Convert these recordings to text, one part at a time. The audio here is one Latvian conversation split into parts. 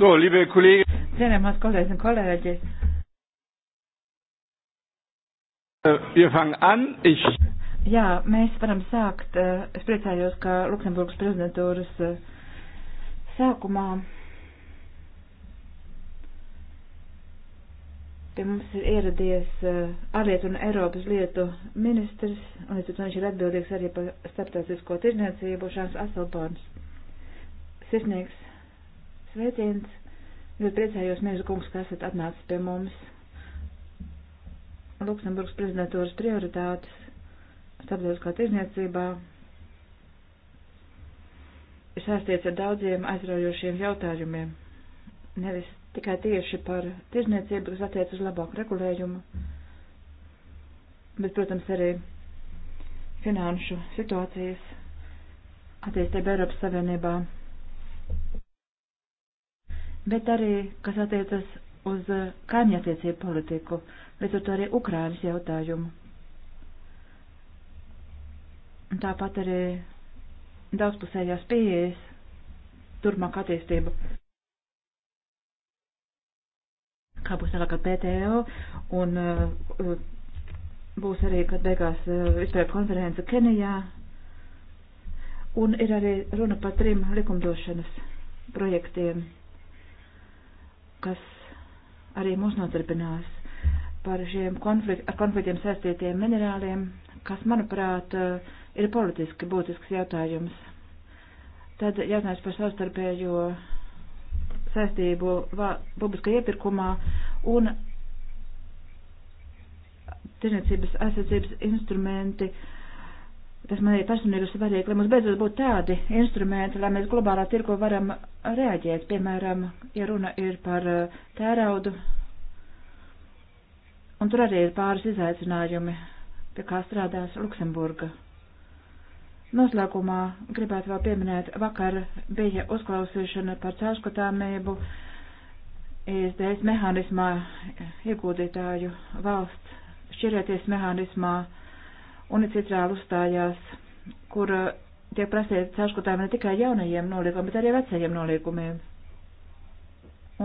So, liebe Kollegen. Cienījamās kolēģis un kolēģis. Wir fangen an. Ich... Jā, mēs varam sākt. Es priecājos, ka Luksemburgas prezidentūras eh, sākumā pie mums ir ieradies eh, ārlietu un Eiropas lietu ministrs, un līdz ar to viņš ir atbildīgs arī par starptautisko tirdzniecību Šāns Aselborns. Sirsnīgs sveiciens Ļoti priecājos, Mieža kungs, ka esat atnācis pie mums. Luksemburgas prezidentūras prioritātes starptautiskā tirzniecībā ir saistīts ar daudziem aizraujošiem jautājumiem. Nevis tikai tieši par tirzniecību, kas attiec uz labāku regulējumu, bet, protams, arī finanšu situācijas attīstība Eiropas Savienībā bet arī, kas attiecas uz eh, kaimiņattiecību politiku, bet ar to arī Ukrainas jautājumu. Un tāpat arī daudzpusējās pieejas turpmāk attīstību. Kā būs tālāk ar PTO un uh, būs arī, kad beigās uh, eh, vispār konference Kenijā. Un ir arī runa par trim likumdošanas projektiem kas arī mūs nodarbinās par šiem konflikt, ar konfliktiem saistītiem minerāliem, kas, manuprāt, ir politiski būtisks jautājums. Tad jautājums par savstarpējo saistību publiskā iepirkumā un tirniecības aizsardzības instrumenti. Uh, tas man arī personīgi ir svarīgi, lai mums beidzot būtu tādi instrumenti, lai mēs globālā tirko varam rēģēt. Piemēram, ja runa ir par eh, tēraudu, un tur arī ir pāris izaicinājumi, pie kā strādās Luksemburga. Noslēgumā gribētu vēl pieminēt, vakar bija uzklausīšana par cēškotāmību izdējas mehānismā iegūdītāju valsts šķirēties mehānismā UNICID reāli uzstājās, kur eh, tiek prasīts sāškotājiem ne tikai jaunajiem noliekumiem, bet arī vecajiem noliekumiem.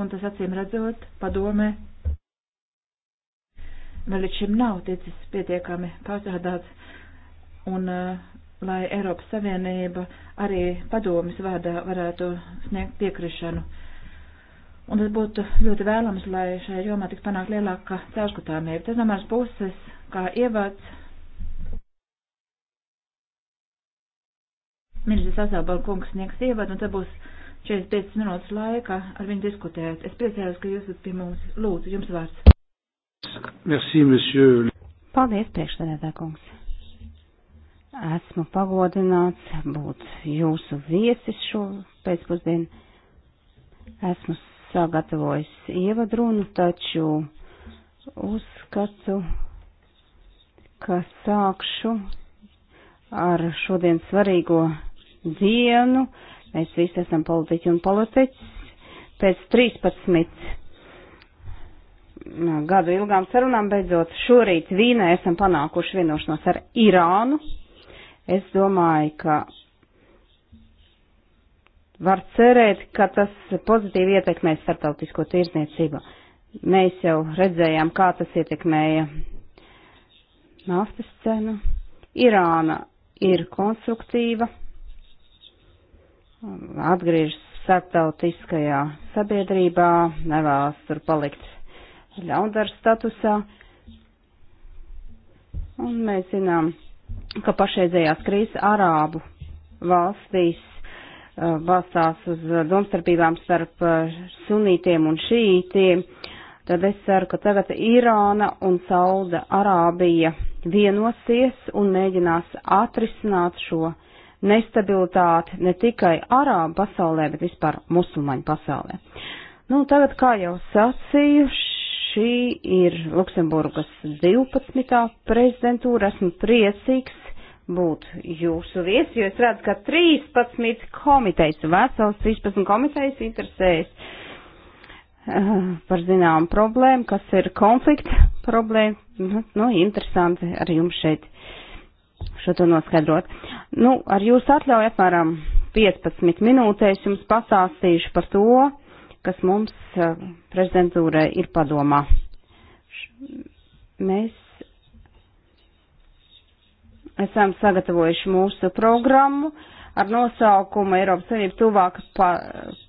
Un tas acīm redzot, padome vēl līdz šim nav ticis pietiekami pārstrādāts, un eh, lai Eiropas Savienība arī padomis vārdā varētu sniegt piekrišanu. Un tas būtu ļoti vēlams, lai šajā jomā tiks panākt lielāka cēlškutāmība. Tas no manas puses, kā ievads, Ministrs Asābala kungs sniegs ievadu, un tad būs 45 minūtes laika ar viņu diskutēt. Es priecājos, ka jūs esat pie mums. Lūdzu, jums vārds. Merci, monsieur. Paldies, priekšsēdētā kungs. Esmu pagodināts būt jūsu viesis šo pēcpusdienu. Esmu sagatavojis ievadrunu, taču uzskatu, ka sākšu ar šodien svarīgo dienu. Mēs visi esam politiķi un politiķis. Pēc 13 nu, gadu ilgām sarunām beidzot šorīt Vīnē esam panākuši vienošanos ar Irānu. Es domāju, ka var cerēt, ka tas pozitīvi ietekmēs starptautisko tirzniecību. Mēs jau redzējām, kā tas ietekmēja naftas cenu. Irāna ir konstruktīva atgriežas starptautiskajā sabiedrībā, nevēlas tur palikt ļaundara statusā. Un mēs zinām, ka pašreizējās krīzes Arābu valstīs uh, balstās uz domstarpībām starp uh, sunītiem un šītiem, tad es ceru, ka tagad Irāna un Sauda Arābija vienosies un mēģinās atrisināt šo nestabilitāti ne tikai arābu pasaulē, bet vispār musulmaņu pasaulē. Nu, tagad, kā jau sacīju, šī ir Luksemburgas 12. prezidentūra. Esmu priecīgs būt jūsu viesi, jo es redzu, ka 13 komitejas, vesels 13 komitejas interesējas uh, par zinām problēmu, kas ir konflikta problēma. Nu, nu, interesanti ar jums šeit šo to noskaidrot. Nu, ar jūsu atļauju apmēram 15 minūtēs jums pasāstīšu par to, kas mums uh, prezidentūrē ir padomā. Mēs esam sagatavojuši mūsu programmu ar nosaukumu Eiropas Savienība tuvāk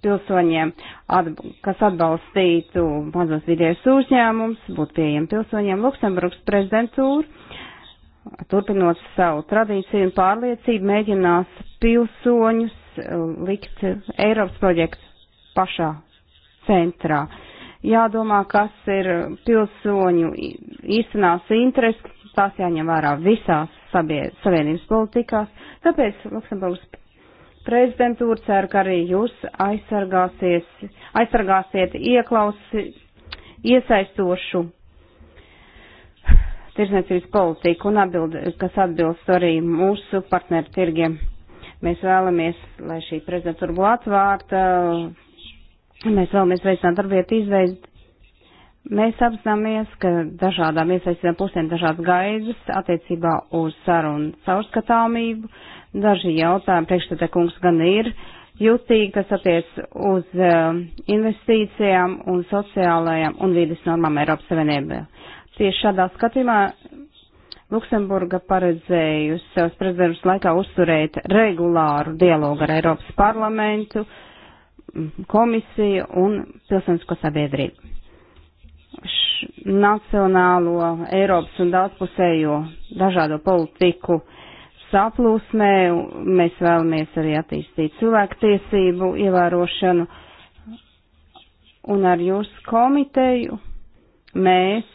pilsoņiem, atb kas atbalstītu mazos vidējos uzņēmums, būtu pieejami pilsoņiem Luksemburgas prezidentūru turpinot savu tradīciju un pārliecību, mēģinās pilsoņus eh, likt Eiropas projektu pašā centrā. Jādomā, kas ir pilsoņu īstenās intereses, tās jāņem vērā visās savienības politikās, tāpēc Luksemburgas prezidentūra cer, ka arī jūs aizsargāsiet ieklausi iesaistošu tirsniecības politiku un atbild, kas atbilst arī mūsu partneru tirgiem. Mēs vēlamies, lai šī prezidentūra būtu atvērta, mēs vēlamies veicināt darbvietu izveidu. Mēs apzināmies, ka dažādām iesaistītām pusēm dažādas gaidas attiecībā uz sarunu caurskatāmību. Daži jautājumi priekšstādā kungs gan ir. Uh, jūtīgi, kas attiec uz um, investīcijām un sociālajām un vīdes normām Eiropas Savienībā. Tieši šādā skatījumā Luksemburga paredzējusi savas prezidents laikā uzturēt regulāru dialogu ar Eiropas parlamentu, komisiju un pilsonisko sabiedrību. Š nacionālo, Eiropas un daudzpusējo dažādo politiku uh, saplūsmē, mēs vēlamies arī attīstīt cilvēku tiesību ievērošanu, un ar jūsu komiteju mēs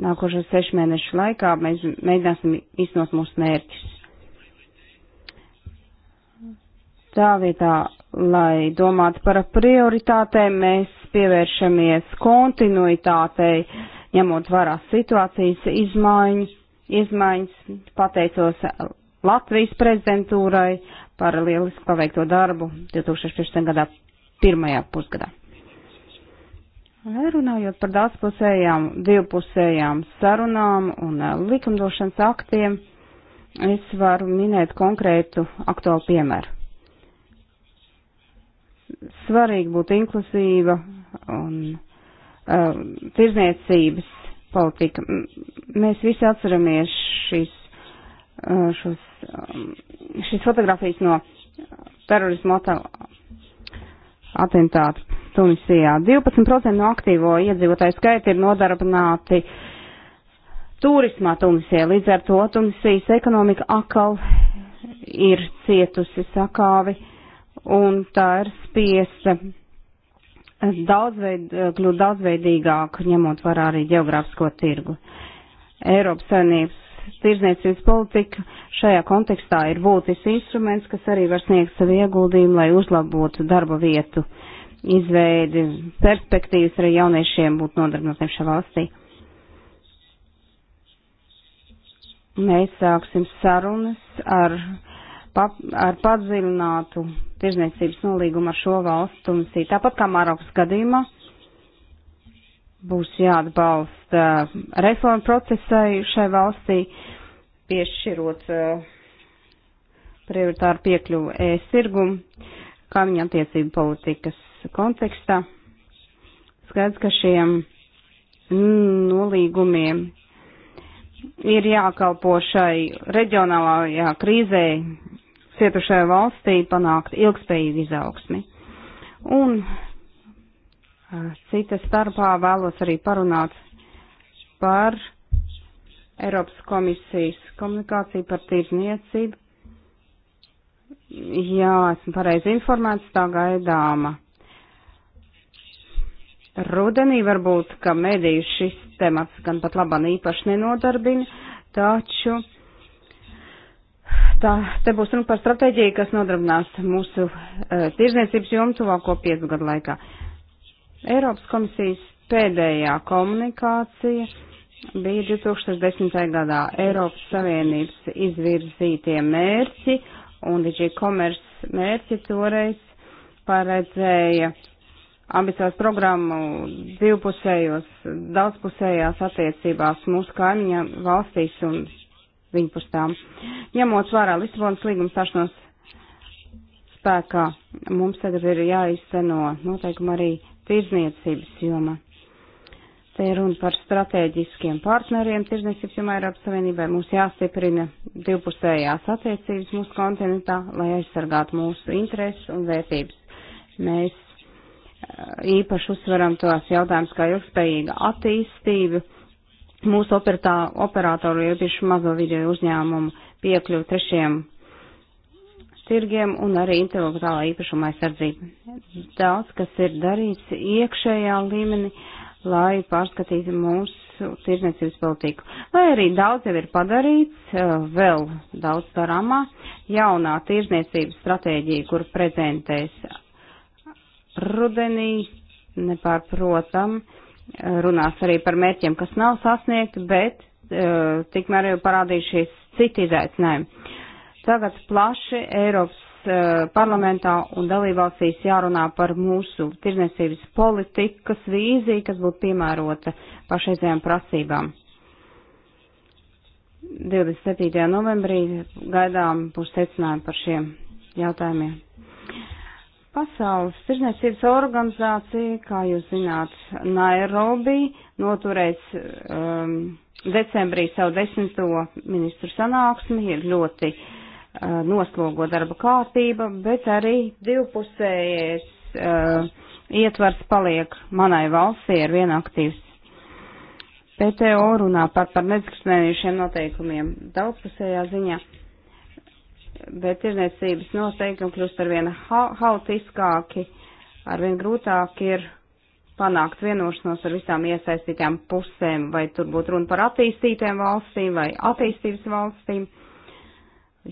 nākošo sešu mēnešu laikā mēs mēģināsim iznot mūsu mērķus. Tā vietā, lai domātu par prioritātēm, mēs pievēršamies kontinuitātei, ņemot vērā situācijas izmaiņas izmaiņas. Pateicos Latvijas prezidentūrai par lielisku paveikto darbu 2016. gadā pirmajā pusgadā. Runājot par daudzpusējām, divpusējām sarunām un eh, likumdošanas aktiem, es varu minēt konkrētu aktuālu piemēru. Svarīgi būt inklusīva un uh, tirzniecības politika. Mēs visi atceramies šīs, šos, šīs fotografijas no terorismu atentātu Tunisijā. 12% no aktīvo iedzīvotāju skaita ir nodarbināti turismā Tunisijā. Līdz ar to Tunisijas ekonomika akal ir cietusi sakāvi un tā ir spiesta daudzveid, kļūt daudzveidīgāk, ņemot vērā arī geogrāfisko tirgu. Eiropas saimnības tirzniecības politika šajā kontekstā ir būtisks instruments, kas arī var sniegt savu ieguldījumu, lai uzlabotu darba vietu izveidi, perspektīvas arī jauniešiem būt nodarbinātiem šajā valstī. Mēs sāksim sarunas ar, pap, ar padziļinātu tirzniecības nolīgumu ar šo valstu. Tāpat kā Marokas gadījumā būs jāatbalsta reformu procesai šai valstī, piešķirot eh, prioritāru piekļuvu e-sirgumu, kaimiņa attiecību politikas kontekstā. Skaidrs, ka šiem nolīgumiem ir jākalpo šai reģionālajā krīzē cietušajā valstī panākt ilgspējīgu izaugsmi. Un Cita starpā vēlos arī parunāt par Eiropas komisijas komunikāciju par tirzniecību. Jā, esmu pareizi informēts, tā gaidāma. Rudenī varbūt, ka mediju šis temats gan pat labam īpaši nenodarbina, taču tā, te būs runa par stratēģiju, kas nodarbinās mūsu uh, eh, tirzniecības jomu tuvāko piecu gadu laikā. Uh, Eiropas komisijas pēdējā komunikācija bija 2010. gadā Eiropas Savienības izvirzītie mērķi un DG Commerce mērķi toreiz paredzēja ambiciozas programmu divpusējos, daudzpusējās attiecībās mūsu kaimiņa valstīs un viņu pustām. Ņemot vērā Lisabonas līguma stāšanos spēkā, mums tagad ir jāizceno noteikumi arī tirzniecības jomā. Te ir runa par strateģiskiem partneriem tirzniecības jomā Eiropas Savienībai. Mums jāstiprina divpusējās attiecības mūsu kontinentā, lai aizsargātu mūsu intereses un vērtības. Mēs eh, īpaši uzsveram tos jautājumus kā ilgspējīga attīstība, mūsu operatā, operatoru, jo tieši mazo video uzņēmumu piekļuvu trešiem tirgiem un arī intelektuālā īpašuma aizsardzība. Daudz, kas ir darīts iekšējā līmenī, lai pārskatītu mūsu tirdzniecības politiku. Lai arī daudz jau ir padarīts, eh, vēl daudz darāmā, jaunā tirdzniecības stratēģija, kur prezentēs rudenī, nepārprotam, eh, runās arī par mērķiem, kas nav sasniegti, bet eh, tikmēr jau parādījušies citi izaicinājumi Tagad plaši Eiropas eh, parlamentā un dalībvalstīs jārunā par mūsu tirnesības politikas vīziju, kas būtu piemērota pašreizējām prasībām. 27. novembrī gaidām būs secinājumi par šiem jautājumiem. Pasaules tirzniecības organizācija, kā jūs zināt, Nairobi noturēs um, decembrī savu desmito ministru sanāksmi, ir ļoti uh, Uh, noslogo darba kārtība, bet arī divpusējais uh, ietvars paliek manai valstī ar vien aktīvs. PTO runā par, par nediskriminējušiem noteikumiem daudzpusējā ziņā, bet tirniecības noteikumi kļūst ar vien ha hautiskāki, ar vien grūtāk ir panākt vienošanos ar visām iesaistītām pusēm, vai tur būtu runa par attīstītēm valstīm vai attīstības valstīm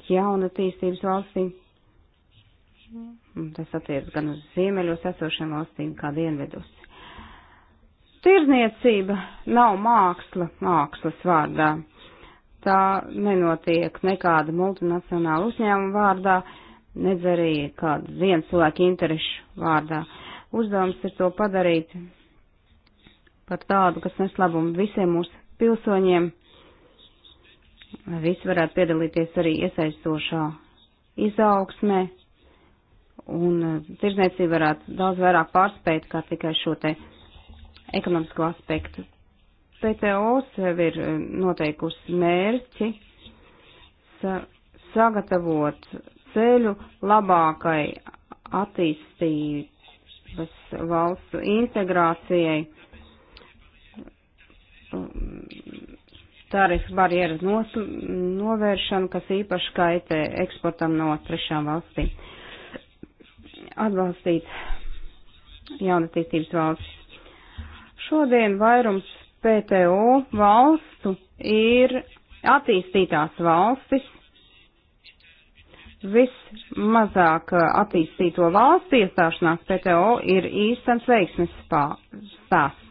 jaunatīstības valstīm. Tas attiecas gan uz ziemeļos esošiem valstīm, kā dienvedos. Tirzniecība nav māksla mākslas vārdā. Tā nenotiek nekāda multinacionāla uzņēmuma vārdā, nedz arī kāda viens cilvēka interešu vārdā. Uzdevums ir to padarīt par tādu, kas nes labumu visiem mūsu pilsoņiem visi varētu piedalīties arī iesaistošā izaugsmē, un eh, tirzniecība varētu daudz vairāk pārspēt kā tikai šo te ekonomisko aspektu. PTO sev ir eh, noteikusi mērķi sa sagatavot ceļu labākai attīstības valstu integrācijai tarifu barjeru nos, novēršanu, kas īpaši kaitē eksportam no trešām valstīm. Atbalstīt jaunatīstības valstis. Šodien vairums PTO valstu ir attīstītās valstis, vismazāk attīstīto valstu iestāšanās PTO ir īstens veiksmes stāsts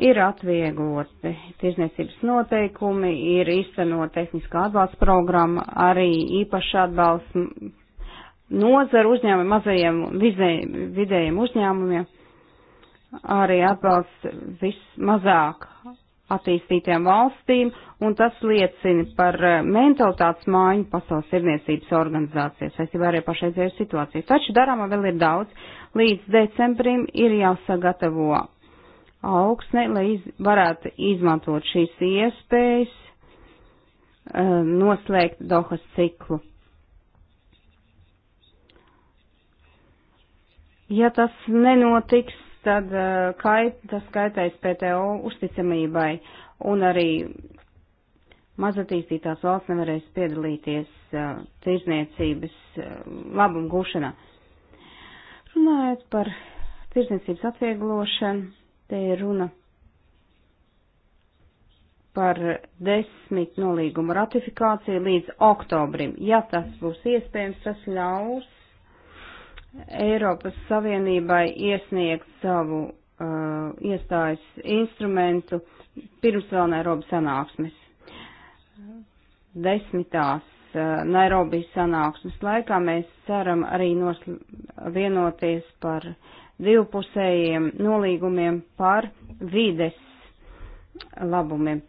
ir atviegloti tirzniecības noteikumi, ir izcenot tehniskā atbalsta programma, arī īpaši atbalsts nozaru uzņēmumiem, mazajiem vizē, vidējiem uzņēmumiem, arī atbalsts vismazāk attīstītiem valstīm, un tas liecina par eh, mentalitātes māju pasaules tirniecības organizācijas saistībā arī pašreizēju situāciju. Taču darāmā vēl ir daudz. Līdz decembrim ir jāsagatavo augsne, lai iz, varētu izmantot šīs iespējas, uh, noslēgt Dohas ciklu. Ja tas nenotiks, tad uh, kait, tas kaitēs PTO uzticamībai un arī mazatīstītās valsts nevarēs piedalīties uh, tirzniecības uh, labumu gušanā. Runājot par tirzniecības atvieglošanu, Te ir runa par desmit nolīgumu ratifikāciju līdz oktobrim. Ja tas būs iespējams, tas ļaus Eiropas Savienībai iesniegt savu uh, iestājas instrumentu pirms vēl Nairobi sanāksmes. Desmitās uh, Nairobi sanāksmes laikā mēs ceram arī vienoties par divpusējiem nolīgumiem par vides labumiem.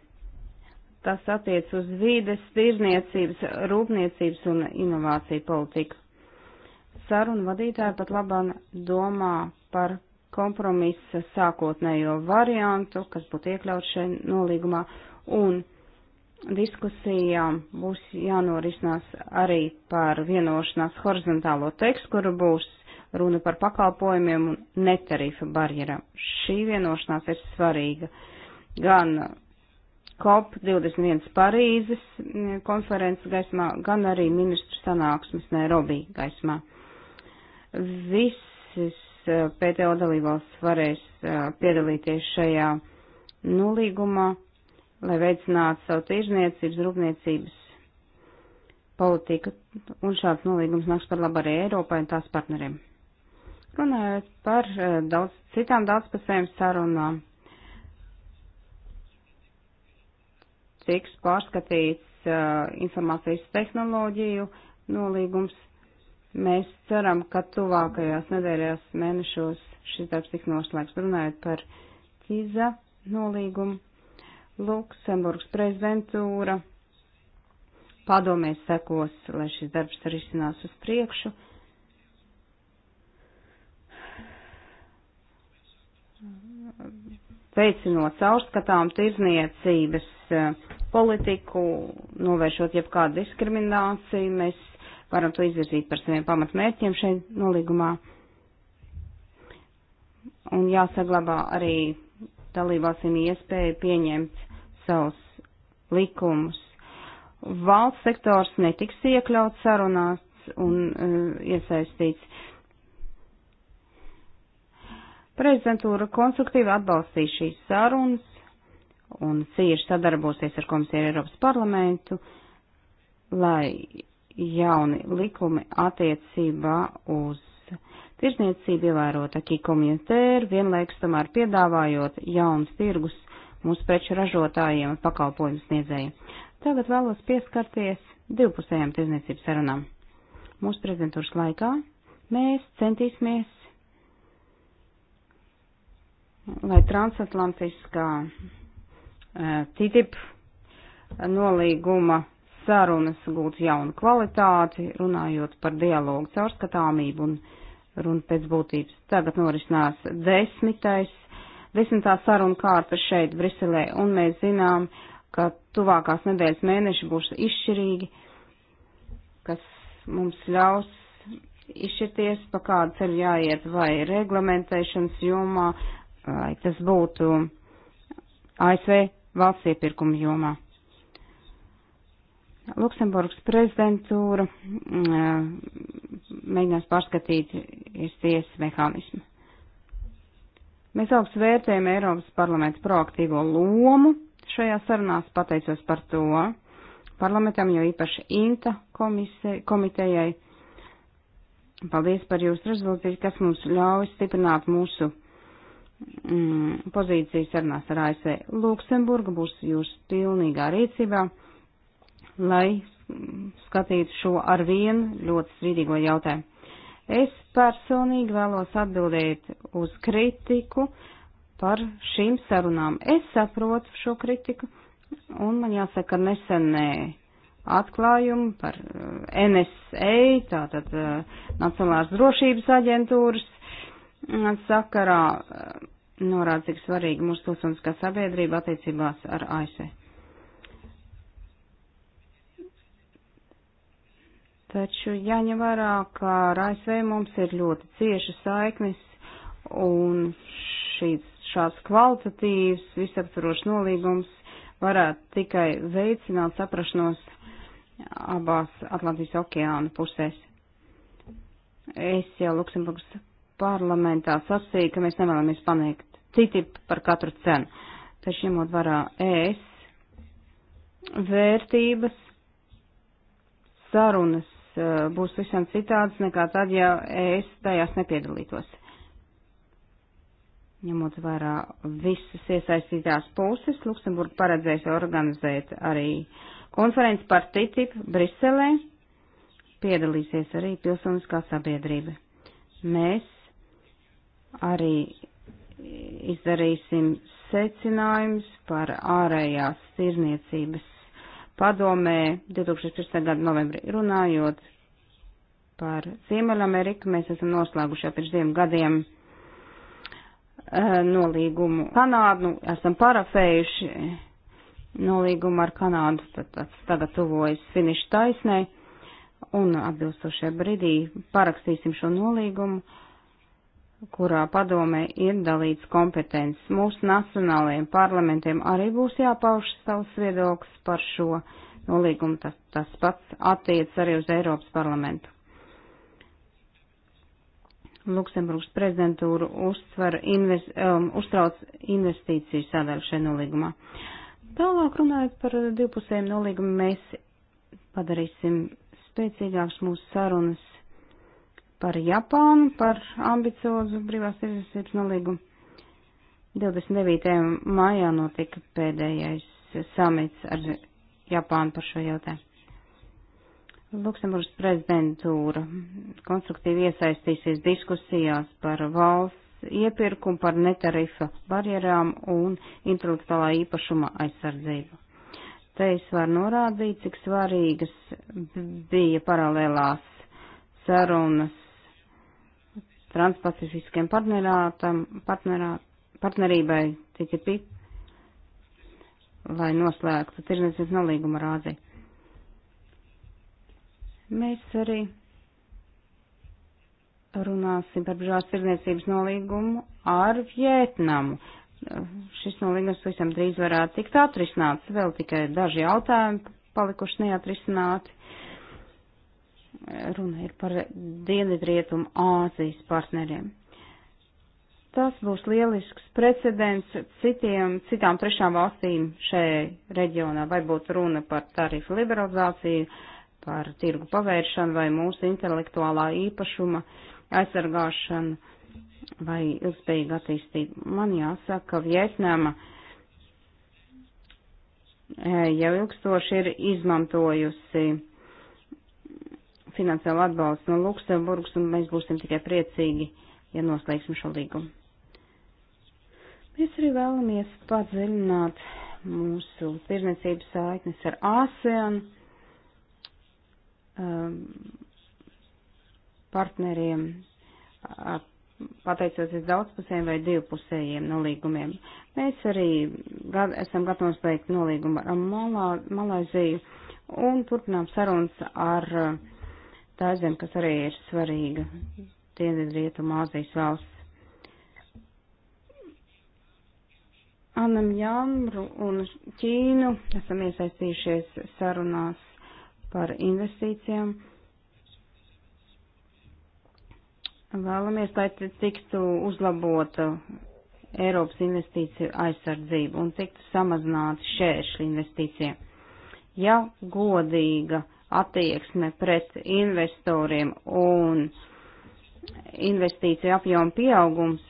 Tas attiec uz vides, tirzniecības, rūpniecības un inovāciju politiku. Sarunu vadītāji pat labāk domā par kompromisa sākotnējo variantu, kas būtu iekļauts šajā nolīgumā, un diskusijām būs jānorisinās arī par vienošanās horizontālo tekstu, kuru būs runa par pakalpojumiem un netarifa barjerām. Šī vienošanās ir svarīga gan COP21 Parīzes mm, konferences gaismā, gan arī ministru sanāksmes Nairobi gaismā. Visas eh, PTO dalībvalsts varēs eh, piedalīties šajā nolīgumā, lai veicinātu savu tirzniecības, rūpniecības politiku, un šāds nolīgums nāks par labu arī Eiropai un tās partneriem. Runājot par eh, daudz, citām daudzpusējām sarunām, tiks pārskatīts uh, informācijas tehnoloģiju nolīgums. Mēs ceram, ka tuvākajās nedēļās mēnešos šis darbs tiks noslēgts. Runājot par ķiza nolīgumu, Luksemburgas prezidentūra padomēs sekos, lai šis darbs arī sinās uz priekšu. Uh, veicinot caurskatām tirzniecības eh, politiku, novēršot jebkādu diskrimināciju, mēs varam to izvirzīt par saviem pamatmērķiem šeit nolīgumā. Un jāsaglabā arī dalībvalstīm iespēja pieņemt savus likumus. Valsts sektors netiks iekļauts sarunās un uh, iesaistīts. Prezidentūra konstruktīvi atbalstīs šīs sarunas un cieši sadarbosies ar komisiju Eiropas parlamentu, lai jauni likumi attiecībā uz tirzniecību ievērot akī komunitēru, vienlaikus tomēr piedāvājot jaunus tirgus mūsu preču ražotājiem un pakalpojumu sniedzējiem. Tagad vēlos pieskarties divpusējām tirzniecības sarunām. Mūsu prezidentūras laikā mēs centīsimies lai transatlantiskā eh, TTIP nolīguma sarunas gūtu jaunu kvalitāti, runājot par dialogu caurskatāmību un runu pēc būtības. Tagad norisinās desmitais, desmitā saruna kārta šeit, Briselē, un mēs zinām, ka tuvākās nedēļas mēneši būs izšķirīgi, kas mums ļaus izšķirties, pa kādu ceļu jāiet vai reglamentēšanas jomā, lai tas būtu ASV valsts iepirkuma jomā. Luksemburgas prezidentūra mm, mēģinās pārskatīt izties mehānismu. Mēs augstu vērtējam Eiropas parlamentu proaktīvo lomu šajā sarunās, pateicos par to parlamentam, jo īpaši INTA komise, komitejai. Paldies par jūsu rezolūciju, kas mums ļauj stiprināt mūsu mm, pozīciju sarunās ar ASV. Luksemburga būs jūsu pilnīgā rīcībā, lai skatītu šo ar vienu ļoti strīdīgo jautājumu. Es personīgi vēlos atbildēt uz kritiku par šīm sarunām. Es saprotu šo kritiku, un man jāsaka, nesenē atklājumi par eh, NSA, tātad eh, Nacionālās drošības aģentūras uh, sakarā eh, norāda, cik svarīgi mūsu pilsoniskā sabiedrība attiecībās ar ASV. E. Taču jāņem vērā, ka ar ASV e mums ir ļoti cieša saiknis un šīs, šāds kvalitatīvs, visaptvarošs nolīgums varētu tikai veicināt saprašanos abās Atlantijas okeāna pusēs. Es jau Luksemburgas parlamentā sacīja, ka mēs nevēlamies panākt citību par katru cenu. Taču ņemot vērā ES vērtības, sarunas eh, būs visam citādas nekā tad, ja es tajās nepiedalītos. Ņemot vērā visas iesaistītās puses, Luksemburga paredzēs organizēt arī konferenci par TTIP Briselē. Piedalīsies arī pilsoniskā sabiedrība. Mēs Arī izdarīsim secinājums par ārējās tirniecības padomē 2014. gada novembrī runājot par Ziemeļameriku. Mēs esam noslēguši jau pirms diviem gadiem eh, nolīgumu Kanādu, nu, esam parafējuši nolīgumu ar Kanādu, tad tas tagad tuvojas finiša taisnē, un atbilstošajā brīdī parakstīsim šo nolīgumu kurā padomē ir dalīts kompetences. Mūsu nacionālajiem parlamentiem arī būs jāpauž savs viedoklis par šo nolīgumu. Tas, tas pats attiec arī uz Eiropas parlamentu. Luksemburgas prezidentūra uzsver, invest, um, uztrauc investīciju sadaļu šajā nolīgumā. Tālāk runājot par divpusējiem nolīgumu, mēs padarīsim spēcīgāks mūsu sarunas par Japānu, par ambiciozu brīvās tirzniecības nolīgumu. 29. maijā notika pēdējais samits ar Japānu par šo jautājumu. Luksemburgas prezidentūra konstruktīvi iesaistīsies diskusijās par valsts iepirkumu, par netarifa barjerām un intelektuālā īpašuma aizsardzību. Te es varu norādīt, cik svarīgas bija paralēlās sarunas transpacifiskajam partnerātam, partnerā, partnerībai TTP, lai noslēgtu tirdzniecības nolīgumu ar Āziju. Mēs arī runāsim par brīvās tirdzniecības nolīgumu ar Vietnamu. Šis nolīgums visam drīz varētu tikt atrisināts, vēl tikai daži jautājumi palikuši neatrisināti. Uh, Runa ir par Dienvidrietumu Āzijas partneriem. Tas būs lielisks precedents citiem, citām trešām valstīm šajā reģionā, vai būtu runa par tarifu liberalizāciju, par tirgu pavēršanu vai mūsu intelektuālā īpašuma aizsargāšanu vai ilgspējīgu attīstību. Man jāsaka, ka Vietnama eh, jau ilgstoši ir izmantojusi finansiālu atbalstu no Luksemburgas, un mēs būsim tikai priecīgi, ja noslēgsim šo līgumu. Mēs arī vēlamies padziļināt mūsu tirniecības saiknes ar ASEAN um, partneriem, pateicoties daudzpusējiem vai divpusējiem nolīgumiem. Mēs arī gad, esam gatavi slēgt nolīgumu ar Malā, Malaiziju un turpinām sarunas ar uh, tā zem, kas arī ir svarīga Dienvidrietuma Āzijas valsts. Annam Jāmru un Ķīnu esam iesaistījušies sarunās par investīcijām. Vēlamies, lai tiktu uzlabota Eiropas investīciju aizsardzība un tiktu samazināti šēršļi investīcijiem. Ja godīga uh, attieksme pret investoriem un investīciju apjomu pieaugums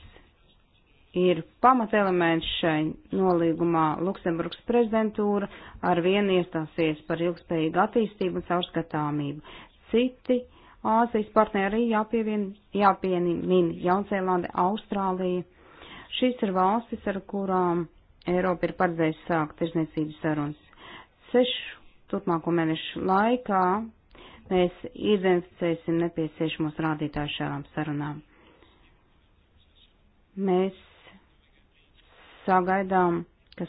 ir pamatelements šai nolīgumā. Luksemburgas prezidentūra ar vienu iestāsies par ilgspējīgu attīstību un caurskatāmību. Citi Āzijas partneri arī jāpievien, jāpiemin Jaunzēlande, Austrālija. Šīs ir valstis, ar kurām Eiropa ir paredzējusi sākt tirzniecības sarunas. Sešu turpmāko mēnešu laikā mēs identificēsim nepieciešamos rādītājus šādām sarunām. Mēs sagaidām, ka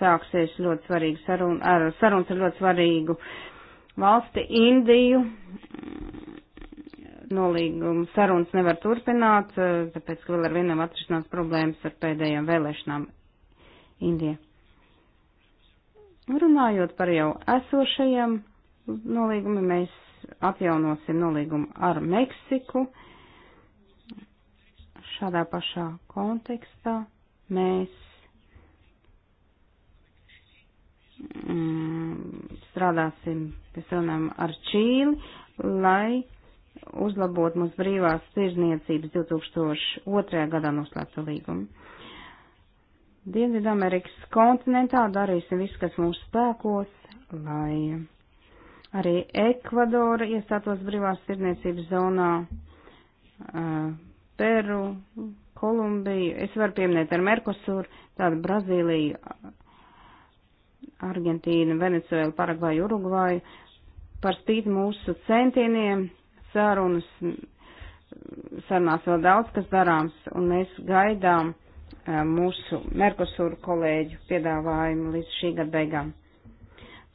sāksies ļoti svarīga saruna, ar sarunas ar ļoti svarīgu valsti Indiju. Nolīguma sarunas nevar turpināt, tāpēc, ka vēl ar vienam atrisinās problēmas ar pēdējām vēlēšanām Indijā. Runājot par jau esošajiem nolīgumiem, mēs atjaunosim nolīgumu ar Meksiku. Šādā pašā kontekstā mēs mm, strādāsim, mēs runājam ar Čīli, lai uzlabot mūsu brīvās tirzniecības 2002. gadā noslēgto līgumu. Dienvidamerikas kontinentā darīsim visu, kas mūsu spēkos, lai arī Ekvadora iestātos brīvās tirniecības zonā, Peru, Kolumbiju, es varu pieminēt ar Merkosur, tādu Brazīliju, Argentīnu, Venecuēlu, Paragvāju, Urugvāju. Par spīti mūsu centieniem sarunas, sarunās vēl daudz, kas darāms, un mēs gaidām Eh, mūsu Merkosūra kolēģu piedāvājumu līdz šī gada beigām.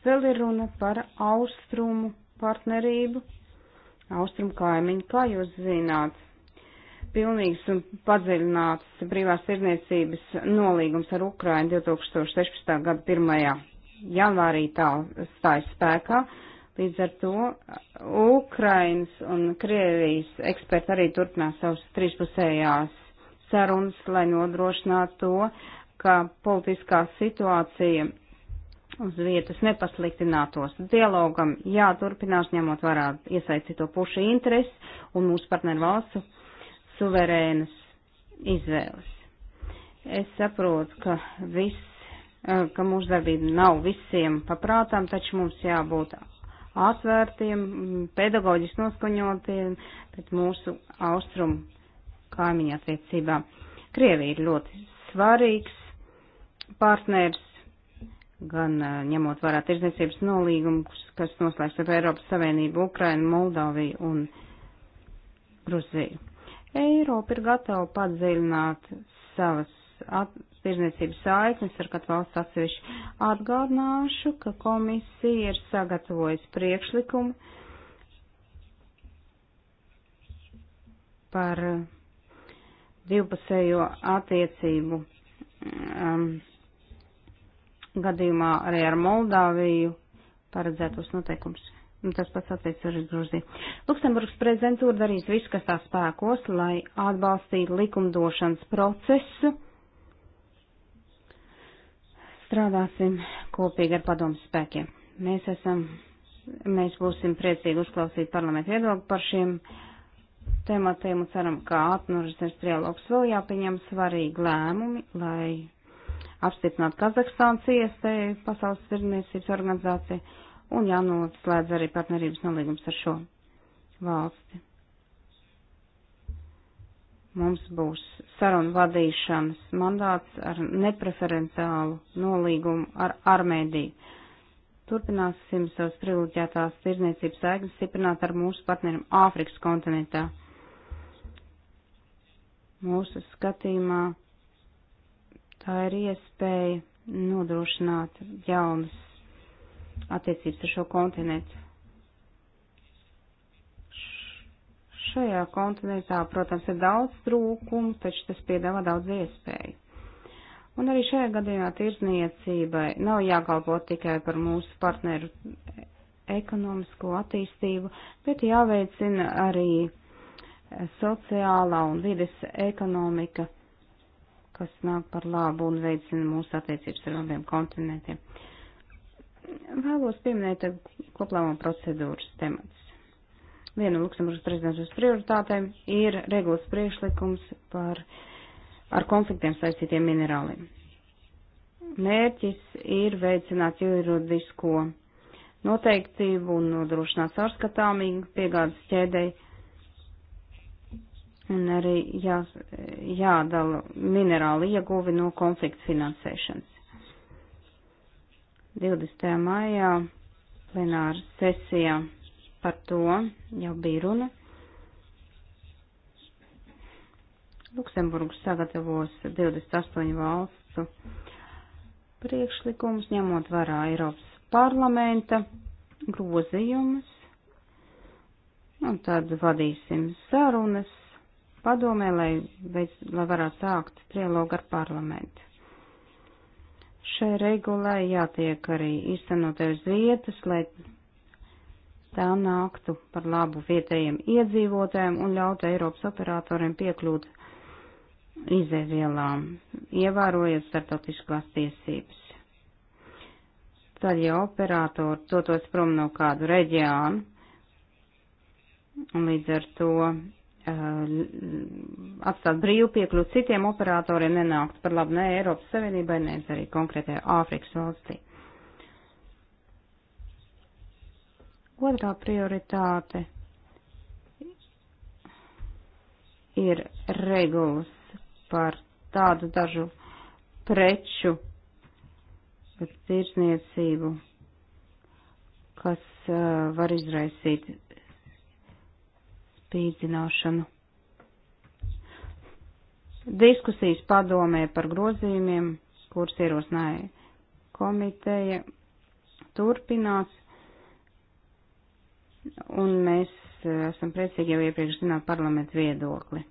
Vēl ir runa par austrumu partnerību, austrumu kaimiņu, kā jūs zināt. Pilnīgs un padziļināts brīvās tirdzniecības nolīgums ar Ukrainu 2016. gada 1. janvārī tā stājas spēkā. Līdz ar to Ukrainas un Krievijas eksperti arī turpinās savus trīspusējās sarunas, lai nodrošinātu to, ka politiskā situācija uz vietas nepasliktinātos. Dialogam jāturpinās, ņemot vērā iesaistīto pušu interesi un mūsu partneru valstu suverēnas izvēles. Es saprotu, ka viss, eh, ka mūsu darbība nav visiem paprātām, taču mums jābūt atvērtiem, pedagoģiski noskaņotiem pret mūsu austrumu kaimiņa attiecībām. Krievija ir ļoti svarīgs partners, gan ņemot vērā tirdzniecības nolīgumus, kas noslēgts ar Eiropas Savienību, Ukrainu, Moldaviju un Gruziju. Eiropa ir gatava padziļināt savas tirdzniecības saiknes ar katru valsts atsevišķi. Atgādināšu, ka komisija ir sagatavojusi priekšlikumu par divpusējo attiecību um, gadījumā arī ar Moldāviju paredzētos noteikums. Un tas pats attiec arī Gruziju. Luksemburgas prezidentūra darīs visu, kas tā spēkos, lai atbalstītu likumdošanas procesu. Strādāsim kopīgi ar padomu spēkiem. Mēs esam, mēs būsim priecīgi uzklausīt parlamentu viedokli par šiem uh, tematiem un ceram, ka atnorisināsies trialogs vēl jāpieņem svarīgi lēmumi, lai apstiprinātu Kazahstānas iestēju Pasaules tirdzniecības organizāciju un jānoslēdz arī partnerības nolīgums ar šo valsti. Mums būs sarunu vadīšanas mandāts ar nepreferenciālu nolīgumu ar Armēdiju. Turpināsim savas privileģētās tirdzniecības saiknes stiprināt ar mūsu partneriem Āfrikas kontinentā. Mūsu skatījumā tā ir iespēja nodrošināt jaunas attiecības ar šo kontinentu. Šajā kontinentā, protams, ir daudz trūkumu, taču tas piedāvā daudz iespēju. Un arī šajā gadījumā tirzniecībai nav jākalpo tikai par mūsu partneru ekonomisko attīstību, bet jāveicina arī sociālā un vides ekonomika, kas nāk par labu un veicina mūsu attiecības ar abiem kontinentiem. Vēlos pieminēt koplāmo procedūras temats. Viena Luksemburgas prezidentūras prioritātēm ir regulas priekšlikums par ar konfliktiem saistītiem minerāliem. Mērķis ir veicināt juridisko noteiktību un nodrošināt sārskatāmīgu piegādes ķēdēju Un arī jā, jādala minerāli ieguvi no konflikta finansēšanas. 20. maijā plenāra sesijā par to jau bija runa. Luksemburgs sagatavos 28 valstu priekšlikumus, ņemot vērā Eiropas parlamenta grozījumus, un tad vadīsim sarunas padomē, lai, veic, lai varētu sākt trialogu ar parlamentu. Šai regulai jātiek arī īstenoties vietas, lai tā nāktu par labu vietējiem iedzīvotājiem un ļautu Eiropas operatoriem piekļūt izēvielām, ievērojot startautiskās tiesības. Tad, ja operatori dotos prom no kādu reģionu, un līdz ar to Uh, atstāt brīvu piekļuvu citiem operatoriem nenākt par labu ne Eiropas Savienībai, ne arī konkrētajai Āfrikas valstī. Otrā prioritāte ir regulas par tādu dažu preču tirsniecību, kas uh, var izraisīt tīdzināšanu. Diskusijas padomē par grozījumiem, kurus ierosināja komiteja, turpinās, un mēs e, esam priecīgi jau iepriekš zināt parlamentu viedokli.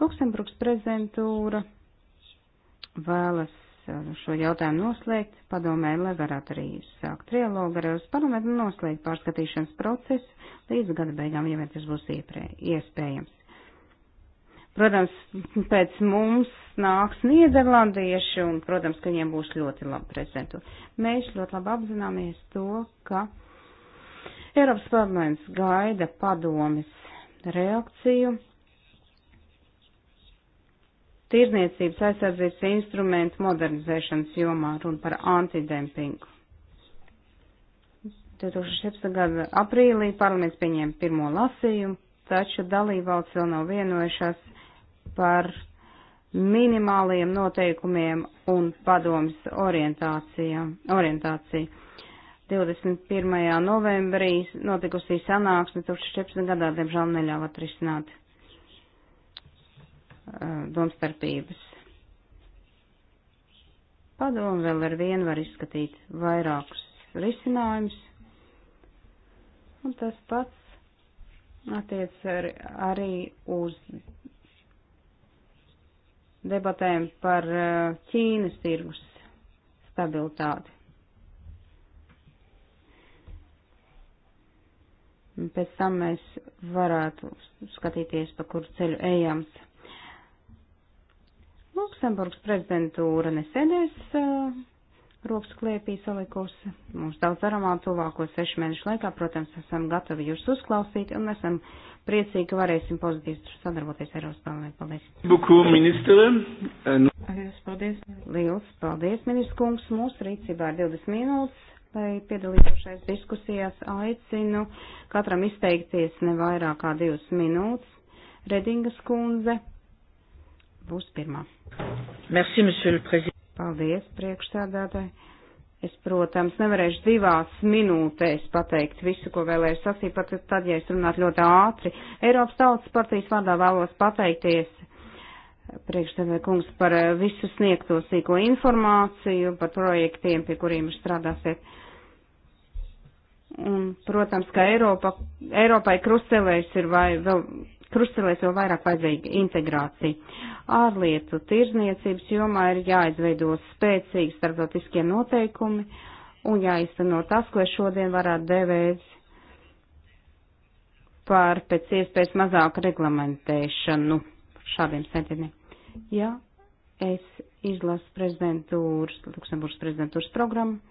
Luksemburgas prezidentūra vēlas Uh, šo jautājumu noslēgt padomē, lai varētu arī sākt trialogu ar Eiropas parlamentu un noslēgt pārskatīšanas procesu līdz gada beigām, ja vien tas būs ieprē, iespējams. Protams, pēc mums nāks Nīderlandieši un, protams, ka viņiem būs ļoti labi prezentu. Mēs ļoti labi apzināmies to, ka Eiropas parlaments gaida padomis reakciju tirniecības aizsardzības instrumentu modernizēšanas jomā, runa par antidempingu. 2017. gada aprīlī parlaments pieņēma pirmo lasījumu, taču dalībvalsts vēl nav vienojušās par minimāliem noteikumiem un padomas orientāciju. 21. novembrī notikusi sanāksme 2014. gadā, diemžēl neļāva atrisināt Uh, domstarpības. Padomu vēl ar vienu var izskatīt vairākus risinājumus, un tas pats attiec ar, arī uz debatēm par uh, Ķīnas tirgus stabilitāti. Pēc tam mēs varētu skatīties, pa kuru ceļu ejams. Luksemburgas prezidentūra nesēdēs uh, rokas klēpī salikusi. Mums daudz darāmā tuvāko sešu mēnešu laikā, protams, esam gatavi jūs uzklausīt un esam priecīgi, ka varēsim pozitīvi sadarboties Eiropas parlamentā. Paldies. Buku ministram. Eh, nu- paldies, paldies. Liels paldies, ministrs kungs. Mūsu rīcībā ir 20 minūtes, lai piedalījušais diskusijās aicinu katram izteikties ne vairāk kā divas minūtes. Redingas kundze būs pirmā. Merci, monsieur le président. Paldies, priekšstādātāji. Es, protams, nevarēšu divās minūtēs pateikt visu, ko vēlēju sasīt, pat tad, ja es runātu ļoti ātri. Eiropas Tautas partijas vārdā vēlos pateikties priekšstādē kungs par eh, visu sniegto sīko informāciju, par projektiem, pie kuriem jūs strādāsiet. Un, protams, ka Eiropa, Eiropai krustelēs ir vai vēl Truselēs vēl vairāk vajadzīga integrācija. Ārlietu tirzniecības jomā ir jāizveido spēcīgi starptautiskie noteikumi un jāizteno tas, ko šodien varētu devēt par pēc iespējas mazāku reglamentēšanu šādiem centieniem. Ja es izlasu prezidentūras, Luksemburgas prezidentūras programmu,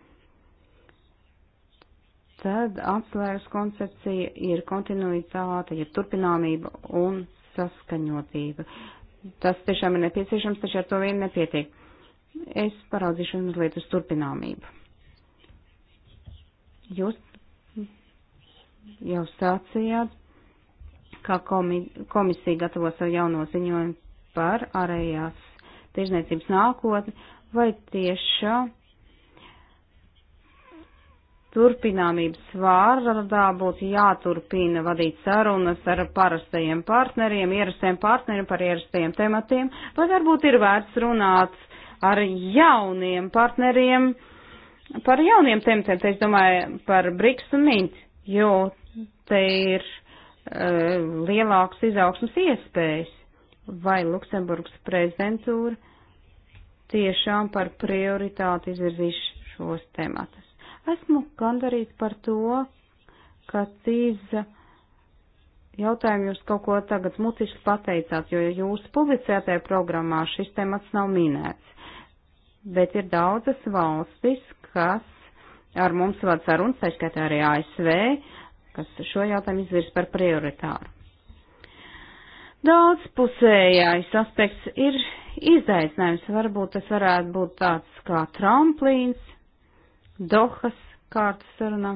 tad apsvērus koncepcija ir kontinuitāte, ir turpināmība un saskaņotība. Tas tiešām ir nepieciešams, taču ar to vien nepietiek. Es paraudzīšu mazliet uz turpināmību. Jūs jau sācījāt, kā komi komisija gatavo savu jauno ziņojumu par ārējās tirzniecības nākotni, vai tiešām turpināmības vārdā būtu jāturpina vadīt sarunas ar parastajiem partneriem, ierastiem partneriem par ierastajiem tematiem, vai varbūt ir vērts runāt ar jauniem partneriem par jauniem tematiem, te es domāju par BRICS un MINT, jo te ir uh, lielāks izaugsmas iespējas, vai Luksemburgas prezidentūra tiešām par prioritāti izvirzīs šos tematus. Esmu gandarīta par to, ka cīza jautājumu jūs kaut ko tagad mutiski pateicāt, jo jūsu publicētajā programmā šis temats nav minēts. Bet ir daudzas valstis, kas ar mums vada sarunas, tā skaitā arī ASV, kas šo jautājumu izvirs par prioritāru. Daudzpusējais aspekts ir izaicinājums, varbūt tas varētu būt tāds kā tramplīns Dohas kārtas sarunā.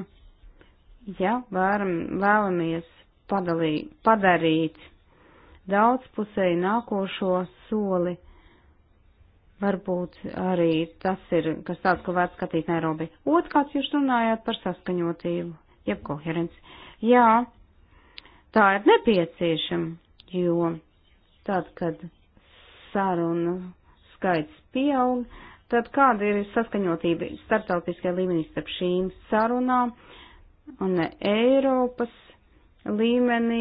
Ja vēram, vēlamies padalī, padarīt daudzpusēji nākošo soli, varbūt arī tas ir kas tāds, ko vērts skatīt Nairobi. Otkārt, jūs runājāt par saskaņotību, jeb koherenci. Jā, tā ir nepieciešama, jo tad, kad sarunu skaits pieaug, Tad kāda ir saskaņotība starptautiskajā līmenī starp šīm sarunām un Eiropas līmenī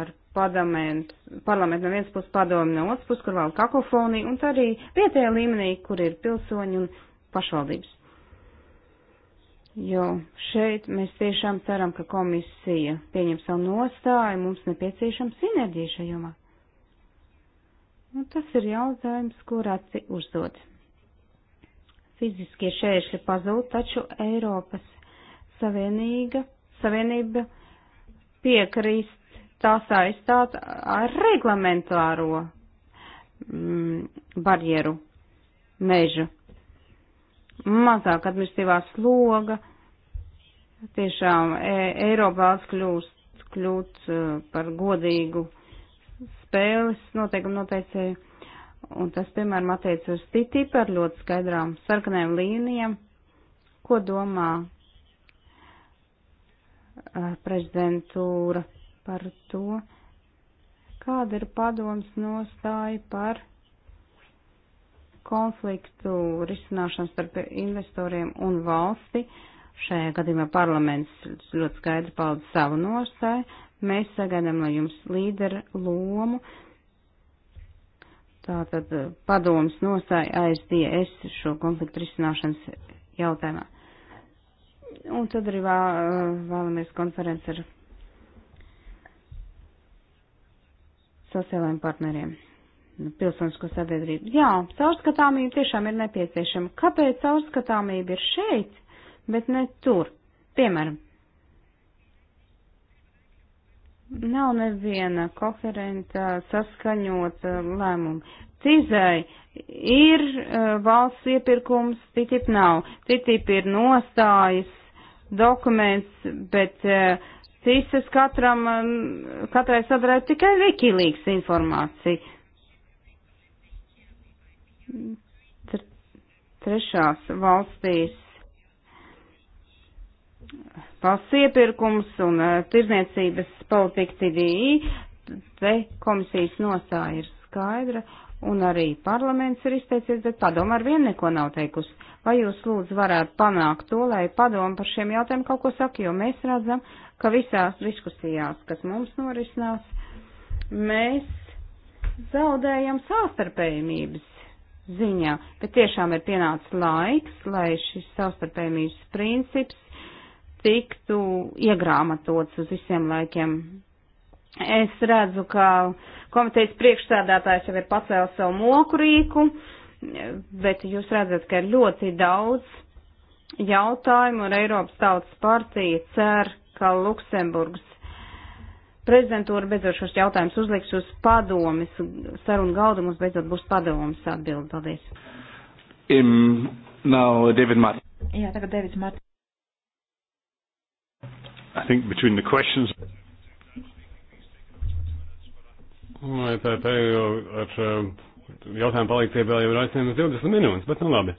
ar parlamentu, parlamentu no vienas puses padomu no otras puses, kur vēl kakofonija, un arī vietējā līmenī, kur ir pilsoņi un pašvaldības. Jo šeit mēs tiešām ceram, ka komisija pieņem savu nostāju, mums nepieciešama sinerģija šajā jomā. Nu, tas ir jautājums, kur aci uzdod. Fiziskie šķēršļi pazūd, taču Eiropas Savienīga, Savienība piekrīst tā saistāt ar reglamentāro mm, barjeru mežu. Mazāk administratīvā sloga, tiešām e Eiropā kļūst, kļūt uh, par godīgu spēles noteikumu noteicēju. Un tas, piemēram, attiec uz TTIP ar ļoti skaidrām sarkanēm līnijām. Ko domā prezidentūra par to? Kāda ir padoms nostāja par konfliktu risināšanu starp investoriem un valsti? Šajā gadījumā parlaments ļoti skaidri pauda savu nostāju. Mēs sagaidām no jums līderu lomu Tātad eh, padomas nostāja ASDS šo konfliktu risināšanas jautājumā. Un tad arī vā, eh, vēlamies konferenci ar sociālajiem partneriem, nu, pilsonisko sabiedrību. Jā, caurskatāmība tiešām ir nepieciešama. Kāpēc caurskatāmība ir šeit, bet ne tur? Piemēram, Nav neviena koherenta, saskaņota lēmuma. Tizai ir uh, valsts iepirkums, TTIP nav. TTIP ir nostājas dokuments, bet uh, e, Cisas katram, uh, katrai sadarē tikai Wikileaks informācija. Tr trešās valstīs valsts iepirkums un eh, tirzniecības politika CDI, te komisijas nostāja ir skaidra, un arī parlaments ir izteicies, bet padoma ar vienu neko nav teikusi. Vai jūs lūdzu varētu panākt to, lai padoma par šiem jautājumiem kaut ko saka, jo mēs redzam, ka visās diskusijās, kas mums norisinās, mēs zaudējam sāstarpējumības ziņā, bet tiešām ir pienācis laiks, lai šis sāstarpējumības princips tiktu iegrāmatots uz visiem laikiem. Es redzu, ka komitejas priekšsēdētājs jau ir pacēlis savu mokurīku, bet jūs redzat, ka ir ļoti daudz jautājumu, un Eiropas tautas partija cer, ka Luksemburgas prezidentūra beidzot šos jautājumus uzliks uz padomis sarunu galdu, mums beidzot būs padomis atbildi. Paldies. Um, now, David Martin. Jā, tagad Davids Martin. I think between the questions. Vai nu, tā pēdējo ar uh, jautājumu palīdzību vēl jau ir aizņēmis 20 minūtes, bet nu labi.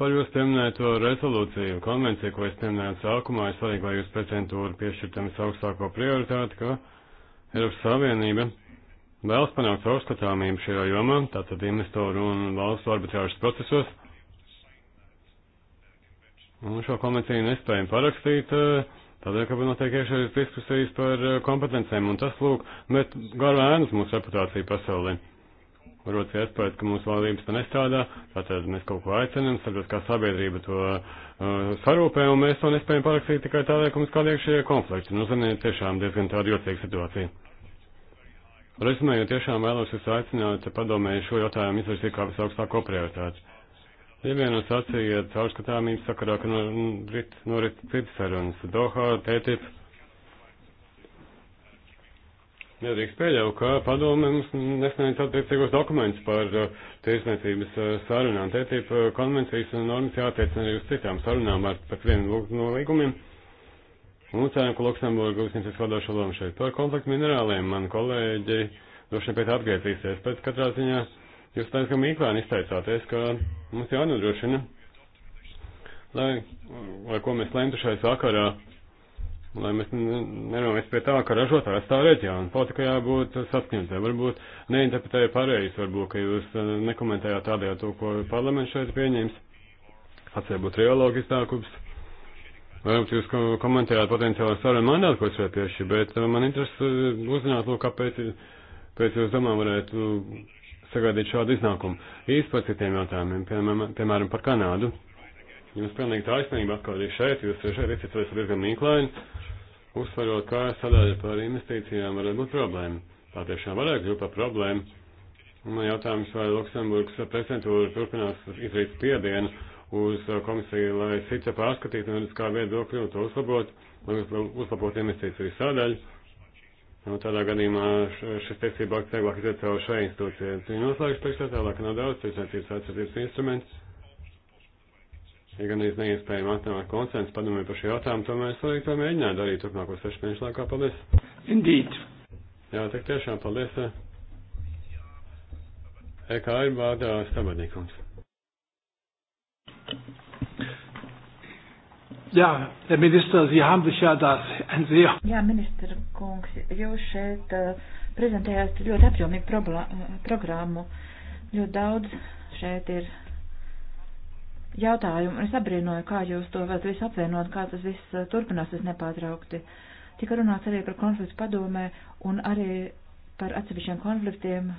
Par jūs pieminēto rezolūciju, konvenciju, ko es pieminēju sākumā, ir svarīgi, lai jūs prezentūru piešķirtam visaugstāko prioritāti, ka Eiropas Savienība vēlas panākt caurskatāmību šajā jomā, tātad investoru un valstu arbitrāžas procesos. Un nu, šo konvenciju nespējam parakstīt, eh, tādēļ, ka notiek iekšējas diskusijas par eh, kompetencēm, un tas, lūk, bet garu ēnas mūsu reputāciju pasaulē. Rodas iespējas, ka mūsu valdības tā nestrādā, tātad mēs kaut ko aicinām, sabiedriskā sabiedrība to uh, sarūpē, un mēs to nespējam parakstīt tikai tādēļ, ka mums kādi iekšējie konflikti. Nu, ziniet, tiešām diezgan tāda jocīga situācija. Rezumējot, tiešām vēlos jūs aicināt padomēju šo jautājumu izvirzīt kā visaugstāko prioritāti. Pievienu sacīja caurskatāmības sakarā, ka norit, norit citas sarunas Dohā, TTIP. Nedrīkst pieļaut, ka padome mums nesniedz attiecīgos dokumentus par uh, tirsniecības uh, sarunām. TTIP uh, konvencijas un normas jātiecina arī uz citām sarunām ar pat vienu no līgumiem. Un ceram, ka Luksemburga uzņemsies vadošo lomu šeit. Par konfliktu minerāliem man kolēģi droši vien pēc atgriezīsies, bet katrā ziņā. Jūs tādēļ, ka mīklēni izteicāties, ka mums jānodrošina, lai, lai ko mēs lemtu šai sakarā, lai mēs nerunāmies pie tā, ka ražotājs tā reģiona. Politika jābūt saskaņotai. Varbūt neinterpretēja pareizi, varbūt, ka jūs nekomentējāt tādējā to, ko parlaments šeit pieņems. Atsēja būtu trialogu iztākums. Varbūt jūs komentējāt potenciāli sarunu mandātu, ko es šeit pieši, bet uh, man interesē uh, uzzināt, lūk, kāpēc, kāpēc jūs domā varētu sagaidīt šādu iznākumu. Īsti par citiem jautājumiem, piemēram, piemēram par Kanādu. Jums pilnīgi taisnība atkal arī šeit, jūs šeit izcīcoties diezgan mīklaini, uzsvarot, kā sadaļa par investīcijām var būt problēma. Tā tiešām varētu būt par problēmu. Un jautājums, vai Luksemburgas prezidentūra turpinās izrīt spiedienu uz komisiju, lai sice pārskatītu un kā viedokļu to uzlabot, lai uzlabotu investīciju sadaļu Nu, tādā gadījumā šis tiesība akts vieglāk iziet caur šai institūcijai. Viņi noslēgšu priekšā tālāk, nav daudz tiesniecības aizsardzības instruments. Ja gan es neiespējami atnākt konsensus padomē par šo jautājumu, to mēs arī to mēģināt darīt turpmāko sešu mēnešu laikā. Paldies! Indeed! Jā, tik tiešām paldies! EKR eh. e vārdā Stabadnikums. Thank you. Jā, ja ministrs, Sie haben sich ja das ein sehr. Jā, ministra kungs, jūs šeit uh, prezentējāt ļoti apjomīgu problā, programmu. Ļoti daudz šeit ir jautājumu, un es apbrīnoju, kā jūs to varat visu apvienot, kā tas viss eh, turpināsies nepārtraukti. Tika runāts arī par konfliktu padomē un arī par atsevišķiem konfliktiem,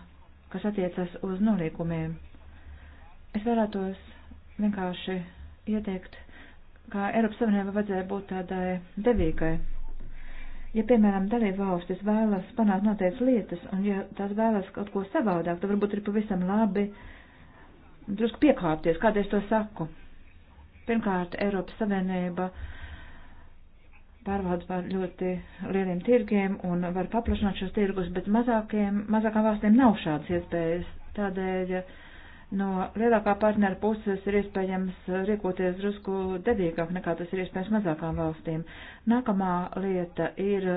kas attiecas uz noliekumiem. Es vēlētos vienkārši ieteikt kā Eiropas Savienībai vajadzēja būt tādai devīgai. Ja, piemēram, dalībvalstis vēlas panākt noteikts lietas, un ja tās vēlas kaut ko savādāk, tad varbūt ir pavisam labi drusku piekāpties, kādēļ to saku. Pirmkārt, Eiropas Savienība pārvalda par ļoti lieliem tirgiem un var paplašināt šos tirgus, bet mazākiem, mazākām valstīm nav šādas iespējas. Tādēļ. Ja no lielākā partnera puses ir iespējams rīkoties drusku devīgāk nekā tas ir iespējams mazākām valstīm. Nākamā lieta ir,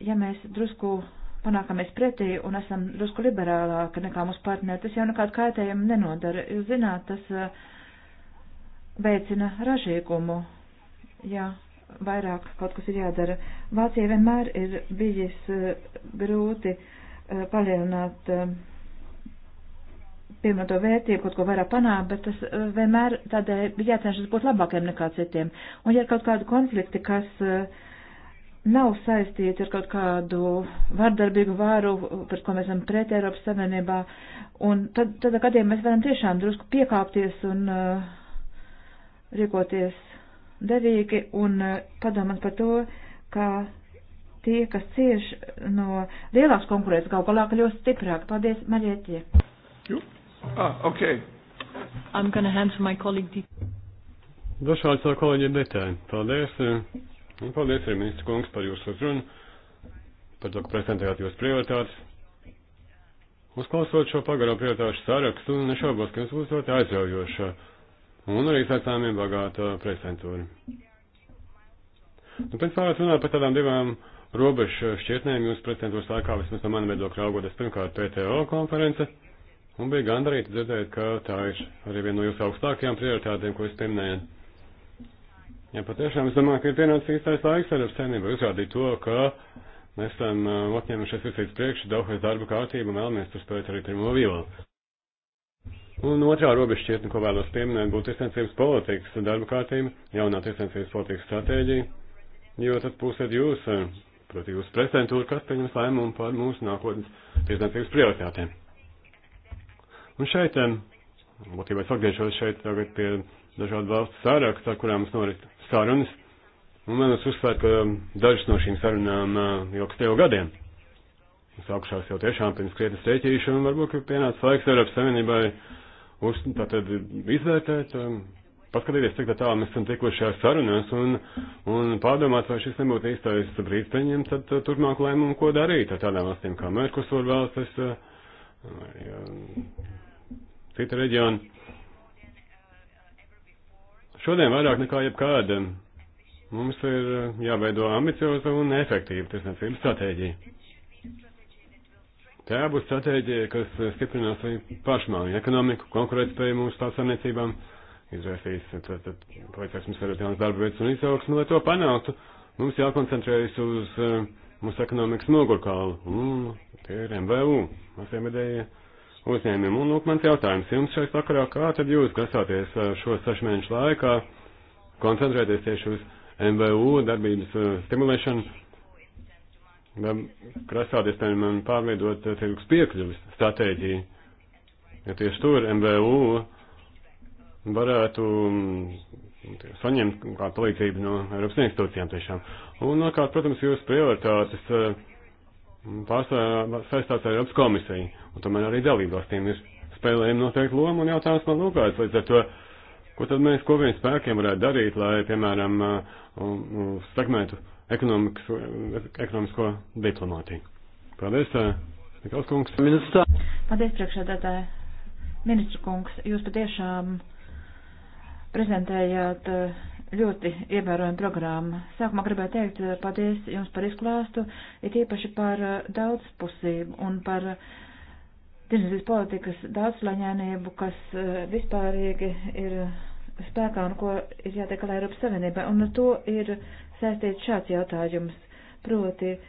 ja mēs drusku panākamies pretī un esam drusku liberālāki nekā mūsu partneri, tas jau nekādu kaitējumu nenodara. Jūs zināt, tas eh, veicina ražīgumu. Jā, vairāk kaut kas ir jādara. Vācija vienmēr ir bijis eh, grūti eh, palielināt. Uh, pievienoto vērtību, kaut ko vairāk panākt, bet tas eh, vienmēr tādēļ bija jācenšas būt labākiem nekā citiem. Un ja ir kaut kādi konflikti, kas eh, nav saistīti ar kaut kādu vardarbīgu vāru, par ko mēs esam pret Eiropas Savienībā, un tad, tad gadiem mēs varam tiešām drusku piekāpties un uh, rīkoties devīgi un uh, padomāt par to, ka tie, kas cieš no lielās konkurences, gal galā kļūst stiprāk. Paldies, Maģētie! Jū. Ah, okay. I'm going to hand to my colleague. Došu vārdu savu kolēģi Detai. Paldies. Eh, un paldies arī ministru kungs par jūsu uzrunu, par to, ka prezentējāt jūsu prioritātes. Uzklausot šo pagaro prioritāšu sarakstu, nešaubos, ka jūs būs ļoti aizraujoša un arī sacāmiem bagāta prezentūra. Nu, pēc pārēc runāt par tādām divām robežu šķietnēm jūsu prezentūras laikā, vismaz no mani viedokļa raugoties, pirmkārt PTO konference. Un bija gandarīti dzirdēt, ka tā ir arī viena no jūsu augstākajām prioritātēm, ko jūs pieminējāt. Ja patiešām es domāju, ka ir pienācis īstais laiks ar apsainību uzrādīt to, ka mēs esam apņēmušies virsīt priekšu daudzais darba kārtību un vēlamies tur spēt arī pirmo vīlu. Un otrā robeža šķietne, ko vēlos pieminēt, būtu tiesniecības politikas darba kārtība, jaunā tiesniecības politikas stratēģija, jo tas būsiet jūs, proti jūs prezidentūra, kas pieņems lēmumu par mūsu nākotnes tiesniecības prioritātēm. Un nu, šeit, būtībā es atgriežos šeit tagad pie dažādu valstu sārakstu, ar kurām mums norit sarunas. Un man es uzsvērt, ka dažas no šīm sarunām ilgst jau gadiem. Sākušās jau tiešām pirms krietas rēķīšu, un varbūt, ka pienāca laiks Eiropas Savienībai uz, tātad, izvērtēt, paskatīties, cik tā tālu mēs esam tikuši ar sarunās, un, un pārdomāt, vai šis nebūtu īstais brīdis pieņemt tad turpmāk lēmumu, ko darīt ar tādām valstīm kā Mērkusur valstis, vai cita reģiona. Šodien vairāk nekā jebkāda mums ir eh, jāveido ambicioza un efektīva tirsniecības stratēģija. Tā būs stratēģija, kas stiprinās arī pašmāju ekonomiku, konkurētspēju mūsu tautsāniecībām, izvērsīs, eh, tad, tad palīdzēs mums radīt jaunas darba vietas un izaugsmu, lai to panāktu. Mums jākoncentrējas uz uh, mūsu ekonomikas nogurkālu. Mm, tie ir MVU, mazie medējie uzņēmumiem. Un, lūk, mans jautājums jums šai sakarā, kā tad jūs grasāties eh, šo sešu mēnešu laikā koncentrēties tieši uz MVU darbības eh, stimulēšanu, grasāties, piemēram, pārveidot eh, tirgus piekļuvis stratēģiju, ja tieši tur MVU varētu mm, saņemt kā palīdzību no Eiropas institūcijām tiešām. Un, kā, protams, jūsu prioritātes uh, pārstāvjā saistās ar Eiropas komisiju, un tomēr arī dalībvalstīm ir spēlējumi noteikti loma, un jautājums man lūkājas līdz ar to, ko tad mēs kopiem spēkiem varētu darīt, lai, piemēram, uh, stagnētu ekonomisko diplomātiju. Paldies, uh, Mikls kungs. Ministrā. Paldies, priekšsēdētāji. Ministra kungs, jūs patiešām prezentējāt uh, ļoti ievērojama programma. Sākumā gribēju teikt eh, paldies jums par izklāstu, ir īpaši par eh, daudzpusību un par eh, tirdzniecības politikas daudzslaņēnību, kas vispārīgi ir spēkā un ko ir jātiek, lai Eiropas Savienībai. Un ar to ir saistīts šāds jautājums, proti, uh,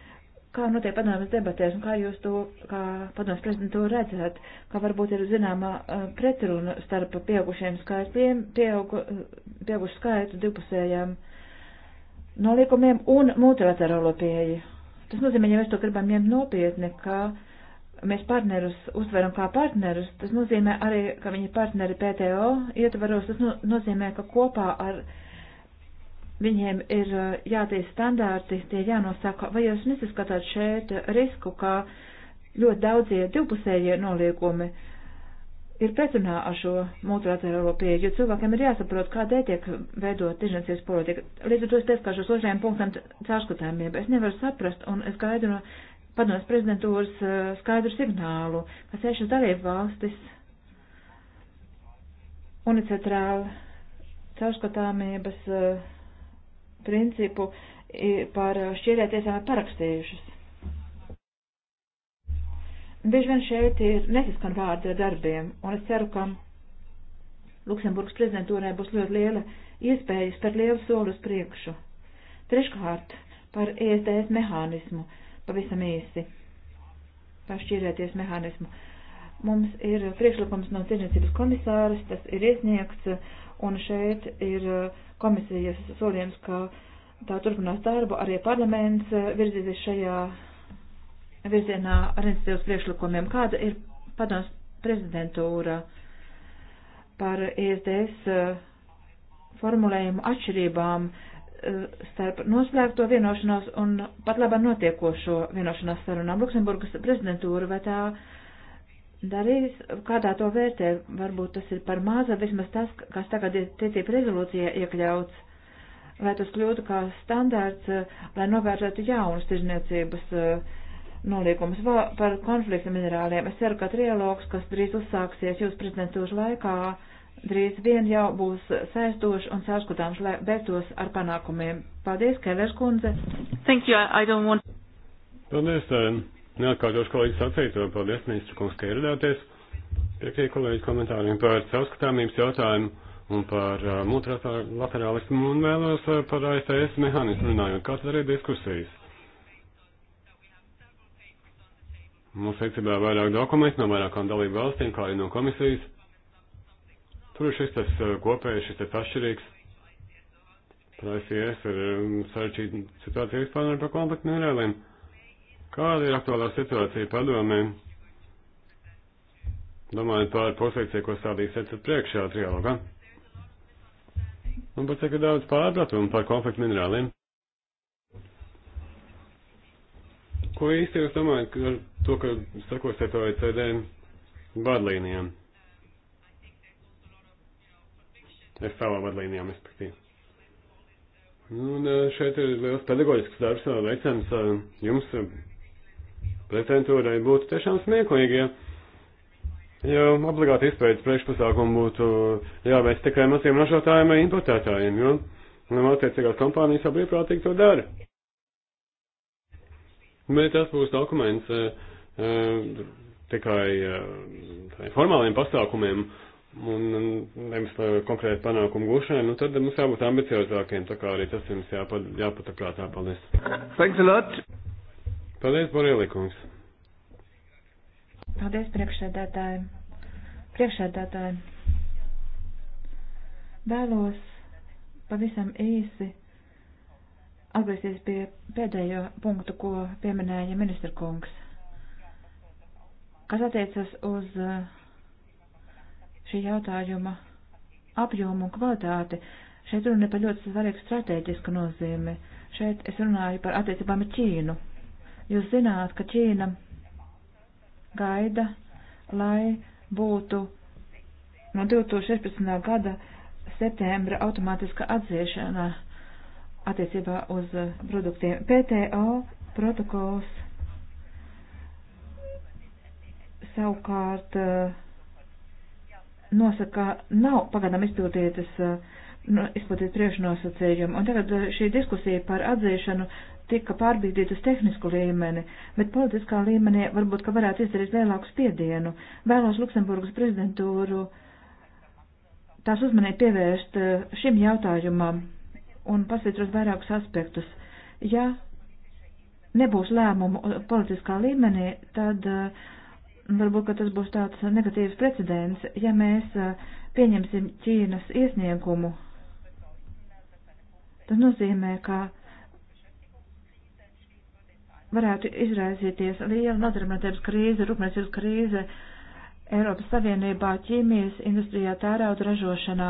kā notiek padomjas debatēs un kā jūs to, kā padomjas prezidentu to redzat, kā varbūt ir zināmā pretruna starp pieaugušiem skaitļiem, pieaugu, pieaugušu skaitu divpusējām noliekumiem un multilaterālo pieeju. Tas nozīmē, ja mēs to gribam ņemt nopietni, ka mēs partnerus uztveram kā partnerus, tas nozīmē arī, ka viņi ir partneri PTO ietvaros, tas nozīmē, ka kopā ar uh, Viņiem ir eh, jātīst standārti, tie jānosaka, vai jūs nesaskatāt šeit risku, ka ļoti daudzie divpusējie noliegumi ir pretrunā ar šo multilaterālo pieeju, jo cilvēkiem ir jāsaprot, kādēļ tiek veidot tirzniecības politika. Līdz ar to es pieskaros otrajam punktam cārskatāmību. Es nevaru saprast, un es gaidu no padomas prezidentūras eh, skaidru signālu, ka sešas dalību valstis unicetrāli cārskatāmības. Uh, eh, principu par uh, šķirēties esam parakstījušas. Bieži vien šeit ir nesaskan vārdi ar darbiem, un es ceru, ka Luksemburgas prezidentūrē būs ļoti liela iespēja spērt lielu soli uz priekšu. Treškārt, par ESDS mehānismu, pavisam īsi, par šķirēties mehānismu. Mums ir priekšlikums no tirdzniecības komisāras, tas ir iesniegts, un šeit ir uh, komisijas solījums, ka tā turpinās darbu, arī parlaments eh, virzīsies šajā virzienā ar iniciatīvas priekšlikumiem. Kāda ir padoms prezidentūra par ESDS eh, formulējumu atšķirībām eh, starp noslēgto vienošanos un pat labā notiekošo vienošanās sarunām? Luksemburgas prezidentūra vai tā darījis, kādā to vērtē, varbūt tas ir par maza, vismaz tas, kas tagad ir tiecība rezolūcijā iekļauts, lai tas kļūtu kā standārts, lai novērtētu jaunas tirzniecības eh, noliekumus par konfliktu minerāliem. Es ceru, ka trialogs, kas drīz uzsāksies jūs prezidentūšu laikā, drīz vien jau būs saistoši un sārskatāms, lai beigtos ar panākumiem. Paldies, Kēlērs kundze. Thank you, I don't want. Paldies, Tēn. Neatkārtošu kolēģi sacīto, paldies ministru kungs, ka ieradāties. Piekrīt kolēģi komentāriem par caurskatāmības jautājumu un par uh, multilaterālismu un vēlos uh, par ASTS mehānismu runājot, kāds arī diskusijas. Mums rīcībā vairāk dokumentu no vairākām dalību valstīm, kā arī no komisijas. Tur ir šis tas kopējais, šis tas atšķirīgs. Par ASTS ir sarežģīta situācija vispār par konfliktu nereāliem. No Kāda ir aktuālā situācija padomē? Domājot par pozīciju, ko stādīs esat priekšā trialogā. Un pat cik ir daudz pārpratumu par konfliktu minerāliem. Ko īsti jūs domājat ar to, ka sakosiet OECD vadlīnijām? Es savā vadlīnijām, respektīvi. Un eh, šeit ir liels pedagoģisks darbs veicams eh, jums pretendūrai būtu tiešām smieklīgi, ja, ja obligāti izpējas priekšpasākumu būtu jāveic tikai maziem ražotājiem vai importētājiem, jo nu, attiecīgās kompānijas jau brīvprātīgi to dara. Bet tas būs dokuments uh, uh, tikai uh, formāliem pasākumiem un nevis konkrēti panākumu gūšanai, nu tad mums jābūt ambiciozākiem, tā kā arī tas jums jāpat, jāpaturprātā. Paldies. Thanks a lot. Paldies, Borēlīkums. Paldies, priekšsēdētāji. Priekšsēdētāji. Vēlos pavisam īsi atgriezties pie pēdējo punktu, ko pieminēja ministra kungs. Kas attiecas uz eh, šī jautājuma apjomu un kvalitāti, šeit runa ir par ļoti svarīgu strateģisku nozīmi. Šeit es runāju par attiecībām ar Ķīnu. Jūs zināt, ka Ķīna gaida, lai būtu no 2016. gada septembra automātiska atzīšana attiecībā uz uh, produktiem. PTO protokols savukārt uh, nosaka, nav pagadam izpildītas, uh, izpildīt priekšnosacījumi. Un tagad šī diskusija par atzīšanu tika pārbīdīt uz tehnisku līmeni, bet politiskā līmenī varbūt, ka varētu izdarīt lielāku spiedienu. Vēlos Luksemburgas prezidentūru tās uzmanību pievērst eh, šim jautājumam un pasvītros vairākus aspektus. Ja nebūs lēmumu politiskā līmenī, tad eh, varbūt, ka tas būs tāds negatīvs precedents, ja mēs eh, pieņemsim Ķīnas iesniegumu. Tas nozīmē, ka varētu izraisīties liela nodarbinātības krīze, rūpniecības krīze Eiropas Savienībā, ķīmijas industrijā, tērauda ražošanā.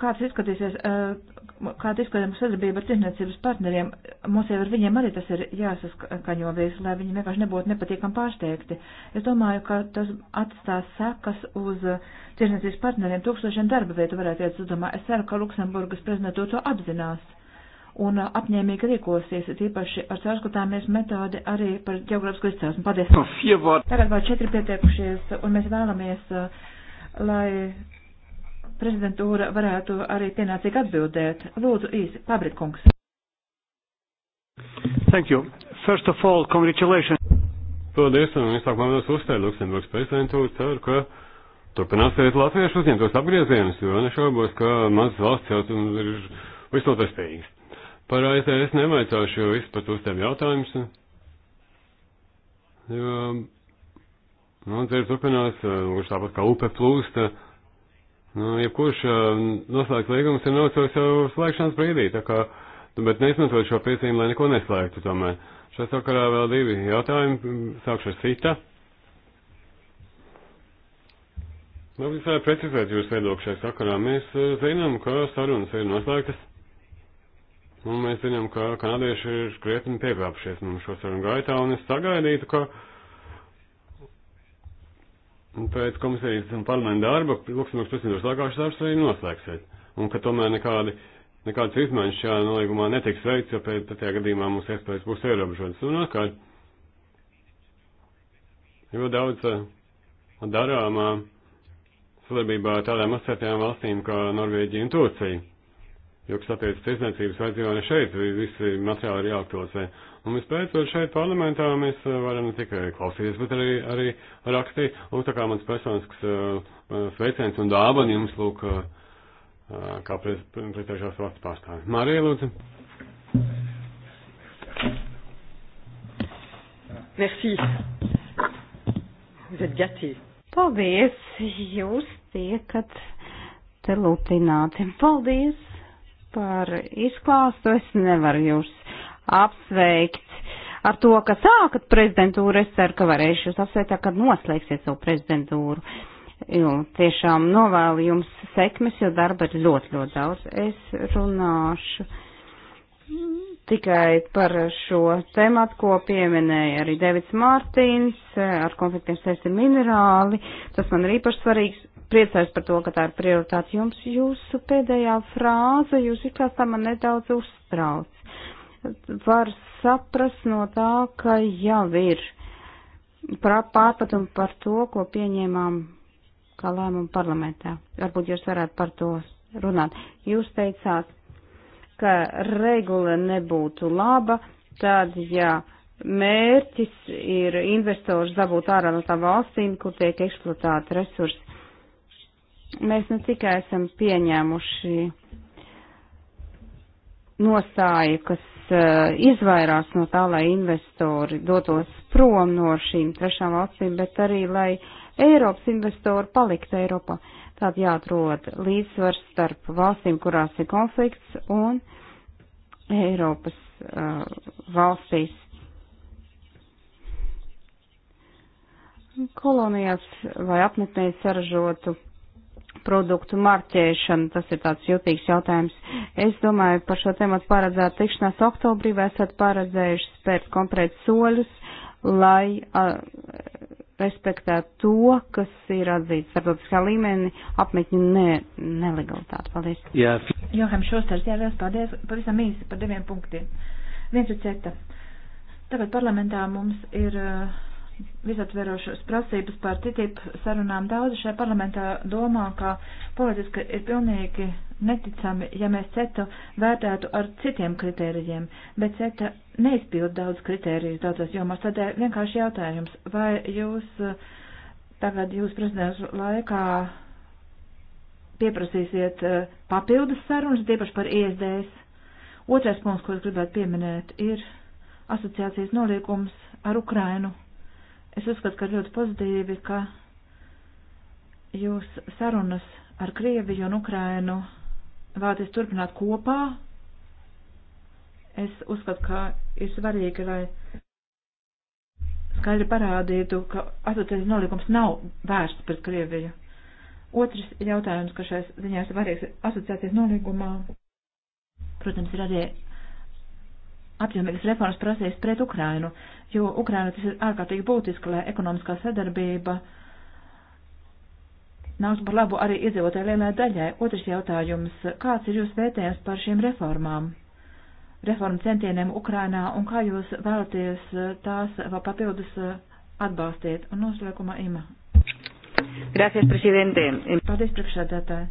Kāds izskatīsies, eh, kāda izskatām sadarbība ar tirniecības partneriem, mums jau ar viņiem arī tas ir jāsaskaņo visu, lai viņi vienkārši nebūtu nepatīkam pārsteigti. Es domāju, ka tas atstās sekas uz tirniecības partneriem, tūkstošiem darba vietu varētu iet, es domāju, es ceru, ka Luksemburgas prezidentūra to apzinās un apņēmīgi rīkosies, tīpaši ar caurskatāmies metodi arī par ģeogrāfisku izcelsmi. Paldies! No Tagad vēl četri pieteikušies, un mēs vēlamies, uh, lai prezidentūra varētu arī pienācīgi atbildēt. Lūdzu, īsi, Pabrikungs. Thank you. First of all, congratulations. Paldies, un es sākumā vēlos uzstāt Luksemburgas prezidentūru, ceru, ka turpināsiet latviešu uzņemtos apgriezienus, jo nešaubos, ka mazas valsts jau ir visnotaļspējīgas. Par ASV es nevaicāšu, jo viss pat uzdev jautājumus. Jo, nu, dzird turpinās, eh, kurš tāpat kā upe plūsta. Eh, nu, jebkurš eh, noslēgts līgums ir nocojis jau slēgšanas brīdī, tā kā, bet neizmantot šo piecīm, lai neko neslēgtu tomēr. Šajā sakarā vēl divi jautājumi, sākšu ar sita. Nu, visai precizēt jūs viedokšai sakarā. Mēs zinām, ka sarunas ir noslēgtas. Un nu, mēs zinām, ka kanādieši ir krietni piekāpšies mums šo sarunu gaitā, un es sagaidītu, ka pēc komisijas un parlamenta darba Luksemburgas prezidentūras lagāšas darbs arī noslēgsiet. Un ka tomēr nekādi, nekādas izmaiņas šajā nolīgumā netiks veikts, jo pēc tajā gadījumā mums iespējas būs ierobežotas. Un atkal, jo daudz eh, darāmā sadarbībā ar tādām asociētajām valstīm kā Norvēģija un Turcija jo, kas attiecas tiesniecības vajadzībām, šeit visi materiāli ir jāaktualizē. Un mēs pēcot šeit parlamentā, mēs eh, varam ne tikai klausīties, bet arī, arī rakstīt. Lūk, tā kā mans personisks eh, sveiciens un dāvana jums, lūk, eh, kā pretējušās valsts pārstāvi. Marija, lūdzu. Merci. Vous êtes gâtés. Paldies, jūs tiekat te lutināti. Paldies par izklāstu. Es nevaru jūs apsveikt ar to, ka sākat prezidentūru. Es ceru, ka varēšu jūs apsveikt, kad noslēgsiet savu prezidentūru. Jo tiešām novēlu jums sekmes, jo darba ir ļoti, ļoti daudz. Es runāšu tikai par šo tematu, ko pieminēja arī Devits Mārtīns, eh, ar konfliktiem saistīti minerāli. Tas man ir īpaši svarīgs. Priecājos par to, ka tā ir prioritāte jums. Jūsu pēdējā frāze, jūs izklāstā man nedaudz uztrauc. Var saprast no tā, ka jau ir pārpatumu par to, ko pieņēmām kā lēmumu parlamentā. Varbūt jūs varētu par to runāt. Jūs teicāt, ka regula nebūtu laba, tad, ja mērķis ir investors dabūt ārā no tām valstīm, kur tiek eksploatāti resursi, mēs ne tikai esam pieņēmuši nostāju, kas uh, izvairās no tā, lai investori dotos prom no šīm trešām valstīm, bet arī, lai Eiropas investori paliktu Eiropā. Uh, Tātad jāatrod līdzsvars starp valstīm, kurās ir konflikts, un Eiropas uh, valstīs. Kolonijās vai apmetnēs saražotu produktu marķēšana, tas ir tāds jūtīgs jautājums. Es domāju, par šo tēmatu paredzētu tikšanās oktobrī, vai esat paredzējuši spērt konkrēt soļus, lai uh, respektēt to, kas ir atzīts starptautiskā līmenī, apmeķņu ne, nelegalitāti. Paldies. Jā. Johem Šosters, jā, liels paldies. Pavisam īsi par diviem punktiem. Viens ir ceta. Tagad parlamentā mums ir uh, visatverošas prasības par TTIP sarunām daudzi šajā parlamentā domā, ka politiski ir pilnīgi neticami, ja mēs CETA vērtētu ar citiem kritērijiem, bet CETA neizpild daudz kritēriju daudzās jomās. Tādēļ vienkārši jautājums, vai jūs eh, tagad jūs prezidents laikā pieprasīsiet eh, papildus sarunas, tiepaši par ISDS? Otrais punkts, ko es gribētu pieminēt, ir asociācijas noliekums ar Ukrainu Es uzskatu, ka ļoti pozitīvi, ka jūs sarunas ar Krieviju un Ukrainu vēlaties turpināt kopā. Es uzskatu, ka ir svarīgi, lai skaidri parādītu, ka asociācijas nolikums nav vērsts pret Krieviju. Otrs jautājums, kas šais ziņā ir svarīgs asociācijas nolīgumā, protams, ir arī apņemības reformas prasīs pret Ukrainu, jo Ukraina tas ir ārkārtīgi būtiski, lai ekonomiskā sadarbība nāks par labu arī iedzīvotāju lielai daļai. Otrs jautājums - kāds ir jūsu vērtējums par šīm reformām? Reformu centieniem Ukrainā un kā jūs vēlaties eh, tās vēl papildus eh, atbalstīt? Un noslēgumā Ima. Gracias, presidente. Paldies, priekšsēdētāji.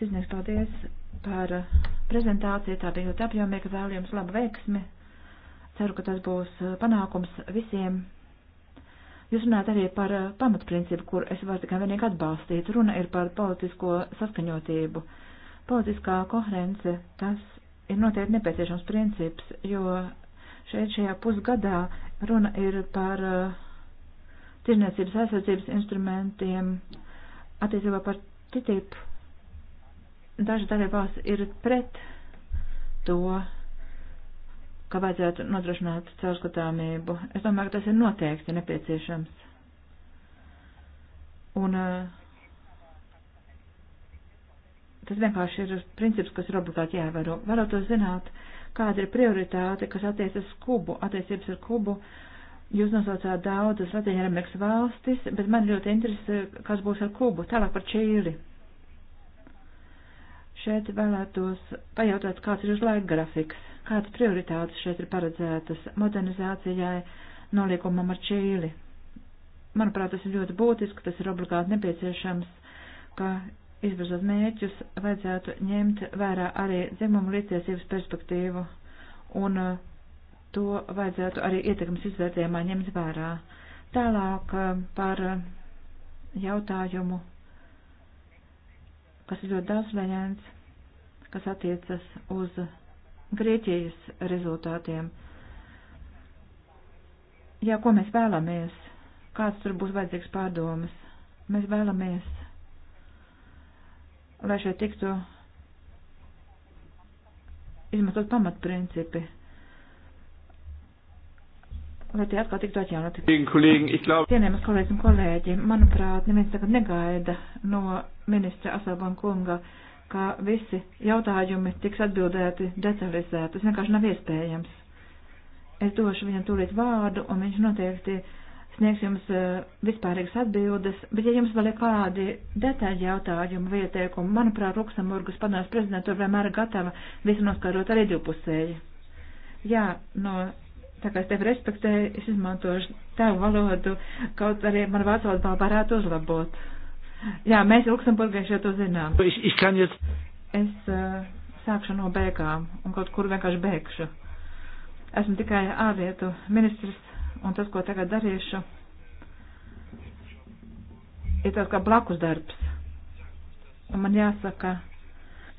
Siznieks, paldies par eh, prezentāciju. Tā bija ļoti apjomīga, vēlu jums labu veiksmi. Ceru, ka tas būs eh, panākums visiem. Jūs runājat arī par eh, pamatprincipu, kur es varu tikai vienīgi atbalstīt. Runa ir par politisko saskaņotību. Politiskā koherence, tas ir noteikti nepieciešams princips, jo šeit šajā pusgadā runa ir par tirniecības aizsardzības instrumentiem attiecībā par TTIP daži dalībvalsts ir pret to, ka vajadzētu nodrošināt caurskatāmību. Es domāju, ka tas ir noteikti nepieciešams. Un eh, tas vienkārši ir princips, kas ir obligāti jāievēro. Varētu zināt, kāda ir prioritāte, kas attiecas Kubu, attiecības ar Kubu. Jūs nosaucāt daudzas Latvijas Amerikas valstis, bet man ļoti interesē, kas būs ar Kubu, tālāk par Čīli. Šeit vēlētos pajautāt, kāds ir uz laika grafiks, kādas prioritātes šeit ir paredzētas modernizācijai noliekumam ar Čīli. Manuprāt, tas ir ļoti būtiski, tas ir obligāti nepieciešams, ka izvirzot mēķus vajadzētu ņemt vērā arī dzimumu līdztiesības perspektīvu un uh, to vajadzētu arī ietekmes izvērtējumā ņemt vērā. Tālāk uh, par uh, jautājumu kas ir ļoti daudz variants, kas attiecas uz Grieķijas rezultātiem. Jā, ko mēs vēlamies? Kāds tur būs vajadzīgs pārdomas? Mēs vēlamies, lai šeit tiktu izmantot pamatprincipi lai tie atkal tiktu atjaunoti. Cienījamas kolēģis un kolēģi, manuprāt, neviens tagad negaida no ministra Asalban kunga, ka visi jautājumi tiks atbildēti detalizēti. Tas vienkārši nav iespējams. Es došu viņam tūlīt vārdu, un viņš noteikti sniegs jums eh, vispārīgas atbildes, bet ja jums vēl ir kādi detaļi jautājumi vai ieteikumi, manuprāt, Luksemburgas padomjas prezidentūra vienmēr ir gatava visu noskārot arī divpusēji. Jā, no Tā kā es tevi respektēju, es izmantošu tavu valodu, kaut arī man vācu valodu vēl varētu uzlabot. Jā, mēs Luksemburgieši jau to zinām. Es, es, jetzt... es uh, sākšu no beigām un kaut kur vienkārši beigšu. Esmu tikai ārlietu ministrs un tas, ko tagad darīšu, ir tāds kā blakus darbs. Un man jāsaka,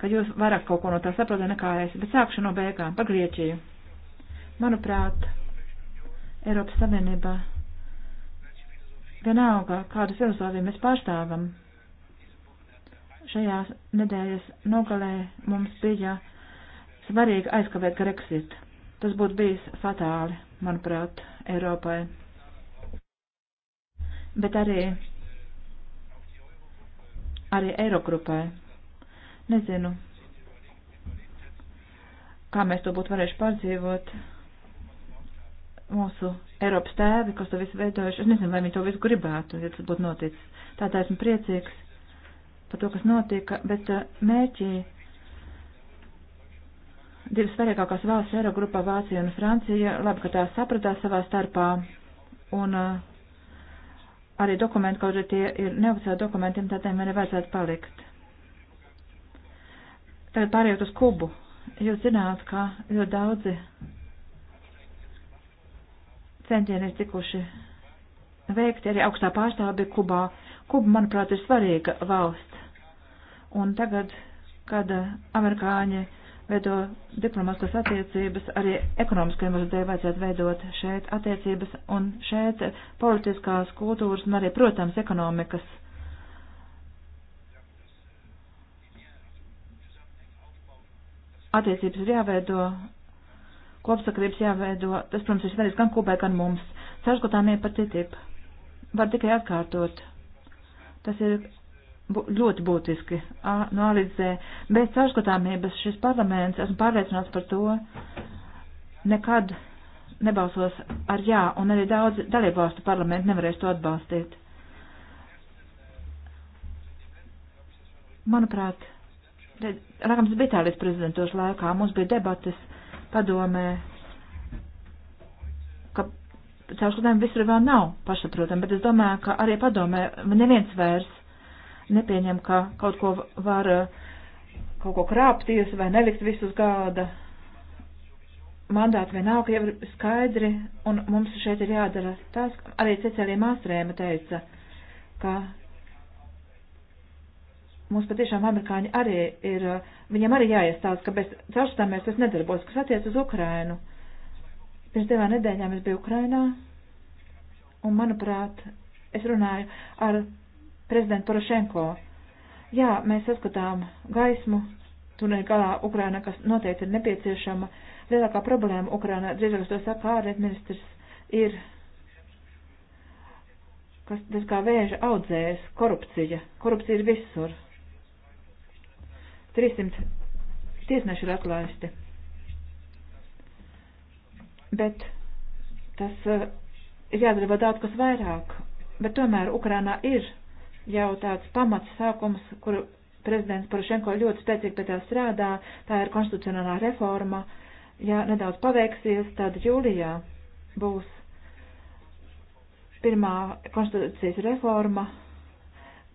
ka jūs vairāk kaut ko no tā saprotat nekā es, bet sākšu no beigām par Grieķiju. Manuprāt, Eiropas Savienībā vienalga, kādu filozofiju mēs pārstāvam. Šajā nedēļas nogalē mums bija svarīgi aizkavēt Brexit. Tas būtu bijis fatāli, manuprāt, Eiropai. Bet arī, arī Eirogrupai. Nezinu, kā mēs to būtu varējuši pārdzīvot mūsu Eiropas tēvi, kas to visu veidojuši. Es nezinu, vai viņi to visu gribētu, ja tas būtu noticis. Tādā esmu priecīgs par to, kas notika, bet eh, mērķī divas svarīgākās valsts Eirogrupā, Vācija un Francija, labi, ka tās sapratās savā starpā, un eh, arī dokumenti, kaut arī tie ir neoficiāli dokumentiem, tādiem arī vajadzētu palikt. Tagad pārējot uz Kubu, jūs zināt, ka ļoti daudzi centieni ir tikuši veikti arī augstā pārstāve Kubā. Kuba, manuprāt, ir svarīga valsts. Un tagad, kad amerikāņi veido diplomātiskas attiecības, arī ekonomiskajiem uzdevumiem vajadzētu veidot šeit attiecības un šeit politiskās kultūras un arī, protams, ekonomikas. Attiecības ir jāveido kopsakarības jāveido. Tas, protams, ir svarīgs gan Kubai, gan mums. Sarskotāmie par TTIP. Var tikai atkārtot. Tas ir bū, ļoti būtiski a, no A līdz Z. Bez sarskotāmības šis parlaments, esmu pārliecināts par to, nekad nebalsos ar jā, un arī daudz dalībvalstu parlamentu nevarēs to atbalstīt. Manuprāt, Rakams bija tā līdz prezidentūras laikā, mums bija debatas padomē, ka caurskatām visur vēl nav pašaprotam, bet es domāju, ka arī padomē neviens vairs nepieņem, ka kaut ko var kaut ko krāpties vai nelikt visu uz gāda. Mandāti vienalga jau ir skaidri, un mums šeit ir jādara tas, arī Cecēlija Māstrēma teica, ka mums patiešām amerikāņi arī ir, viņiem arī jāiestāsta, ka bez caurskatāmies tas nedarbos, kas attiec uz Ukrainu. Pirms divām nedēļām es biju Ukrainā, un manuprāt, es runāju ar prezidentu Porošenko. Jā, mēs saskatām gaismu, tur ir galā Ukraina, kas noteikti ir nepieciešama. Lielākā problēma Ukrainā, drīzāk to saka ārlietu ministrs, ir, kas tas kā vēža audzējas, korupcija. Korupcija ir visur 300 tiesneši ir atlaisti. Bet tas eh, ir jādara vēl daudz kas vairāk. Bet tomēr Ukrainā ir jau tāds pamats sākums, kur prezidents Porošenko ļoti spēcīgi pie tā strādā, tā ir konstitucionālā reforma. Ja nedaudz paveiksies, tad jūlijā būs pirmā konstitūcijas reforma,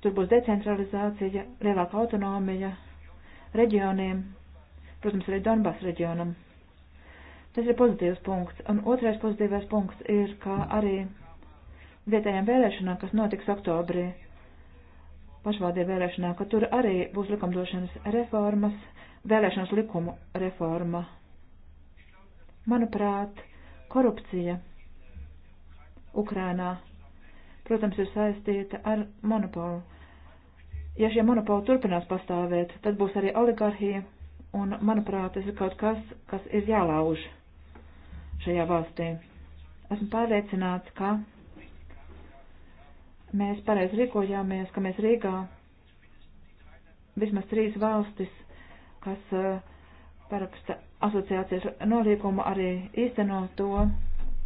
tur būs decentralizācija, lielāka autonomija, reģioniem, protams, arī Donbass reģionam. Tas ir pozitīvs punkts. Un otrais pozitīvais punkts ir, ka arī vietējām vēlēšanām, kas notiks oktobrī, pašvaldību vēlēšanām, ka tur arī būs likumdošanas reformas, vēlēšanas likumu reforma. Manuprāt, korupcija Ukrainā, protams, ir saistīta ar monopolu Ja šie monopoli turpinās pastāvēt, tad būs arī oligarhija, un, manuprāt, tas ir kaut kas, kas ir jālauž šajā valstī. Esmu pārliecināts, ka mēs pareizi rīkojāmies, ka mēs Rīgā vismaz trīs valstis, kas eh, paraksta asociācijas nolīgumu, arī īsteno to,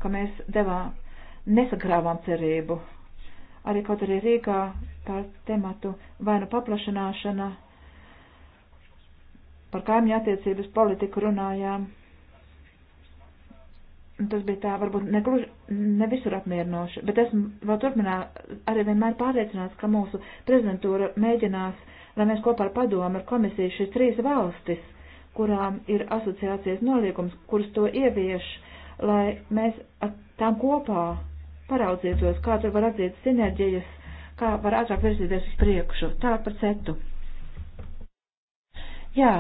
ka mēs devām, nesagrāvām cerību arī kaut arī Rīgā par tematu vai nu paplašanāšana, par kaimiņu attiecības politiku runājām. Tas bija tā, varbūt ne, gluži, ne visur apmierinoši, bet esmu vēl turpinā arī vienmēr pārliecināts, ka mūsu prezidentūra mēģinās, lai mēs kopā ar padomu ar komisiju šīs trīs valstis, kurām ir asociācijas noliegums, kuras to ievieš, lai mēs ar tām kopā paraudzieties, kā tur var atzīt sinerģijas, kā var ātrāk virzīties uz priekšu. Tālāk par cetu. Jā,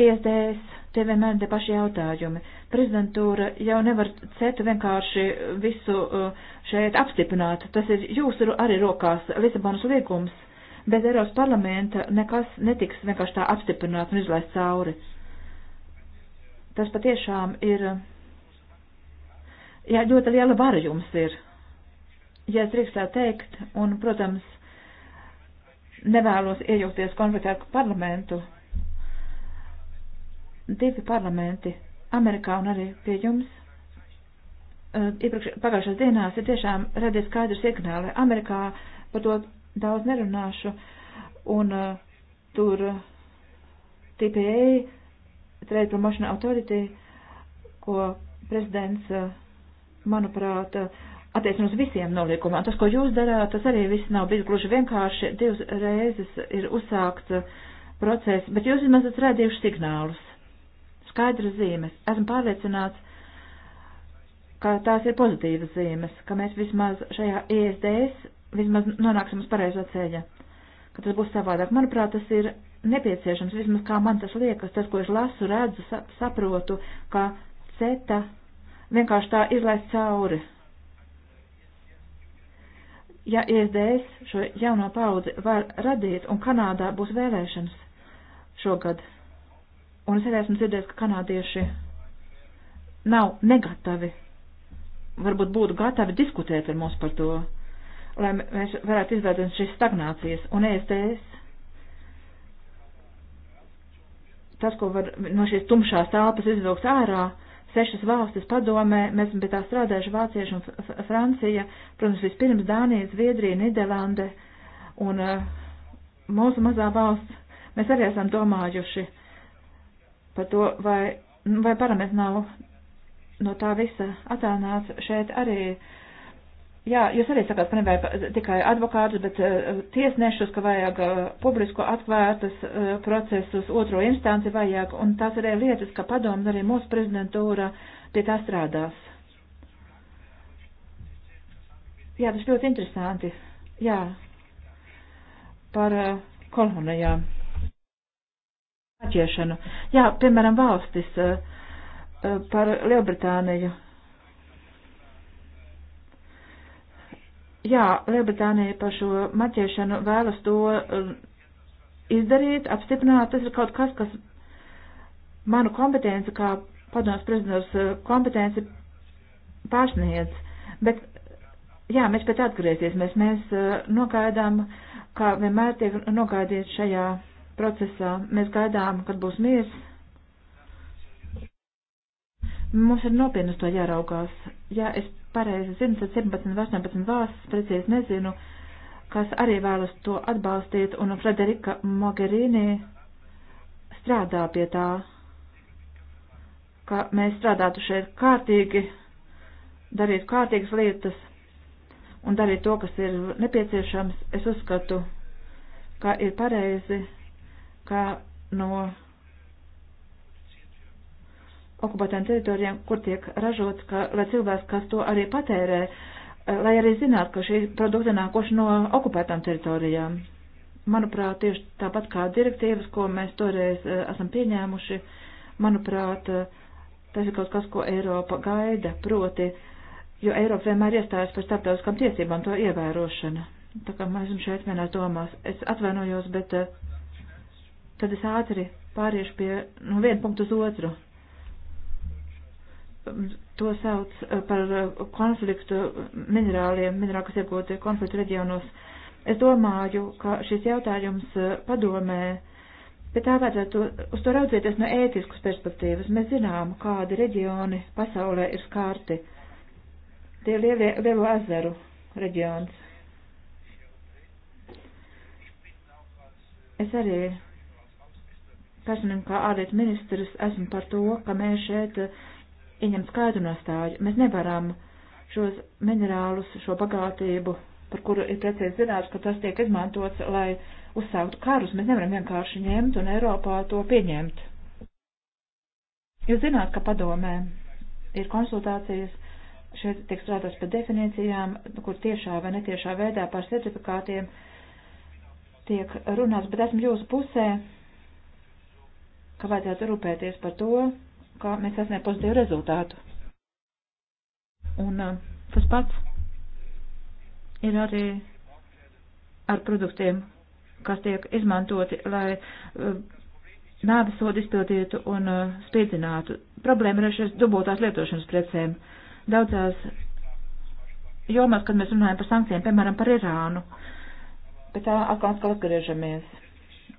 ISDS, tie vienmēr ir tie paši jautājumi. Prezidentūra jau nevar cetu vienkārši visu uh, šeit apstiprināt. Tas ir jūsu arī rokās Lisabonas līgums. Bez Eiropas parlamenta nekas netiks vienkārši tā apstiprināts un izlaist cauri. Tas patiešām ir uh, Jā, ļoti liela vara jums ir. Ja es drīkstētu teikt, un, protams, nevēlos iejaukties konfliktā ar parlamentu, divi parlamenti, Amerikā un arī pie jums, eh, iepriekš, pagājušās dienās ir tiešām radies skaidri signāli. Amerikā par to daudz nerunāšu, un uh, tur eh, TPA, Trade Promotion Authority, ko prezidents uh, manuprāt, attiecina uz visiem noliekumiem. Tas, ko jūs darāt, tas arī viss nav bijis gluži vienkārši. Divas reizes ir uzsākts process, bet jūs vismaz esat redzējuši signālus, skaidras zīmes. Esmu pārliecināts, ka tās ir pozitīvas zīmes, ka mēs vismaz šajā ISDS e vismaz nonāksim uz pareizo ceļa, ka tas būs savādāk. Manuprāt, tas ir nepieciešams, vismaz kā man tas liekas, tas, ko es lasu, redzu, saprotu, ka CETA vienkārši tā izlaist cauri. Ja ISDS šo jauno paudzi var radīt, un Kanādā būs vēlēšanas šogad, un es arī esmu dzirdējis, ka kanādieši nav negatavi, varbūt būtu gatavi diskutēt ar mums par to, lai mēs varētu izvēlēties šīs stagnācijas un ESDS. Tas, ko var no šīs tumšās telpas izvilkt ārā, uh, sešas valstis padomē, mēs esam pie tā strādājuši vācieši un Francija, protams, vispirms Dānija, Zviedrija, Niderlande un uh, mūsu mazā valsts. Mēs arī esam domājuši par to, vai, vai parlaments nav no tā visa attālināts. Šeit arī uh, Jā, jūs arī sakāt, ka nevajag tikai advokātus, bet uh, tiesnešus, ka vajag uh, eh, publisko atvērtas uh, procesus, otro instanci vajag, un tās arī lietas, ka padomu arī mūsu prezidentūra pie tā strādās. Jā, tas ļoti interesanti. Jā, par uh, kolonijām. Atķiešanu. Jā, piemēram, valstis uh, uh, par Lielbritāniju. Uh, jā, Lielbritānija par šo maķēšanu vēlas to um, izdarīt, apstiprināt. Tas ir kaut kas, kas manu kompetenci, kā padomus prezidents uh, kompetenci pārsniedz. Bet, jā, mēs pēc atgriezīsimies. Mēs uh, nogaidām, kā vienmēr tiek nogaidīt šajā procesā. Mēs gaidām, kad būs miers. Mums ir nopietni uz to jāraugās. Jā, es pareizi zinu, tad 17 vai 18 valstis, precīzi nezinu, kas arī vēlas to atbalstīt, un Frederika Mogherini strādā pie tā, ka mēs strādātu šeit kārtīgi, darītu kārtīgas lietas un darītu to, kas ir nepieciešams. Es uzskatu, ka ir pareizi, ka no okupētām teritorijām, kur tiek ražots, ka, lai cilvēks, kas to arī patērē, eh, lai arī zinātu, ka šī produkta nākoši no okupētām teritorijām. Manuprāt, tieši tāpat kā direktīvas, ko mēs toreiz eh, esam pieņēmuši, manuprāt, eh, tas ir kaut kas, ko Eiropa gaida, proti, jo Eiropa vienmēr iestājas par starptautiskām tiesībām to ievērošanu. Tā kā mēs esam šeit vienās domās. Es atvainojos, bet tad es ātri pāriešu pie no nu, viena punkta uz otru to sauc eh, par eh, konfliktu minerāliem, minerāli, kas iegūti konfliktu reģionos. Es domāju, ka šis jautājums eh, padomē, bet tā vajadzētu uz to raudzīties no ētiskas perspektīvas. Mēs zinām, kādi reģioni pasaulē ir skārti. Tie ir lielie, lielo ezeru reģions. Es arī personīgi kā ārlietu ministrs esmu par to, ka mēs šeit uh, ieņemt skaidru nostāju. Mēs nevaram šos minerālus, šo bagātību, par kuru ir precīzi zināts, ka tas tiek izmantots, lai uzsāktu karus. Mēs nevaram vienkārši ņemt un Eiropā to pieņemt. Jūs zināt, ka padomē ir konsultācijas, šeit tiek strādāts par definīcijām, kur tiešā vai netiešā veidā par certifikātiem tiek runāts, bet esmu jūsu pusē, ka vajadzētu rūpēties par to, ka mēs sasniegsim pozitīvu rezultātu. Un tas pats ir arī ar produktiem, kas tiek izmantoti, lai nāves sodu izpildītu un spiedzinātu. Problēma ir ar šīs dubultās lietošanas precēm. Daudzās jomās, kad mēs runājam par sankcijiem, piemēram, par Irānu, pēc tā atkal atgriežamies.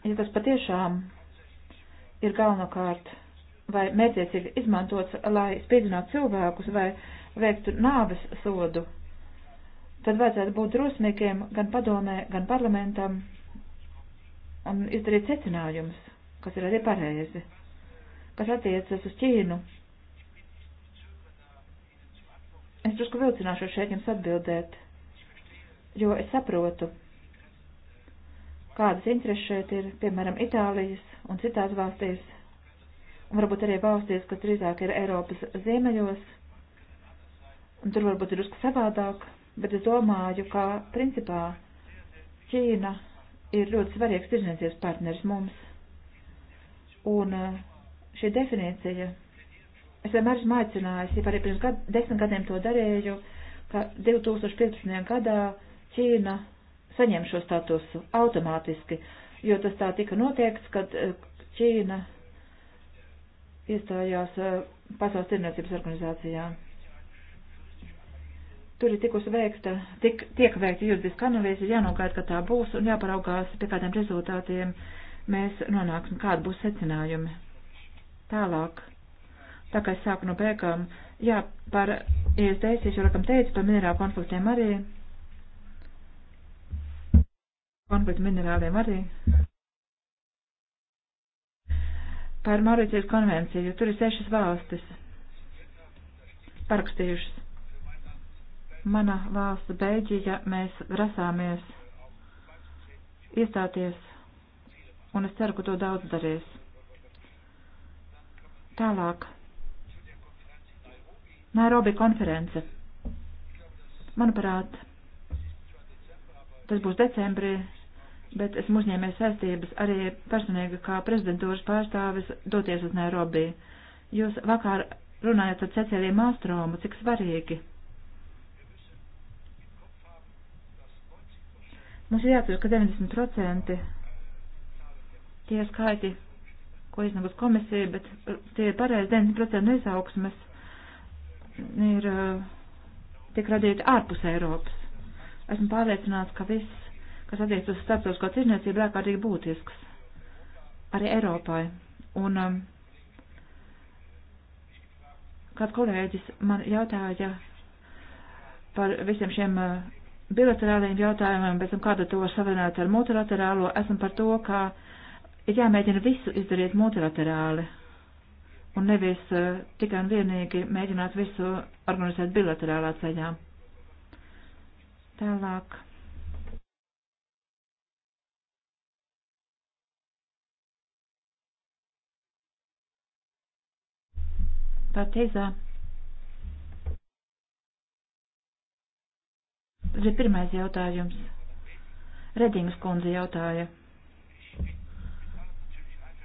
Ja tas patiešām ir galvenokārt vai mērķiecīgi izmantots, lai spīdzinātu cilvēkus vai veiktu nāves sodu, tad vajadzētu būt drosmīgiem gan padomē, gan parlamentam un izdarīt secinājumus, kas ir arī pareizi, kas attiecas uz Ķīnu. Es drusku vilcināšu šeit jums atbildēt, jo es saprotu, kādas intereses šeit ir, piemēram, Itālijas un citās valstīs varbūt arī valstīs, kas drīzāk ir Eiropas ziemeļos, un tur varbūt ir drusku savādāk, bet es domāju, ka principā Ķīna ir ļoti svarīgs tirzniecības partners mums. Un eh, šī definīcija, es vienmēr esmu aicinājis, jau arī pirms gad, desmit gadiem to darīju, ka 2015. gadā Ķīna saņem šo statusu automātiski, jo tas tā tika noteikts, kad eh, Ķīna iestājās eh, Pasaules tirniecības organizācijā. Tur ir tikus veikta, tik, tiek veikta juridiska analīze, jānogaida, ka tā būs un jāparaugās, pie kādiem rezultātiem mēs nonāksim, kādi būs secinājumi. Tālāk, tā kā es sāku no beigām, jā, par ISDS, e es jau rakam teicu, par minerālu konfliktiem arī, konfliktu minerāliem arī par Maurīcijas konvenciju, jo tur ir sešas valstis parakstījušas. Mana valsts Beļģija, mēs grasāmies iestāties, un es ceru, ka to daudz darīs. Tālāk. Nairobi konference. Manuprāt, tas būs decembrī, bet esmu uzņēmies saistības arī personīgi kā prezidentūras pārstāvis doties uz Nairobi. Jūs vakar runājat ar Cecēliju Māstromu, cik svarīgi. Mums ir jāatcer, ka 90% tie skaiti, ko iznākas komisija, bet tie ir pareizi 90% izaugsmes ir eh, tik radīti ārpus Eiropas. Esmu pārliecināts, ka viss kas attiec uz starptautisko tirniecību, ārkārtīgi būtisks arī Eiropai. Un um, kāds kolēģis man jautāja par visiem šiem uh, bilaterāliem jautājumiem, bet kāda to var savienot ar multilaterālo, esam par to, ka ir jāmēģina visu izdarīt multilaterāli un nevis uh, tikai un vienīgi mēģināt visu organizēt bilaterālā ceļā. Tālāk. Pateizā. Tas ir pirmais jautājums. Redīgas kundze jautāja.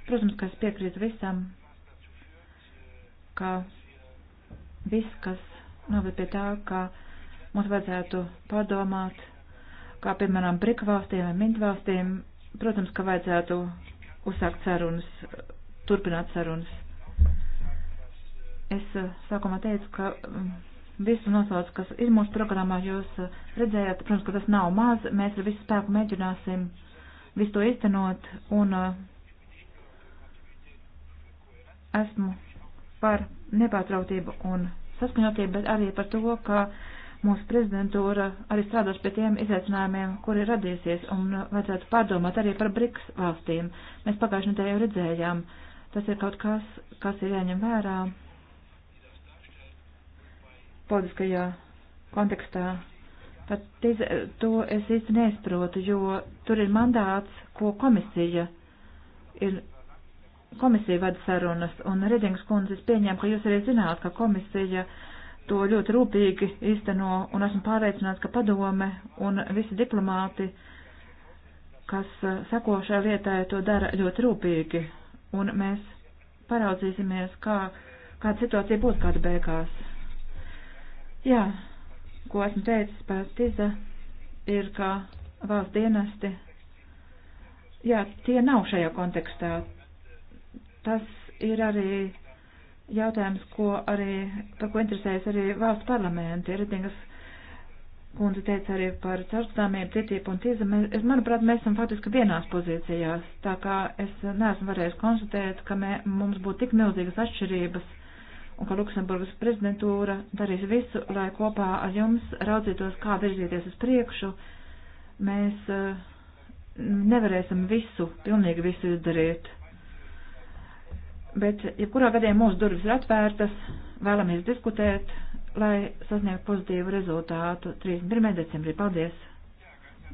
Protams, ka es piekrītu visam, ka viss, kas noved pie tā, ka mums vajadzētu padomāt, kā piemēram brikvalstīm vai mintvalstīm, protams, ka vajadzētu uzsākt sarunas, turpināt sarunas. Es eh, sākumā teicu, ka mm, visu nosauc, kas ir mūsu programmā, jūs eh, redzējāt, protams, ka tas nav maz, mēs ar visu spēku mēģināsim visu to iztenot un eh, esmu par nepārtrautību un saskaņotību, bet arī par to, ka mūsu prezidentūra arī strādās pie tiem izaicinājumiem, kuri ir radīsies un vajadzētu pārdomāt arī par BRICS valstīm. Mēs pagājušajā nedēļā jau redzējām, tas ir kaut kas, kas ir jāņem vērā politiskajā kontekstā. Tad tiz, to es īsti neizprotu, jo tur ir mandāts, ko komisija ir. Komisija vada sarunas, un Redings kundzes pieņēma, ka jūs arī zināt, ka komisija to ļoti rūpīgi īsteno, un esmu pārliecināts, ka padome un visi diplomāti, kas uh, sako šai lietai, to dara ļoti rūpīgi, un mēs paraudzīsimies, kā, kāda situācija būs kāda beigās Jā, ko esmu teicis pēc tiza, ir, ka valsts dienesti, jā, tie nav šajā kontekstā. Tas ir arī jautājums, ko arī, par ko interesējas arī valsts parlamenti. Redingas kundze teica arī par caurskatāmību, citību un tīza. Es, manuprāt, mēs esam faktiski vienās pozīcijās, tā kā es neesmu varējis konstatēt, ka mē, mums būtu tik milzīgas atšķirības un ka Luksemburgas prezidentūra darīs visu, lai kopā ar jums raudzītos, kā virzīties uz priekšu. Mēs eh, nevarēsim visu, pilnīgi visu izdarīt. Bet, ja kurā gadījumā mūsu durvis ir atvērtas, vēlamies diskutēt, lai sasniegtu pozitīvu rezultātu 31. decembrī. Paldies!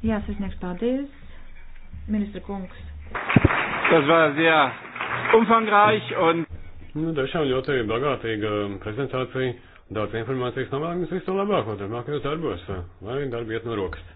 Jā, sasniegs paldies, ministra kungs! Tas vēl, jā, umfangreich un. Nu, tiešām ļoti bagātīga prezentācija, daudz informācijas, novēlam jums visu labāko, turpmākajos darbos, lai darbi iet no rokas.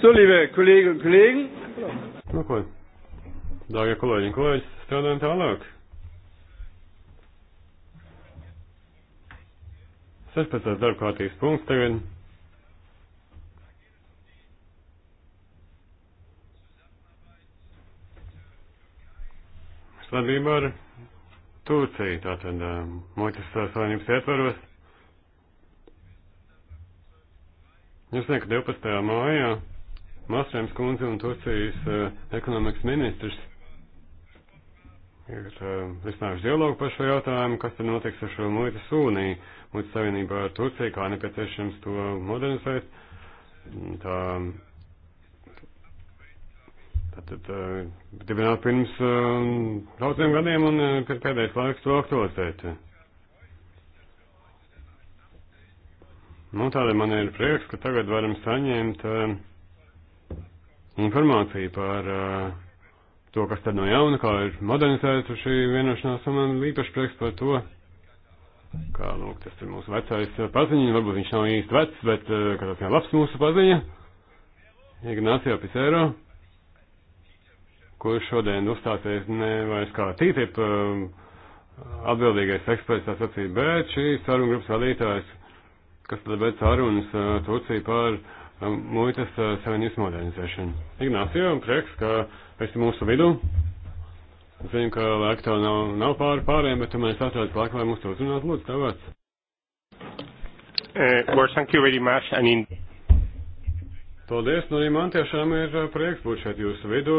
So, liebe Kolleginnen und Kollegen. Nu, ko, dārgie kolēģi un kolēģis, strādājam tālāk. 16. darba kārtības punkts tagad. Sadarbībā ar Turciju, tātad muitas savienības ietvaros. Jūs nekat 12. mājā. Mastrēms kundze un Turcijas uh, ekonomikas ministrs ir uh, eh, risinājuši dialogu par šo jautājumu, kas tad notiks ar šo muitas uniju, muitas savienībā ar Turciju, kā nepieciešams to modernizēt. Tā, tātad uh, eh, dibināt pirms uh, daudziem gadiem un uh, pēdējais laiks to aktualizēt. Nu, tādēļ man ir prieks, ka tagad varam saņemt uh, informāciju par uh, to, kas tad no jauna, kā ir modernizēta šī vienošanās, un man īpaši prieks par to, kā, nu, tas ir mūsu vecais paziņa, varbūt viņš nav īsti vecs, bet, uh, kā tas ir labs mūsu paziņa, Ignācijā Pisēro, kurš šodien uzstāsies ne vairs kā TTIP uh, atbildīgais eksperts, tā sacīja, bet šī saruna grupas vadītājs, kas tad beidz sarunas uh, Turcija par uh, Um, muitas uh, savienības modernizēšanu. Ignācijā, prieks, ka esi mūsu vidū. Es zinu, ka laika tev nav, nav pāri pāriem, bet tu mēs atradzi laiku, lai mums to uzrunātu. Lūdzu, tev vārds. Uh, well, thank you very much. I mean... Paldies, nu arī man tiešām ir uh, prieks būt šeit jūsu vidū.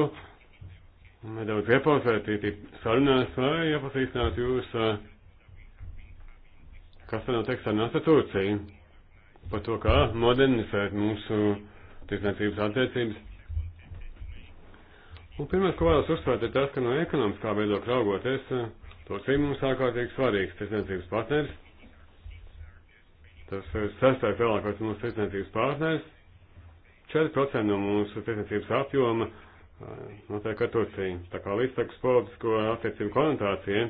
Nedaudz iepauzēt, tīk sarunās vai iepazīstināt jūs, uh, kas tad notiek sarunās ar Turciju par to, kā modernizēt mūsu tirdzniecības attiecības. Un pirmais, ko vēlos uzsvērt, ir tas, ka no ekonomiskā viedokļa raugoties, to cīm mums ārkārtīgi svarīgs tirdzniecības partneris. Tas ir sestais lielākais mūsu tirdzniecības partneris. 4% no mūsu tirdzniecības apjoma eh, notiek ar Turciju. Tā kā līdztekus politisko attiecību konnotācija,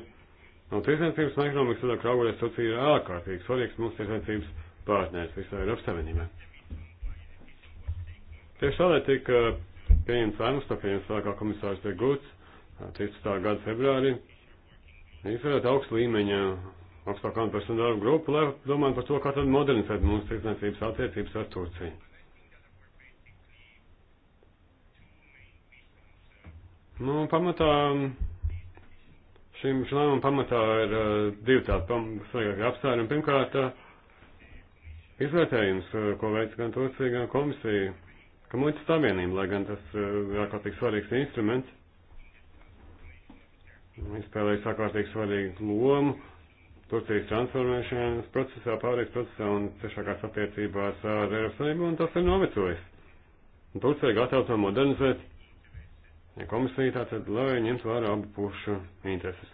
no tirdzniecības un ekonomikas viedokļa raugoties, Turcija ir ārkārtīgi svarīgs mūsu tirdzniecības partneris partneris visā Eiropas Savienībā. Tieši tādēļ tika uh, pieņemts lēmums, to pieņems vēlākā komisārs De Guts 13. Uh, gada februārī, izvērēt augstu līmeņa augstā konversāla darba grupu, lai domātu par to, kā tad modernizēt mūsu tirdzniecības attiecības ar Turciju. Nu, pamatā um, šim lēmumam pamatā ir uh, divi tādi svarīgākie apstākļi. Pirmkārt, uh, Izvērtējums, eh, ko veic gan Turcija, gan komisija, ka muitas savienība, lai gan tas eh, ir ārkārtīgi svarīgs instruments, izspēlējis ārkārtīgi svarīgu lomu Turcijas transformēšanas procesā, pārējais procesā un ciešākās attiecībās ar Eiropas Savienību, un tas ir novecojis. Un Turcija gatava to modernizēt, ja komisija tātad, lai ņemtu vērā abu pušu intereses.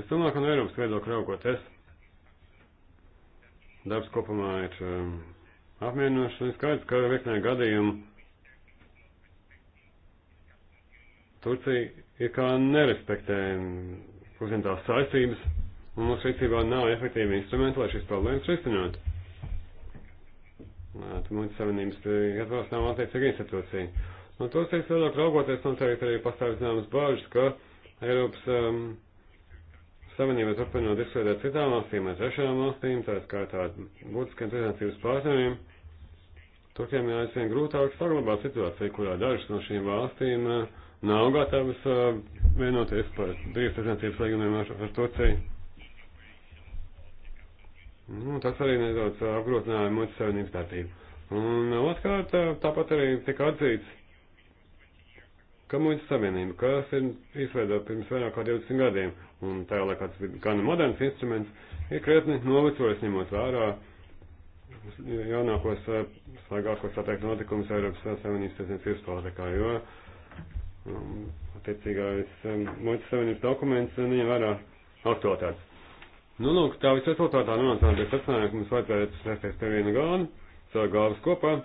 Es domāju, ka no Eiropas viedokļa raugoties, Darbs kopumā ir um, apmierinošs un skaidrs, ka virknē gadījumu Turcija ir kā nerespektē uzņemtās um, saistības un mūsu rīcībā nav efektīvi instrumenti, lai šīs problēmas risinātu. Mūsu savienības ietvaros eh, nav attiecīga institūcija. No Turcijas vēlāk raugoties, noteikti arī pastāv zināmas bāžas, ka Eiropas um, Savienībai turpinot diskutēt ar citām valstīm, ar trešām valstīm, tātad kā tādiem būtiskiem tirdzniecības partneriem, Turkiem ir aizvien grūtāk saglabāt situāciju, kurā dažas no šīm valstīm eh, nav gatavas eh, vienoties par brīvas tirdzniecības līgumiem ar, ar Turciju. Nu, tas arī nedaudz apgrūtināja muitas savienības darbību. Un eh, otrkārt, tāpat arī tika atzīts, ka muitas savienība, kas ir izveidota pirms vairāk kā 20 gadiem, un tajā laikā tas ir gan moderns instruments, ir krietni novecojis ņemot vērā jaunākos, eh, svaigākos attieksmes notikumus Eiropas Savienības tiesības politikā, jo um, attiecīgais um, muitas savienības dokuments eh, neņem vērā aktualitātes. Nu, lūk, tā visresultātā nonācām pie secinājuma, ka mums vajadzētu sēsties pie viena gāna, savu galvas kopā,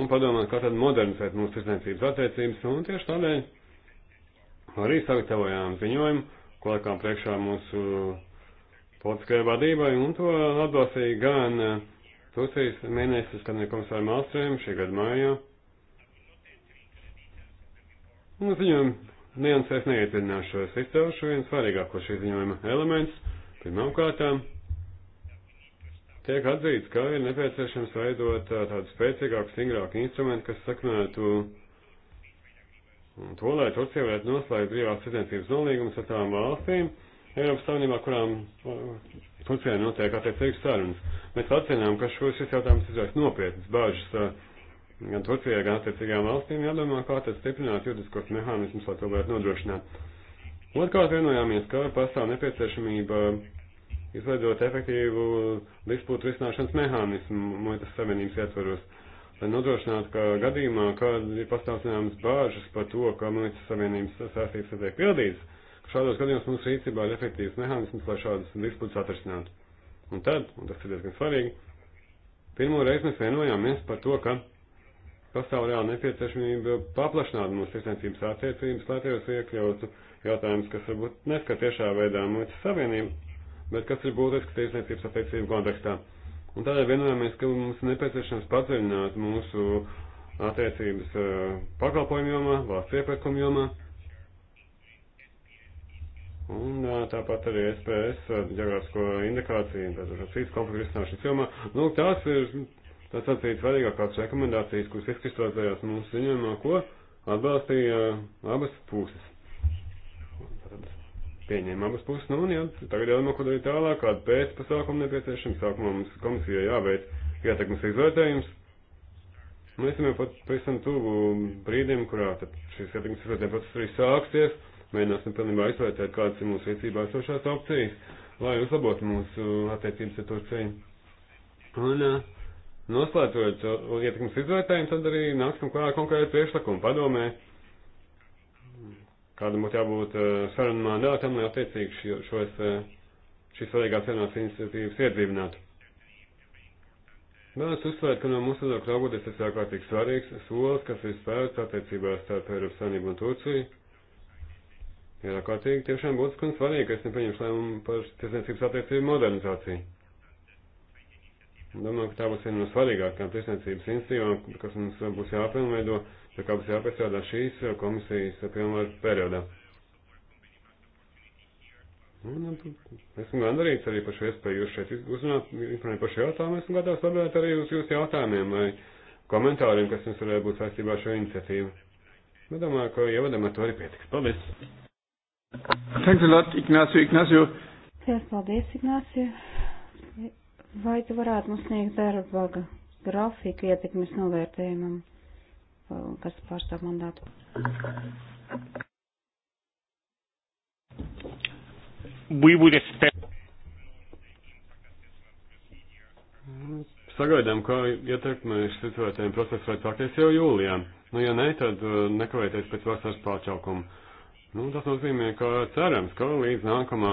un padomāt, kā tad modernizēt mūsu tirdzniecības attiecības, un tieši tādēļ arī sagatavojām ziņojumu, ko liekām priekšā mūsu politiskajai vadībai, un to atbalstīja gan eh, Turcijas ministrs, gan komisāra Malstrēm šī gada mājā. Un ziņojumu niansēs neiecināšos, izcelšu viens svarīgāko šī ziņojuma elements, pirmām kārtām tiek atzīts, ka ir nepieciešams veidot tādu spēcīgāku, stingrāku instrumentu, kas sakmētu to, lai Turcija varētu noslēgt brīvās tirdzniecības nolīgumus ar tām valstīm, Eiropas Savienībā, kurām Turcijai notiek attiecīgas sarunas. Mēs atcinām, ka šo, šis jautājums izraisa nopietnas bažas gan Turcijai, gan attiecīgām valstīm jādomā, kā tad stiprināt juridiskos mehānismus, lai to varētu nodrošināt. Otrkārt vienojāmies, ka pastāv nepieciešamība izveidot efektīvu disputu risināšanas mehānismu muitas savienības ietvaros, lai nodrošinātu, ka gadījumā, kad ir pastāvināmas bāžas par to, ka muitas savienības saistības netiek pildītas, ka šādos gadījumos mums rīcībā ir efektīvs mehānisms, lai šādas disputas atrisinātu. Un tad, un tas ir diezgan svarīgi, pirmo reizi mēs vienojāmies par to, ka pastāv reāla nepieciešamība paplašināt mūsu tirsniecības attiecības, lai tajos iekļautu jautājumus, kas varbūt neskar tiešā veidā muitas savienību bet kas ir būtiski tirsniecības attiecību kontekstā. Un tādēļ vienojamies, ka mums nepieciešams padziļināt mūsu attiecības eh, pakalpojumu jomā, valsts iepirkumu jomā. Un eh, tāpat arī SPS, ģeogrāfisko eh, indikāciju, tātad cits konflikts risināšanas jomā. Nu, tās ir, tas atsīt svarīgākās rekomendācijas, kuras izkristalizējās mūsu ziņojumā, ko atbalstīja abas puses pieņēma abas puses. Nu, un, jā, tagad jādomā, ko darīt tālāk, kāda pēcpasākuma nepieciešama. Sākumā mums komisijai jāveic ietekmes izvērtējums. Nu, esam jau pat pavisam tuvu brīdim, kurā tad šis ietekmes izvērtējums process arī sāksies. Mēģināsim pilnībā izvērtēt, kādas ir mūsu rīcībā esošās opcijas, lai uzlabotu mūsu attiecības ar Turciju. Un, jā, noslēdzot ietekmes izvērtējumu, tad arī nāksim klāt konkrēti priekšlikumu padomē kādam būtu jābūt eh, sarunu mandātam, lai attiecīgi šos, eh, šīs svarīgās jaunās iniciatīvas iedzīvinātu. Vēlos uzsvērt, ka no mūsu viedokļa raugoties tas ir ārkārtīgi svarīgs solis, kas ir spērts attiecībās starp Eiropas Savienību un Turciju. Ir ārkārtīgi tiešām būtiski un svarīgi, ka es nepieņemšu lēmumu par tiesniecības attiecību modernizāciju. Domāju, ka tā būs viena no svarīgākajām tiesniecības institūcijām, kas mums būs jāapvienveido, pie kā būs jāpiestrādā šīs komisijas pilnvaru periodā. Un, nu, nu, esmu gandarīts arī par šo iespēju jūs šeit uzrunāt, informēt par šo jautājumu. Esmu gatavs atbildēt arī uz jūsu jautājumiem vai komentāriem, kas jums varētu būt saistībā ar šo iniciatīvu. Bet nu, domāju, ka ievadam ar to arī pietiks. Paldies! Thanks a lot, Ignacio, Ignacio. Pēc paldies, Ignacio. Vai tu varētu mums sniegt darba grafiku ietekmes novērtējumam? kas pārstāv mandātu. Expect... Sagaidām, kā ietekmēs situācijām procesu vai sākties jau jūlijā. Nu, ja nē, tad uh, nekavēties pēc vasaras pārčaukuma. Nu, tas nozīmē, ka cerams, ka līdz nākamā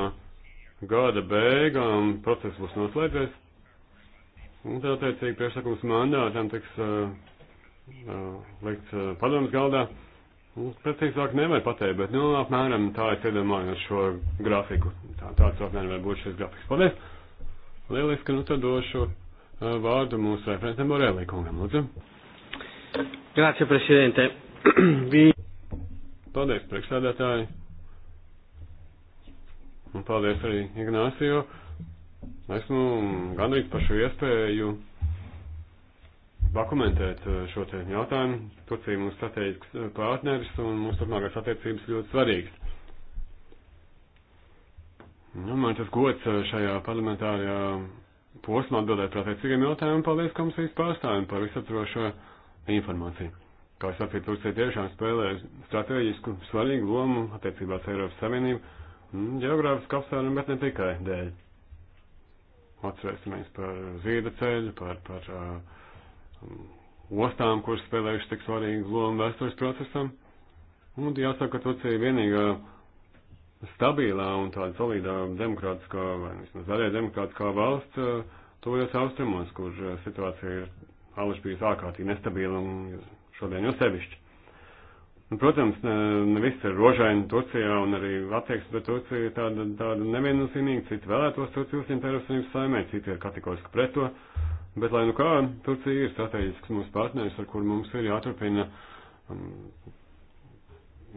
gada beigām process būs noslēdzies. Un tā teicīgi priekšsakums mandātam tiks uh, likts padomas galdā. Nu, precīzāk nevar pateikt, bet, nu, apmēram tā es iedomājos šo grafiku. Tā, tāds apmēram var būt šis grafiks. Paldies! Lieliski, nu tad došu vārdu mūsu referentam Borelī kungam, lūdzu. Grācija, prezidente. paldies, priekšsēdētāji. Un paldies arī Ignācijo. Esmu gandrīz par šo iespēju dokumentēt eh, šo te jautājumu. Turcija mums strateģisks eh, partneris un mūsu turpmākās attiecības ļoti svarīgas. Nu, man tas gods eh, šajā parlamentārajā posmā atbildēt par attiecīgiem jautājumiem. Paldies komisijas pārstāvjiem par visaptrošo informāciju. Kā es sacīju, Turcija tiešām spēlē strateģisku svarīgu lomu attiecībās Eiropas Savienību, ģeogrāfisku apsvērumu, bet ne tikai dēļ. Atcerēsimies par zīda ceļu, par, par uh, Um, ostām, kuras spēlējuši tik svarīgu lomu vēstures procesam. Un jāsaka, ka Turcija ir vienīgā stabilā un tāda solidā demokrātiskā, vai vismaz daļai demokrātiskā valsts, uh, tuvojas austrumos, kur uh, situācija ir alaši bijusi ārkārtīgi nestabila un šodien jau sevišķi. Un, protams, ne, ne viss ir rožaini Turcijā, un arī attieksme pret Turciju ir tāda, tāda neviennozīmīga. Citi vēlētos Turciju uzņemt Eiropas Savienības saimē, citi ir kategoriski pret to. Bet, lai nu kā, Turcija ir strateģisks mūsu partneris, ar kuru mums ir jāturpina um,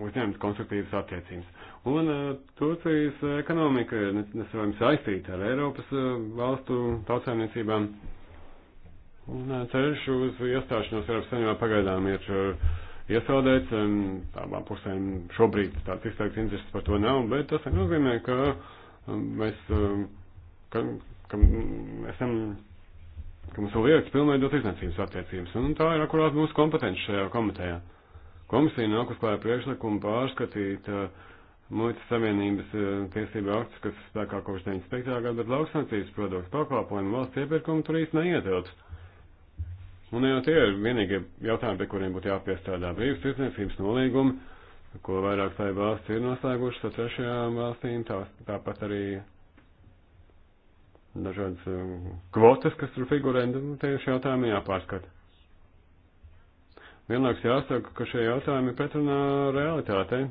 uzņemt konstruktīvas attiecības. Un uh, Turcijas ekonomika ir nesavājums saistīta ar Eiropas uh, valstu tautsēmniecībām. Un uh, ceļš uz iestāšanos Eiropas saņemā pagaidām ir uh, iesaldēts. Um, abām pusēm šobrīd tāds izteikts intereses par to nav, bet tas nozīmē, ka um, mēs, um, ka, ka mēs esam. Um, ka mums liekas pilnveidot izniecības attiecības, un tā ir akurāt mūsu kompetenci šajā komitejā. Komisija nāk uz klāja priekšlikumu pārskatīt uh, muitas savienības uh, tiesību aktus, kas spēkā kopš 95. gada, bet lauksancības produktu pakalpojumu valsts iepirkumu tur īsti neietilpst. Un jau tie ir vienīgie jautājumi, pie kuriem būtu jāpiestrādā brīvas tirdzniecības nolīgumi, ko vairāk tai valsts ir noslēgušas ar trešajām valstīm, tā, tāpat arī dažādas eh, kvotas, kas tur figurē, nu, tieši jautājumi jāpārskata. Vienlaiks jāsaka, ka šie jautājumi pretrunā realitātei.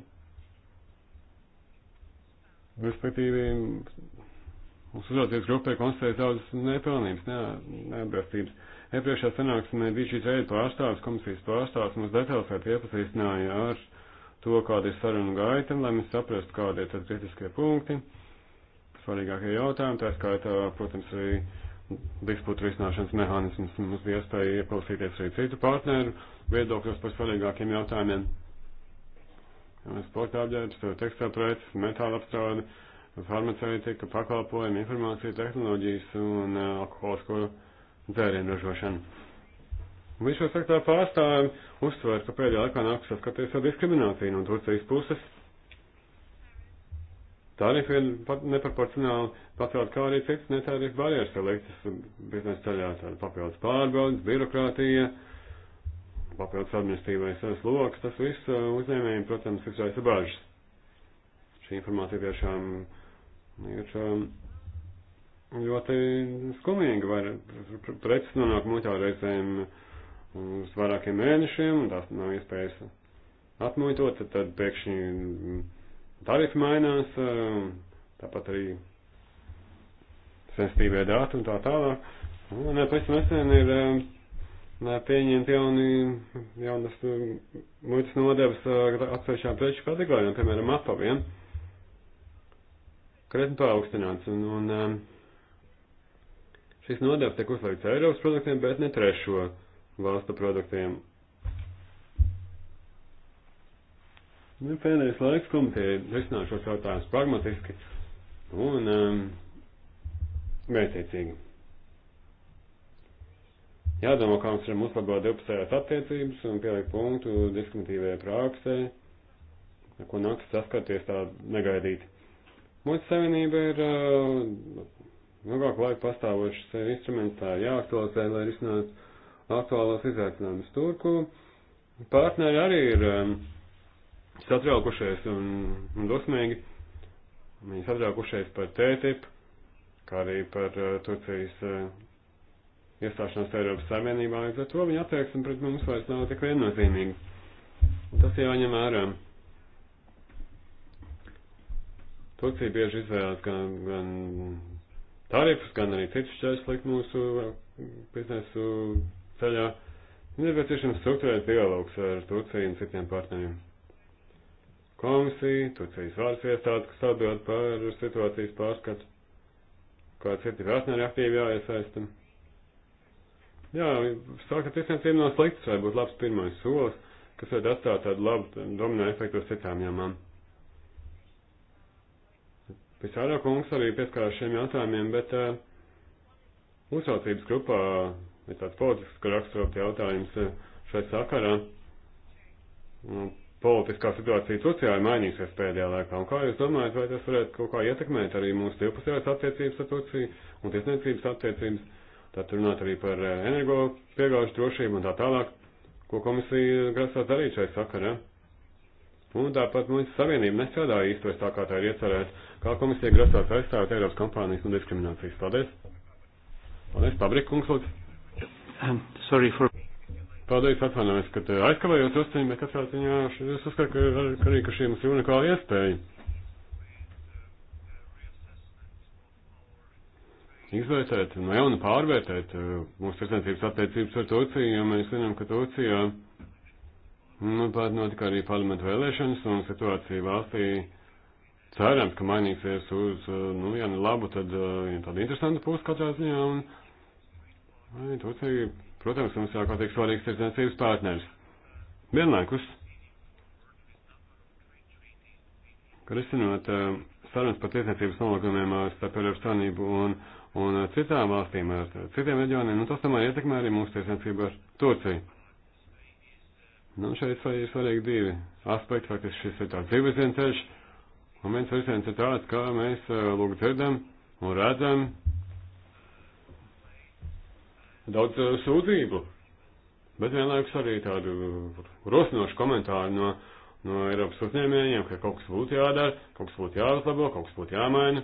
Respektīvi, mums uzraudzības grupē konstatēja daudzas nepilnības, ne, neatbilstības. Iepriekšā sanāksmē bija šī trade pārstāvis, komisijas pārstāvis, mums detalizēti iepazīstināja ar to, kāda ir saruna gaita, lai mēs saprastu, kādi ir tad kritiskie punkti svarīgākie jautājumi, tā skaitā, protams, arī disputu risināšanas mehānisms mums bija iespēja ieklausīties arī citu partneru viedokļos par svarīgākiem jautājumiem. Sporta apģērbs, tekstilpreces, metāla apstrāde, farmaceitika, pakalpojumi, informācija, tehnoloģijas un eh, alkoholisko dzērienu ražošana. Visu sektoru pārstāvjiem uzsver, ka pēdējā laikā nāk saskaties ar diskrimināciju no Turcijas puses tarifi ir neproporcionāli pacelt, kā arī citas netarifu barjeras, ka liktas biznesa ceļā tāda papildus pārbaudas, birokrātija, papildus administratīvais sloks, tas viss uh, uzņēmējiem, protams, izraisa bažas. Šī informācija tiešām ir um, ļoti skumīga, vai preces nonāk muļķā reizēm uz vairākiem mēnešiem, un tās nav iespējas atmuļtot, tad, tad pēkšņi tarifi mainās, eh, tāpat arī sensitīvie dati un tā tālāk. Un eh, pēc nesen ir eh, pieņemti jauni, jaunas muitas nodevas atsevišķām preču kategorijām, piemēram, apaviem. Krietni paaugstināts. Un, un, šis nodevs tiek uzlikts Eiropas produktiem, bet ne trešo valstu produktiem. Nu, pēdējais laiks komiteja risināt šos jautājumus pragmatiski un um, mērķiecīgi. Jādomā, kā mums varam uzlabot divpusējās attiecības un pielikt punktu diskriminatīvajai praksē, ko nāks saskarties tā negaidīt. Mūsu savienība ir uh, ilgāku laiku pastāvošs instruments, tā ir jāaktualizē, lai risinātu aktuālos izaicinājumus. Turku partneri arī ir um, satraukušies un, un dosmīgi. Viņi satraukušies par TTIP, kā arī par uh, Turcijas uh, iestāšanos Eiropas Savienībā. Līdz ar to viņa attieksme pret mums vairs nav tik viennozīmīga. Tas jāņem vērā. Turcija bieži izvēlas gan, gan tarifus, gan arī citus šķēršļus likt mūsu eh, biznesu ceļā. Nepieciešams struktūrēt dialogs ar Turciju un citiem partneriem komisiju, Turcijas varas iestādes, kas atbild par situācijas pārskatu, kā citi partneri aktīvi jāiesaista. Jā, sākat izniecību no sliktas, vai būtu labs pirmais solis, kas var atstāt tādu labu domino efektu uz citām jāmām. Pisārā kungs arī pieskārās šiem jautājumiem, bet uh, uzraucības grupā ir tāds politisks raksturot jautājums eh, šai sakarā. Un politiskā situācija Turcijā ir mainījusies pēdējā laikā. Un kā jūs domājat, vai tas varētu kaut kā ietekmēt arī mūsu divpusējās attiecības ar Turciju un tiesniecības attiecības? Tad runāt arī par eh, energo piegāžu drošību un tā tālāk, ko komisija grasās darīt šai sakarā. Un tāpat mūsu savienība nestrādā īstos tā, kā tā ir iecerēts, kā komisija grasās aizstāvēt Eiropas kompānijas un diskriminācijas. Paldies! Paldies, Pabrikungs, lūdzu! Um, sorry for... Paldies, atvainojos, ka aizkavējos uzceņu, bet katrā ziņā es uzskatu, ka ar, arī, ka šī mums ir unikāla iespēja. Izvērtēt, no nu, jauna pārvērtēt eh, mūsu tirsniecības attiecības ar Turciju, jo mēs zinām, ka Turcijā nu, pat notika arī parlamentu vēlēšanas un situācija valstī cerams, ka mainīsies uz, eh, nu, ja ne labu, tad eh, tāda interesanta puse katrā ziņā un arī Turcija Protams, mums jākotiek svarīgs tirdzniecības partners. Vienlaikus, kad risinot eh, sarunas par tirdzniecības nolīgumiem starp Eiropas Savienību un, un eh, citām valstīm, ar citiem reģioniem, nu, tas tomēr ietekmē arī mūsu tirdzniecību ar Turciju. Nu, šeit ir svarīgi divi aspekti, faktiski šis ir tāds divvirzienceļš, un viens virziens ir tāds, kā mēs eh, lūk dzirdam un redzam, daudz eh, sūdzību, bet vienlaikus arī tādu rosinošu komentāru no, no Eiropas uzņēmējiem, ka kaut kas būtu jādara, kaut kas būtu jāuzlabo, kaut kas būtu jāmaina.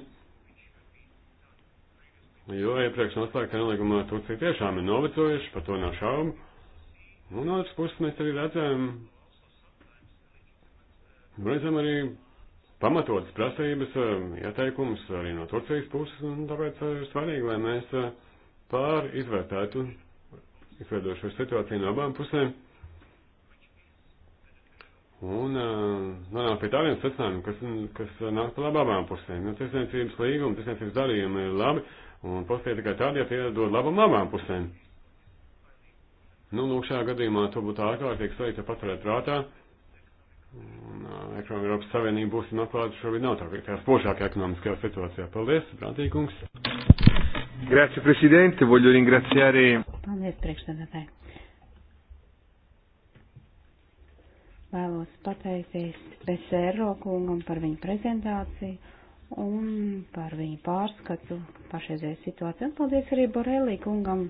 Jo iepriekš noslēgta nolīguma Turcija tiešām ir novecojuši, par to nav šaubu. Un otrs puses mēs arī redzam, redzam arī pamatotas prasības, eh, ieteikumus arī no Turcijas puses, un tāpēc ir eh, svarīgi, lai mēs uh, pār izvērtētu izveidošo situāciju no abām pusēm un eh, nonāk pie tādiem secinājumiem, kas, kas nāk par labu abām pusēm. Nu, tiesniecības līguma, tiesniecības darījumi ir labi un pozitīvi tikai tad, ja tie dod labumu abām pusēm. Nu, lūk, šajā gadījumā to būtu ārkārtīgi svarīgi paturēt prātā. Eh, Ekonomika Eiropas Savienība būs atklāta šobrīd nav tā, tā spožākā ekonomiskajā situācijā. Paldies, Brantīkungs! Grazie, Presidente. Voglio ringraziare. Paldies, priekšsēdētāji. Vēlos pateikties Pesēro kungam par viņu prezentāciju un par viņu pārskatu pašreizējai situācijai. Un paldies arī Borelī kungam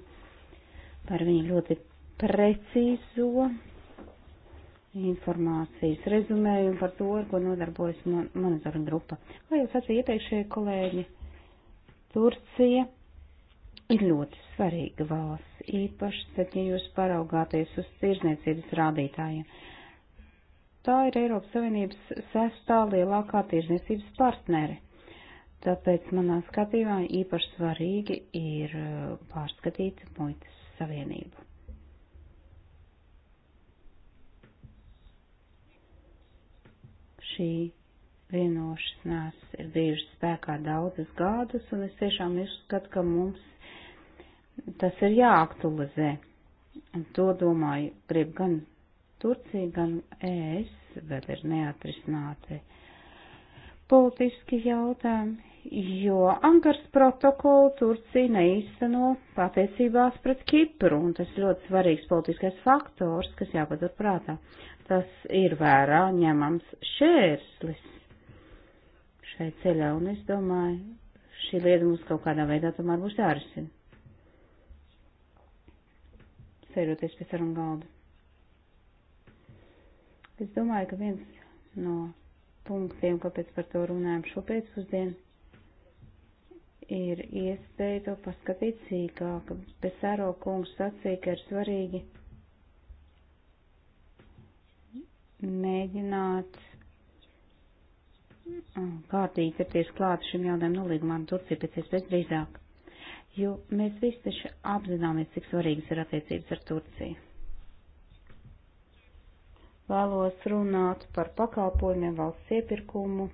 par viņu ļoti precīzo informācijas rezumējumu par to, ar ko nodarbojas monitoringa grupa. Kā jau sacīja iepriekšējie kolēģi, Turcija ir ļoti svarīga valsts, īpaši, tad, ja jūs paraugāties uz tirzniecības rādītājiem. Tā ir Eiropas Savienības sestā lielākā tirzniecības partnere. Tāpēc manā skatījumā īpaši svarīgi ir uh, pārskatīt muitas savienību. Šī vienošanās ir bijušas spēkā daudzus gadus, un es tiešām uzskatu, ka mums tas ir jāaktualizē. Un to domāju, grib gan Turcija, gan ES vēl ir neatrisināti politiski jautājumi, jo Ankars protokolu Turcija neīsteno patiesībās pret Kipru, un tas ļoti svarīgs politiskais faktors, kas jāpadur prātā. Tas ir vērā ņemams šērslis šai ceļā, un es domāju, šī lieta mums kaut kādā veidā tomēr būs jārisina sēžoties pie sarunu galda. Es domāju, ka viens no punktiem, kāpēc par to runājam šo pēcpusdienu, ir iespēja to paskatīt sīkāk. Pesaro kungs sacīja, ka ir svarīgi mēģināt kārtīgi ķerties klāt šim jautājumam nolīgumam Turcija pēc iespējas drīzāk jo mēs visi taču apzināmies, cik svarīgas ir attiecības ar Turciju. Vēlos runāt par pakalpojumiem, valsts iepirkumu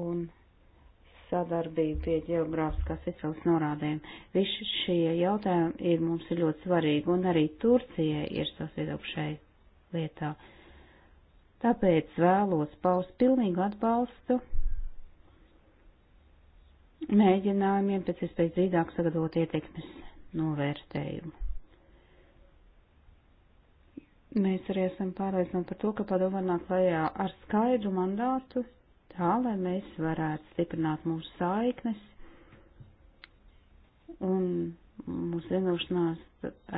un sadarbību pie geogrāfiskās izcelsmes norādēm. Visi šie jautājumi ir mums ir ļoti svarīgi, un arī Turcijai ir savs viedoklis šai lietā. Tāpēc vēlos paust pilnīgu atbalstu mēģinājumiem pēc iespējas drīzāk sagatavot ietekmes novērtējumu. Mēs arī esam pārliecināti par to, ka padomā nāk klajā ar skaidru mandātu, tā lai mēs varētu stiprināt mūsu saiknes un mūsu vienošanās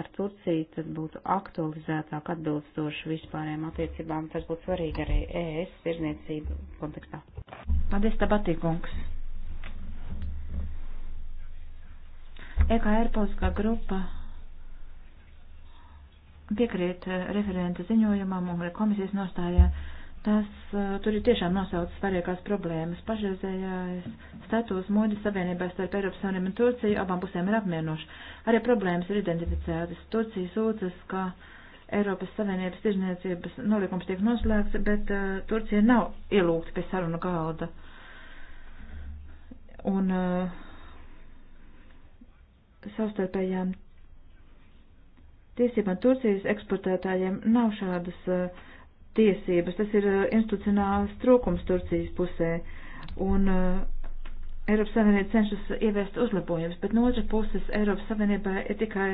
ar Turciju tad būtu aktualizētāk atbilstoši vispārējām attiecībām. Tas būtu svarīgi arī ES tirzniecību kontekstā. Paldies, Tabatī kungs! EKR politiskā grupa piekrīt eh, referenta ziņojumam un komisijas nostājā. Tas eh, tur ir tiešām nosaucts svarīgās problēmas. Pašreizējais status muļas savienībā starp Eiropas Savienību un Turciju abām pusēm ir apmienošs. Arī problēmas ir identificētas. Turcija sūdzas, ka Eiropas Savienības tirzniecības nolikums tiek noslēgts, bet uh, Turcija nav ielūgta pie sarunu galda. Un, uh, savstarpējām tiesībām Turcijas eksportētājiem nav šādas eh, tiesības. Tas ir eh, institucionāls trūkums Turcijas pusē. Un eh, Eiropas Savienība cenšas ieviest uzlabojumus, bet no otras puses Eiropas Savienībā ir tikai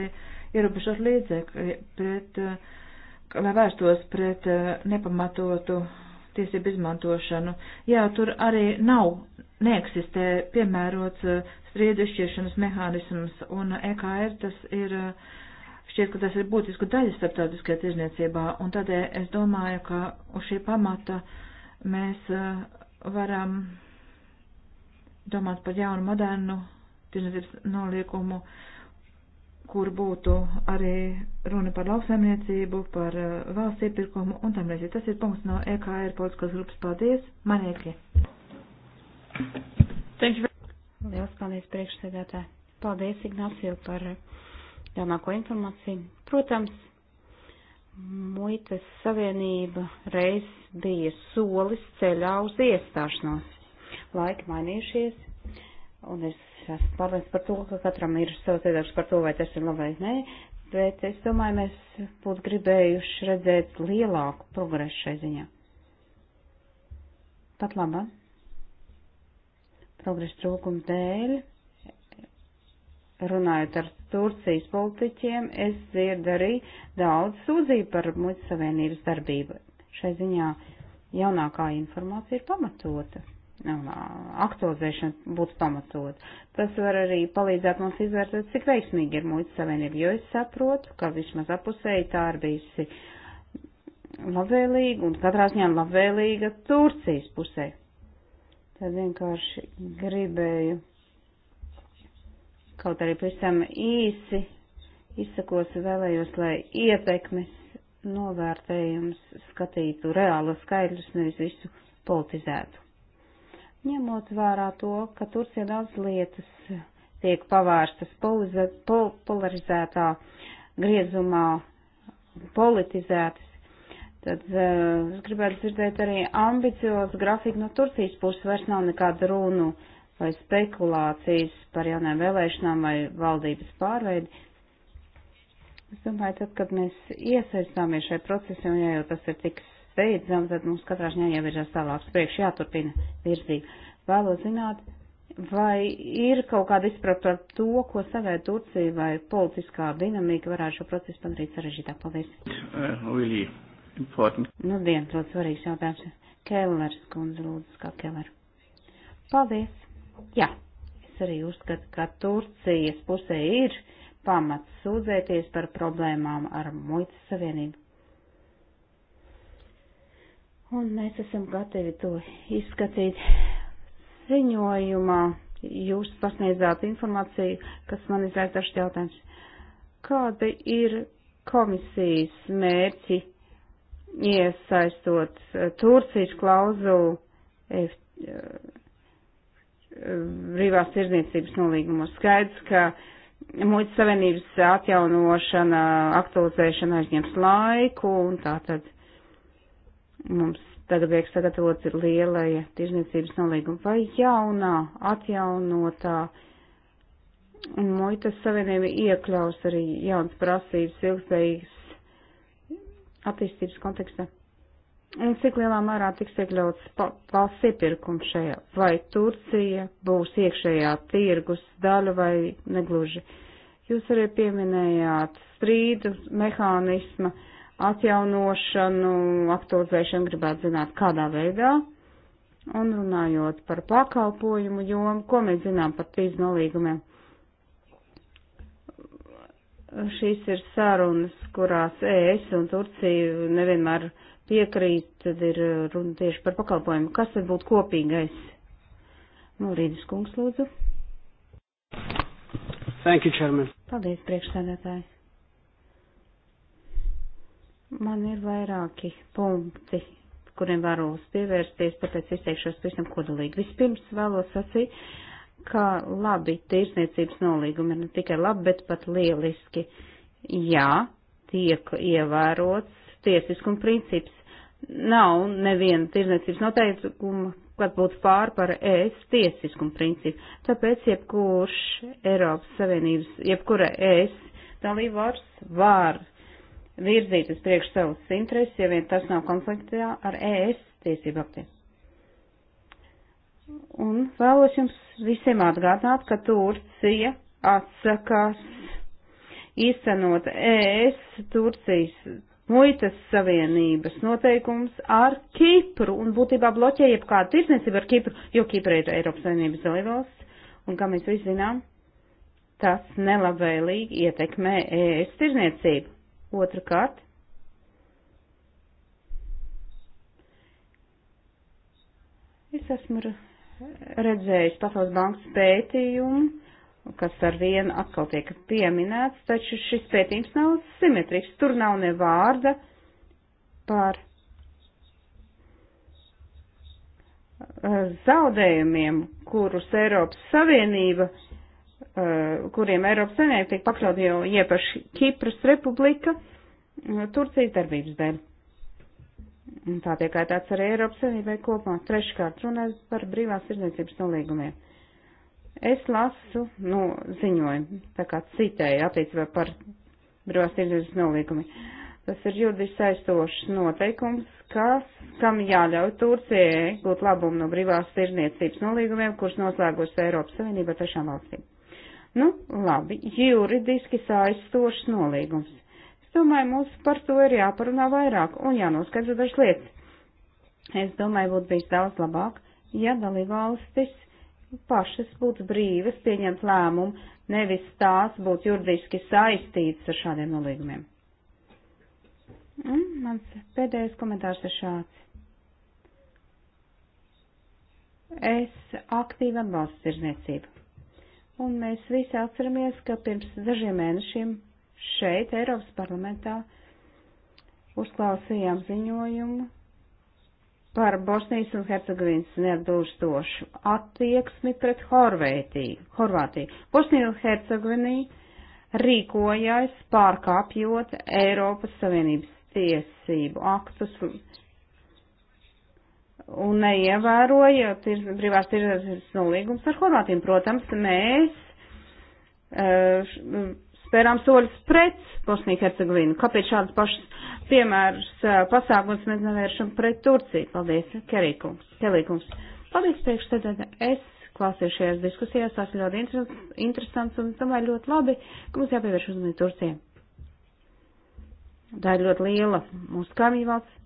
ierobežot līdzekļi pret, lai vērstos pret nepamatotu tiesību izmantošanu. Jā, tur arī nav, neeksistē piemērots eh, striedu izšķiršanas mehānisms, un EKR tas ir, eh, šķiet, ka tas ir būtiska daļa starptautiskajā tirzniecībā, un tādēļ es domāju, ka uz šī pamata mēs eh, varam domāt par jaunu, modernu tirzniecības noliekumu. Uh, kur būtu arī runa par lauksaimniecību, par eh, valsts iepirkumu un tam līdzīgi. Tas ir punkts no EKR politiskās grupas. Paldies, Manieki! Liels paldies priekšsēdētāji! Paldies, Ignācijā, par eh, jaunāko informāciju. Protams, muitas savienība reiz bija solis ceļā uz iestāšanos. Laiki mainījušies, un es esmu pārliecināts par to, ka katram ir savs viedoklis par to, vai tas ir labi vai nē, bet es domāju, mēs būtu gribējuši redzēt lielāku progresu šai ziņā. Pat labā. Progresa trūkuma dēļ, runājot ar Turcijas politiķiem, es dzirdu arī daudz sūdzību par muļķa savienības darbību. Šai ziņā jaunākā informācija ir pamatota aktualizēšana būtu pamatot. Tas var arī palīdzēt mums izvērtēt, cik veiksmīgi ir muitas savienība, jo es saprotu, ka vismaz apusēji tā ir bijusi labvēlīga un katrā ziņā labvēlīga Turcijas pusē. Tad vienkārši gribēju kaut arī pavisam īsi izsakos vēlējos, lai ietekmes novērtējums skatītu reālos skaidrus, nevis visu politizētu. Ņemot vērā to, ka Turcija daudz lietas tiek pavērstas pol, polarizētā griezumā, politizētas, tad uh, es gribētu dzirdēt arī ambiciozu grafiku no Turcijas puses, vairs nav nekāda runu vai spekulācijas par jaunām vēlēšanām vai valdības pārveidi. Es domāju, tad, kad mēs iesaistāmies šai procesam, ja jau tas ir tik beidzam, tad mums katrā ziņā jāvirzās tālāk priekš, jāturpina virzība. Vēlos zināt, vai ir kaut kāda izprat par to, ko savē Turcija vai politiskā dinamika varētu šo procesu padarīt sarežģītāk. Paldies. Uh, really important. Nu, dien, ļoti svarīgs jautājums. Kellers, kundze, lūdzu, kā Keller. Paldies. Jā, es arī uzskatu, ka Turcijas pusē ir pamats sūdzēties par problēmām ar muitas savienību Un mēs esam gatavi to izskatīt ziņojumā. Jūs pasniedzāt informāciju, kas man izraisa dažs jautājums. Kāda ir komisijas mērķi iesaistot eh, Turcijas klauzulu eh, brīvās tirzniecības nolīgumos? Skaidrs, ka muitas savienības atjaunošana, aktualizēšana aizņems laiku un tā tad Mums tagad vajag sagatavot ir lielai tirzniecības nolīguma vai jaunā, atjaunotā. Un muitas savienība iekļaus arī jaunas prasības ilgspējīgas attīstības kontekstā. Un cik lielā mērā tiks iekļauts valsts iepirkums šajā? Vai Turcija būs iekšējā tirgus daļa vai negluži? Jūs arī pieminējāt strīdu mehānismu atjaunošanu, aktualizēšanu, gribētu zināt, kādā veidā. Un runājot par pakalpojumu jomu, ko mēs zinām par trīs nolīgumiem. Šīs ir sarunas, kurās ES un Turcija nevienmēr piekrīt, tad ir runa tieši par pakalpojumu. Kas tad būtu kopīgais? Nu, Rīdis kungs, lūdzu. Thank you, Chairman. Paldies, priekšsēdētāji. Man ir vairāki punkti, kuriem varos pievērsties, tāpēc izteikšos pavisam kodolīgi. Vispirms vēlos sacīt, ka labi tirsniecības nolīgumi ir ne tikai labi, bet pat lieliski. Jā, tiek ievērots tiesiskuma princips. Nav neviena tirsniecības noteikuma, kad būtu pār par ES tiesiskuma principu. Tāpēc jebkurš Eiropas Savienības, jebkura ES dalībvars var virzīt uz priekšu savus intereses, ja vien tas nav konfliktā ar ES tiesību aktiem. Un vēlos jums visiem atgādināt, ka Turcija atsakās īstenot ES Turcijas muitas savienības noteikums ar Kipru un būtībā bloķē jebkādu tirsniecību ar Kipru, jo Kipra ir Eiropas Savienības dalībvalsts, un kā mēs visi zinām, tas nelabvēlīgi ietekmē ES tirsniecību. Otrakārt, es esmu redzējis Pasaules bankas pētījumu, kas ar vienu atkal tiek pieminēts, taču šis pētījums nav simetrisks. Tur nav ne vārda par eh, zaudējumiem, kurus Eiropas Savienība Eh, kuriem Eiropas Savienība tiek pakļaut jau iepaši Kipras republika eh, Turcijas darbības dēļ. Tā tiek aitāts arī Eiropas Savienībai kopumā. Treškārt runājas par brīvās tirdzniecības nolīgumiem. Es lasu, nu, ziņojumu, tā kā citēju attiecībā par brīvās tirdzniecības nolīgumiem. Tas ir juridiski saistošs noteikums, kas, kam jāļauj Turcijai gūt labumu no brīvās tirdzniecības nolīgumiem, kurus noslēgusi Eiropas Savienība ar trešām valstīm. Nu, labi, juridiski saistošs nolīgums. Es domāju, mums par to ir jāparunā vairāk un jānoskatās dažas lietas. Es domāju, būtu bijis daudz labāk, ja dalībvalstis pašas būtu brīvas pieņemt lēmumu, nevis tās būtu juridiski saistītas ar šādiem nolīgumiem. Un mans pēdējais komentārs ir šāds. Es aktīvi atbalstu tirzniecību. Un mēs visi atceramies, ka pirms dažiem mēnešiem šeit, Eiropas parlamentā, uzklausījām ziņojumu par Bosnijas un Hercegovinas neatbilstošu attieksmi pret Horvētiju. Horvātiju. Bosnija un Hercegovina rīkojās pārkāpjot Eiropas Savienības tiesību aktus un neievēroja tirs, brīvās tirdzniecības nolīgums ar Horvātiem. Protams, mēs uh, spērām soļus pret Bosniju Hercegovinu. Kāpēc šādas pašas piemērs uh, pasākums mēs nevēršam pret Turciju? Paldies, Kerīkums. Kerīkums. Paldies, priekšsēdētāji. Es klausījušies diskusijās, tās ir ļoti interes, interesants un tomēr ļoti labi, ka mums jāpievērš uzmanību Turcijai. Tā ir ļoti liela mūsu kaimiņu valsts.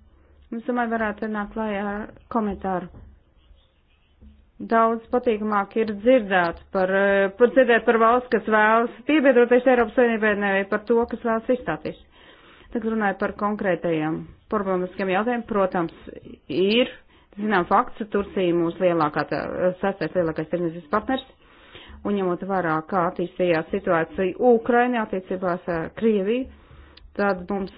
Es domāju, varētu nākt klājā ar komentāru. Daudz patīkamāk ir dzirdēt par, eh, par, dzirdēt par valsts, kas vēlas piebiedroties Eiropas Savienībai, nevis par to, kas vēlas izstāties. Tagad runāju par konkrētajiem problēmiskiem jautājumiem. Protams, ir, zinām, fakts, Turcija mūsu lielākā, eh, sastais lielākais tirdzniecības partners un ņemot vērā, kā attīstījās situācija Ukrainā attiecībās ar Krieviju, tad mums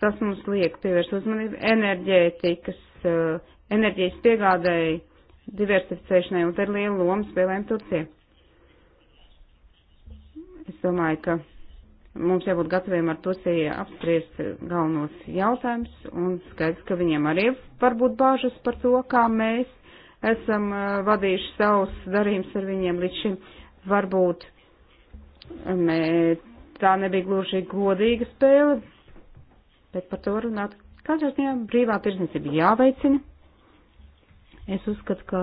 Tas mums liek pievērst uzmanību enerģētikas, eh, enerģijas piegādēji, diversificēšanai un te ir liela loma spēlēm Turcija. Es domāju, ka mums jābūt gataviem ar Turciju apspriest galvenos jautājumus un skaidrs, ka viņiem arī varbūt bāžas par to, kā mēs esam eh, vadījuši savus darījumus ar viņiem līdz šim. Varbūt eh, mē, tā nebija gluži godīga spēle, bet par to runāt. Katrā ziņā brīvā tirdzniecība jāveicina. Es uzskatu, ka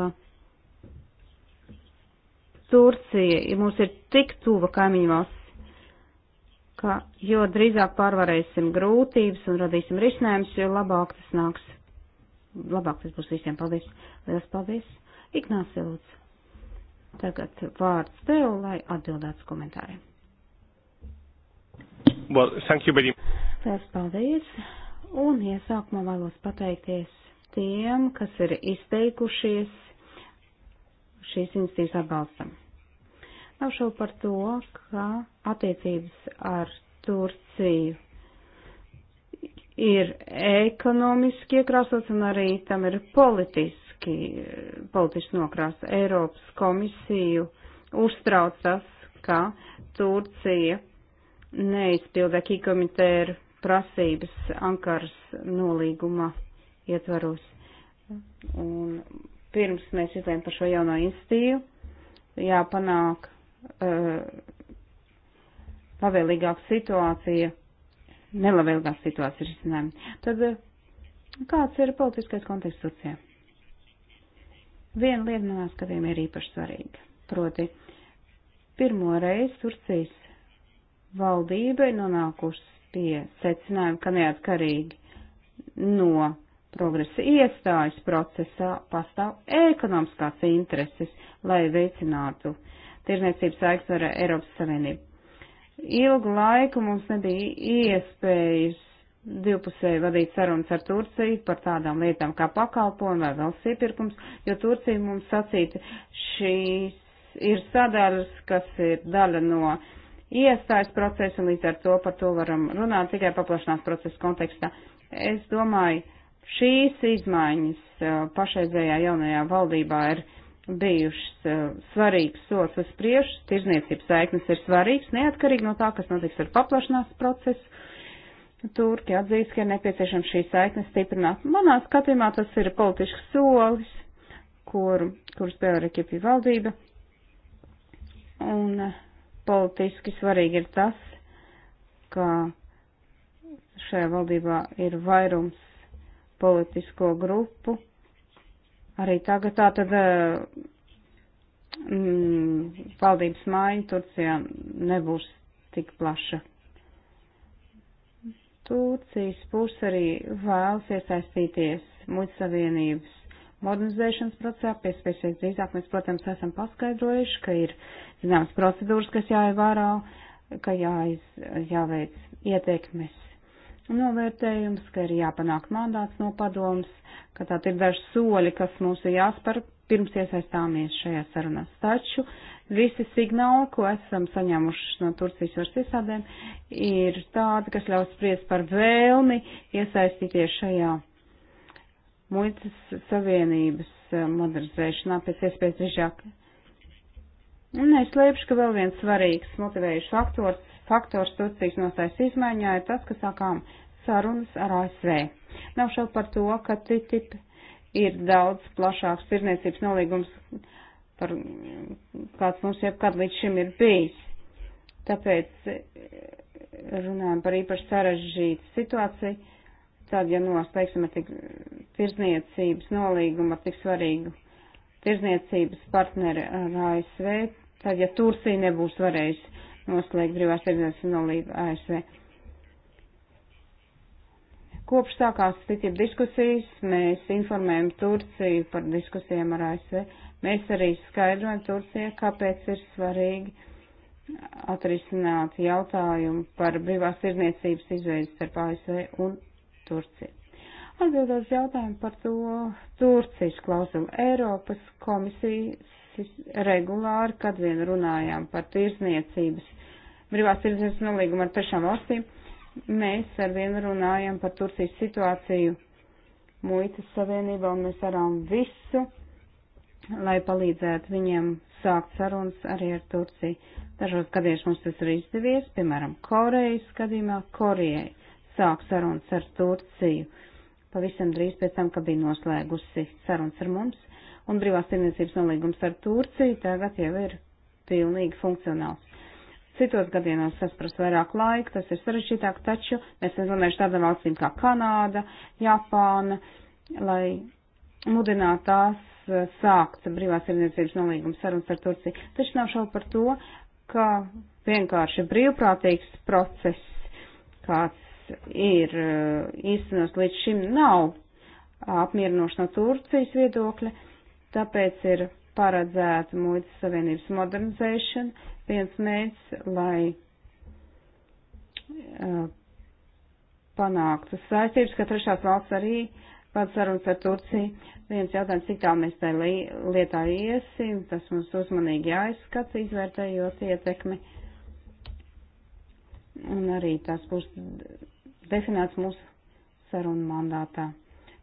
Turcija ja mums ir tik tuva kaimiņu valsts, ka jo drīzāk pārvarēsim grūtības un radīsim risinājumus, jo labāk tas nāks. Labāk tas būs visiem. Paldies. Lielas paldies. Ignāsi Lūdzu. Tagad vārds tev, lai atbildētu komentāriem. Well, thank you very much. Lielas paldies! Un iesākumā ja vēlos pateikties tiem, kas ir izteikušies šīs institīvas atbalstam. Nav šau par to, ka attiecības ar Turciju ir ekonomiski iekrāsots un arī tam ir politiski, politiski nokrāsts. Eiropas komisiju uztrauc tas, ka Turcija neizpilda kikomiteru prasības Ankaras nolīguma ietvaros. Un pirms mēs izlēmām par šo jauno institīvu, jāpanāk uh, labvēlīgāka situācija, nelabvēlīgāka situācija risinājuma. Tad uh, kāds ir politiskais konteksts Turcijā? Viena lieta manā skatījumā ir īpaši svarīga. Proti, pirmo reizi Turcijas valdība ir nonākusi pie secinājuma, ka neatkarīgi no progresa iestājas procesā pastāv ekonomiskās intereses, lai veicinātu tirzniecības saiknes ar Eiropas Savienību. Ilgu laiku mums nebija iespējas divpusēji vadīt sarunas ar Turciju par tādām lietām kā pakalpojumi vai valsts iepirkums, jo Turcija mums sacīta šīs ir sadaļas, kas ir daļa no uh, iestājas procesu, un līdz ar to par to varam runāt tikai paplašanās procesa kontekstā. Es domāju, šīs izmaiņas uh, pašreizējā jaunajā valdībā ir bijušas uh, svarīgs sots uz priekšu, tirzniecības saiknes ir svarīgs, neatkarīgi no tā, kas notiks ar paplašanās procesu. Turki atzīst, ka ir nepieciešams šīs saiknes stiprināt. Manā skatījumā tas ir politisks solis, kur, kur spēlē Rikipī valdība. Un uh, politiski svarīgi ir tas, ka šajā valdībā ir vairums politisko grupu. Arī tagad tā tad eh, mm, valdības māja Turcijā nebūs tik plaša. Turcijas puse arī vēlas iesaistīties muļsavienības modernizēšanas procesā, piespēcies drīzāk, mēs, protams, esam paskaidrojuši, ka ir zināmas procedūras, kas jāievērā, ka jāiz, jāveic ieteikmes novērtējums, ka ir jāpanāk mandāts no padomas, ka tā ir daži soļi, kas mums ir jāspēr pirms iesaistāmies šajā sarunās. Taču visi signāli, ko esam saņēmuši no Turcijas varas iestādēm, ir tādi, kas ļaus spriest par vēlmi iesaistīties šajā muitas savienības eh, modernizēšanā pēc iespējas drīzāk. Neslēpšu, ka vēl viens svarīgs motivējušs faktors, faktors Turcijas nostājas izmaiņā ir tas, ka sākām sarunas ar ASV. Nav šaubu par to, ka TTIP ir daudz plašāks tirniecības nolīgums, par kāds mums jebkad līdz šim ir bijis. Tāpēc eh, runājam par īpaši sarežģītu situāciju tad, ja noslēgsim ar tik tirzniecības nolīgumu ar tik svarīgu tirzniecības partneri ar ASV, tad, ja Turcija nebūs varējusi noslēgt brīvās tirzniecības nolīgumu ar ASV. Kopš sākās citību diskusijas, mēs informējam Turciju par diskusijām ar ASV. Mēs arī skaidrojam Turcijai, kāpēc ir svarīgi atrisināt jautājumu par brīvās tirzniecības izveidu starp ASV un Turcija. Atbildot jautājumu par to Turcijas klauzulu Eiropas komisijas regulāri, kad vien runājām par tirzniecības, brīvās tirzniecības nolīgumu ar trešām valstīm, mēs ar vienu runājam par Turcijas situāciju muitas savienībā un mēs darām visu, lai palīdzētu viņiem sākt sarunas arī ar Turciju. Dažos gadījumos mums tas ir izdevies, piemēram, Korejas gadījumā Korejai sāk sarunas ar Turciju pavisam drīz pēc tam, ka bija noslēgusi sarunas ar mums, un brīvās tirniecības nolīgums ar Turciju tagad jau ir pilnīgi funkcionāls. Citos gadījumos tas prasa vairāk laika, tas ir sarežģītāk, taču mēs esam runājuši tādām valstīm kā Kanāda, Japāna, lai mudinātu tās sākt brīvās tirniecības nolīgums sarunas ar Turciju. Taču nav šaubu par to, ka vienkārši brīvprātīgs process, kāds ir eh, īstenos līdz šim nav apmierinoši no Turcijas viedokļa, tāpēc ir paredzēta muitas savienības modernizēšana, viens mērķis, lai uh, panāktu saistības, ka trešās valsts arī pats sarunas ar Turciju. Viens jautājums, cik tālu mēs tajā lietā iesim, tas mums uzmanīgi jāizskata, izvērtējot ietekmi. Un arī tas būs definēts mūsu sarunu mandātā.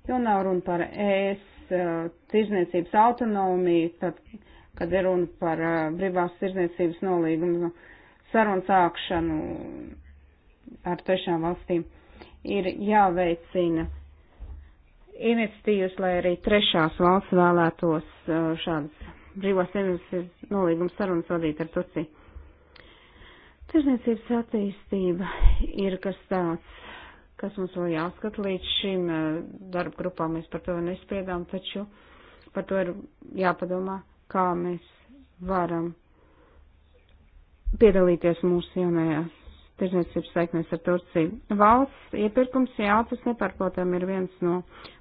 Jo nav runa par ES eh, tirzniecības autonomiju, tad, kad ir runa par eh, brīvās tirzniecības nolīgumu sarunu sākšanu ar trešām valstīm, ir jāveicina iniciatīvas, lai arī trešās valsts vēlētos eh, šādas brīvās tirzniecības nolīgumu sarunas vadīt ar Turciju. Tirzniecības attīstība ir kas tāds, kas mums vēl jāskat līdz šim eh, darba grupām. Mēs par to nespiedām, taču par to ir jāpadomā, kā mēs varam piedalīties mūsu jaunajās tirzniecības saiknēs ar Turciju. Valsts iepirkums, jā, tas nepārprotam ir viens no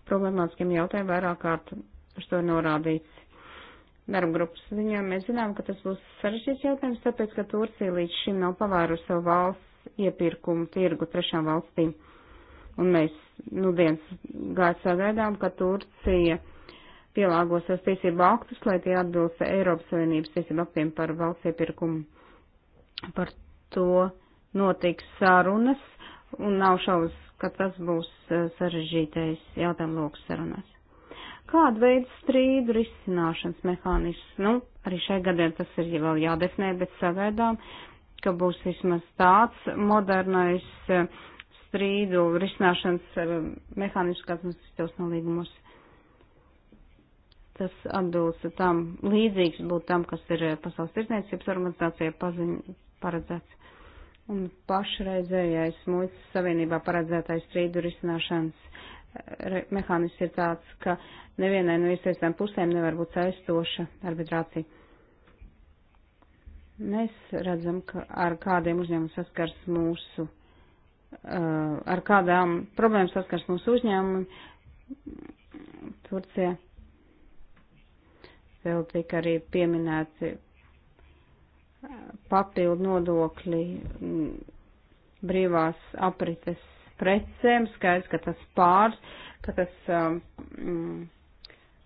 problemātiskiem jautājumiem, vairāk kārt uz to norādīts darba grupas ziņā. Mēs zinām, ka tas būs sarežģīts jautājums, tāpēc, ka Turcija līdz šim nav pavēru savu valsts iepirkumu tirgu trešām valstīm. Un mēs nu dienas gaidu sagaidām, ka Turcija pielāgos savus tiesību aktus, lai tie atbilst Eiropas Savienības tiesību aktiem par valsts iepirkumu. Par to notiks sarunas, un nav šaubas, ka tas būs e, sarežģītais jautājumu lokus sarunās. Kāda veida strīdu risināšanas mehānisms? Nu, arī šai gadiem tas ir vēl jādefinē, bet sagaidām, ka būs vismaz tāds modernais e, strīdu risināšanas eh, mehānismus, kas mums ir tos nolīgumos. Tas atbilst tam, līdzīgs būtu tam, kas ir eh, Pasaules tirdzniecības organizācija paziņ, paredzēts. Un pašreizējais muitas savienībā paredzētais strīdu risināšanas eh, mehānisms ir tāds, ka nevienai no iesaistām pusēm nevar būt saistoša arbitrācija. Mēs redzam, ka ar kādiem uzņēmumiem saskars mūsu Uh, ar kādām problēmām saskars mūsu uzņēmumi Turcijā. Vēl tika arī pieminēti uh, papildu nodokļi mm, brīvās aprites precēm. Skaidrs, ka tas pār, ka tas um, mm,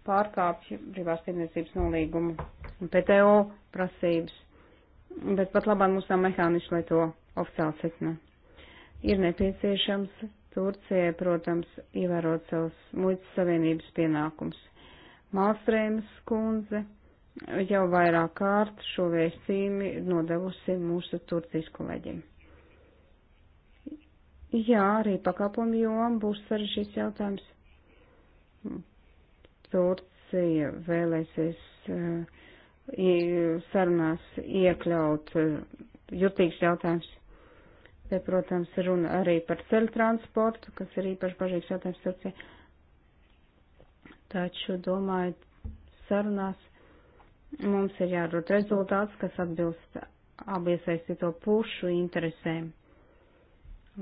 pārkāpj brīvās tirdzniecības nolīgumu un PTO prasības. Bet pat labāk mums nav mehāniši, lai to oficiāli secinātu ir nepieciešams Turcijai, protams, ievērot savus muitas savienības pienākums. Malstrēmas kundze jau vairāk kārt šo vēstījumu nodevusi mūsu Turcijas kolēģim. Jā, arī pakāpumu joma būs sarežģīts jautājums. Turcija vēlēsies uh, sarunās iekļaut uh, jutīgs jautājums Te, protams, runa arī par ceļu transportu, kas ir īpaši pažīgs jautājums Turcijai. Taču, domāju, sarunās mums ir jārūt rezultāts, kas atbilst abu iesaistīto pušu interesēm,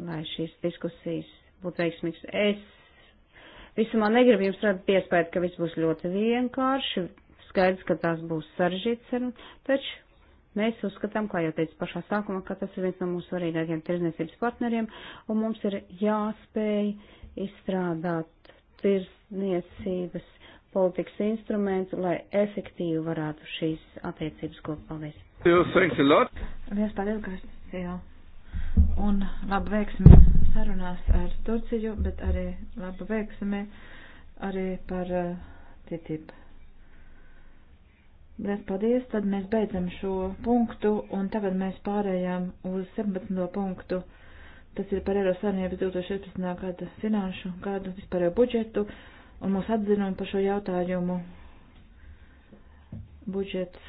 lai šīs diskusijas būtu veiksmīgas. Es visumā negribu jums radīt piespēju, ka viss būs ļoti vienkārši, skaidrs, ka tās būs saržīts sarunas, taču Mēs uzskatām, kā jau teicu pašā sākumā, ka tas ir viens no mūsu svarīgākiem tirzniecības partneriem, un mums ir jāspēj izstrādāt tirzniecības politikas instrumentu, lai efektīvi varētu šīs attiecības kopaldies. Liels paldies, Garcija! Un labu veiksmi sarunās ar Turciju, bet arī labu veiksmi arī par uh, TTIP. Liels paldies, tad mēs beidzam šo punktu, un tagad mēs pārējām uz 17. punktu. Tas ir par Eiropas Savienības 2016. gada finanšu gadu, vispārējo budžetu, un mūsu atzinumu par šo jautājumu. Budžets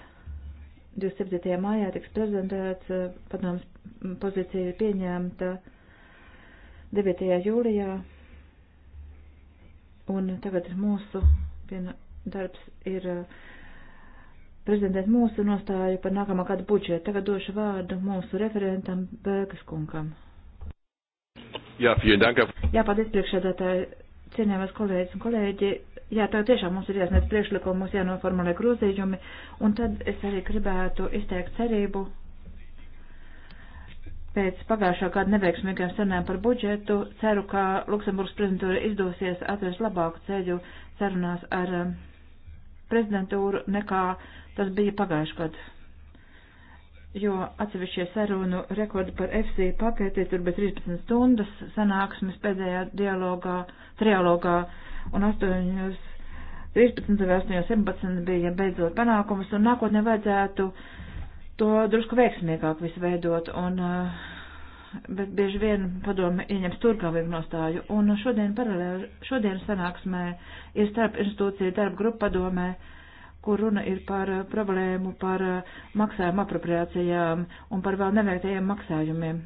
27. mājā tiks prezentēts, padoms pozīcija ir pieņemta 9. jūlijā, un tagad mūsu piena, darbs ir. Uh, prezentēt mūsu nostāju par nākamā gada budžetu. Tagad došu vārdu mūsu referentam Bēkas kungam. Jā, dank. Jā, paldies priekšsēdētāji, cienījamās kolēģis un kolēģi. Jā, tā tiešām mums ir jāsniedz priekšlikumi, mums jānoformulē grozījumi, un tad es arī gribētu izteikt cerību pēc pagājušā gada neveiksmīgiem sarunām par budžetu. Ceru, ka Luksemburgas prezidentūra izdosies atrast labāku ceļu sarunās ar um, prezidentūru nekā tas bija pagājuši gadu. Jo atsevišķie sarunu rekordi par FC paketē tur bija 13 stundas sanāksmes pēdējā dialogā, trialogā un 8, 13 vai 8, 17 bija beidzot panākumus un nākotnē vajadzētu to drusku veiksmīgāk visu veidot un uh, bet bieži vien padomi ieņems turpāvīgu nostāju. Un šodien paralēli, šodien sanāksmē ir starp institūcija darba grupa padomē, kur runa ir par eh, problēmu par eh, maksājumu apropriācijām un par vēl neveiktajiem maksājumiem.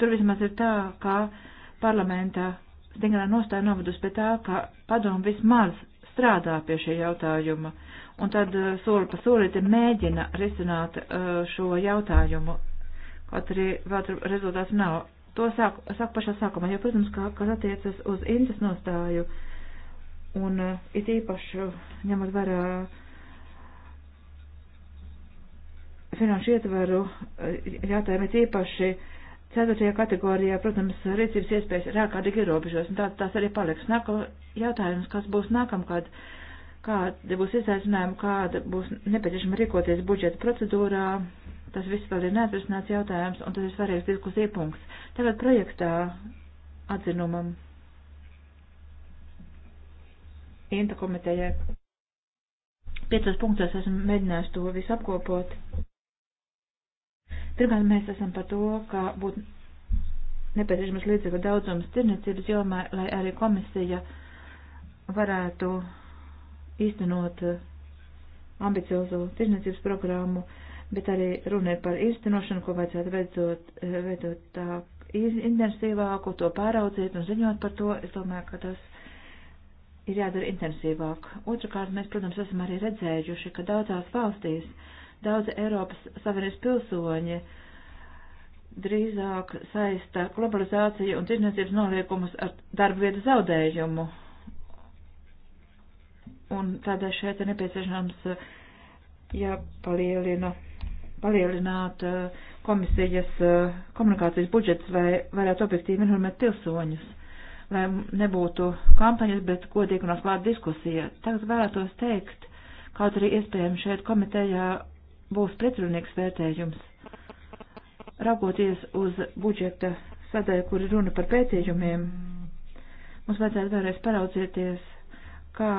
Tur vismaz ir tā, ka parlamenta stingrā nostāja novadus pie tā, ka padomu vismaz strādā pie šī jautājuma. Un tad eh, soli pa solīti mēģina risināt šo jautājumu kaut arī vēl rezultāts nav. To sāku, sāku pašā sākumā, jo, protams, kā, kas attiecas uz intas nostāju un uh, it īpaši ņemot vērā finanšu ietveru, eh, jātājumi ir īpaši ceturtajā kategorijā, protams, rīcības iespējas ir ārkārtīgi ierobežos, un tā, tās arī paliks. Nāko jautājums, kas būs nākamgad, kāda būs izaicinājuma, kāda būs nepieciešama rīkoties budžeta procedūrā, Tas viss vēl ir neatrisināts jautājums, un tas ir svarīgs diskusija punkts. Tagad projektā atzinumam. Inta komitejai. Piecos punktos esmu mēģinājis to visu apkopot. Pirmkārt, mēs esam par to, ka būtu nepieciešams līdzekļu daudzums tirniecības jomā, lai arī komisija varētu īstenot ambiciozo tirniecības programmu. Uh, bet arī runa ir par īstenošanu, ko vajadzētu veidot, eh, veidot tā intensīvāku, to pāraudzīt un ziņot par to. Es domāju, ka tas ir jādara intensīvāk. Otrakārt, mēs, protams, esam arī redzējuši, ka daudzās valstīs daudzi Eiropas Savienības pilsoņi drīzāk saista globalizāciju un tirdzniecības noliekumus ar darba vietu zaudējumu. Un tādēļ šeit ir nepieciešams eh, jāpalielina. Ja palielināt eh, komisijas eh, komunikācijas budžets, lai varētu objektīvi informēt pilsoņus, lai nebūtu kampaņas, bet godīgi un atklāta diskusija. Tagad vēlētos teikt, kaut arī iespējams šeit komitejā būs pretrunīgs vērtējums. Raugoties uz budžeta sadaļu, kur ir runa par pētījumiem, mums vajadzētu vēlreiz paraudzieties, kā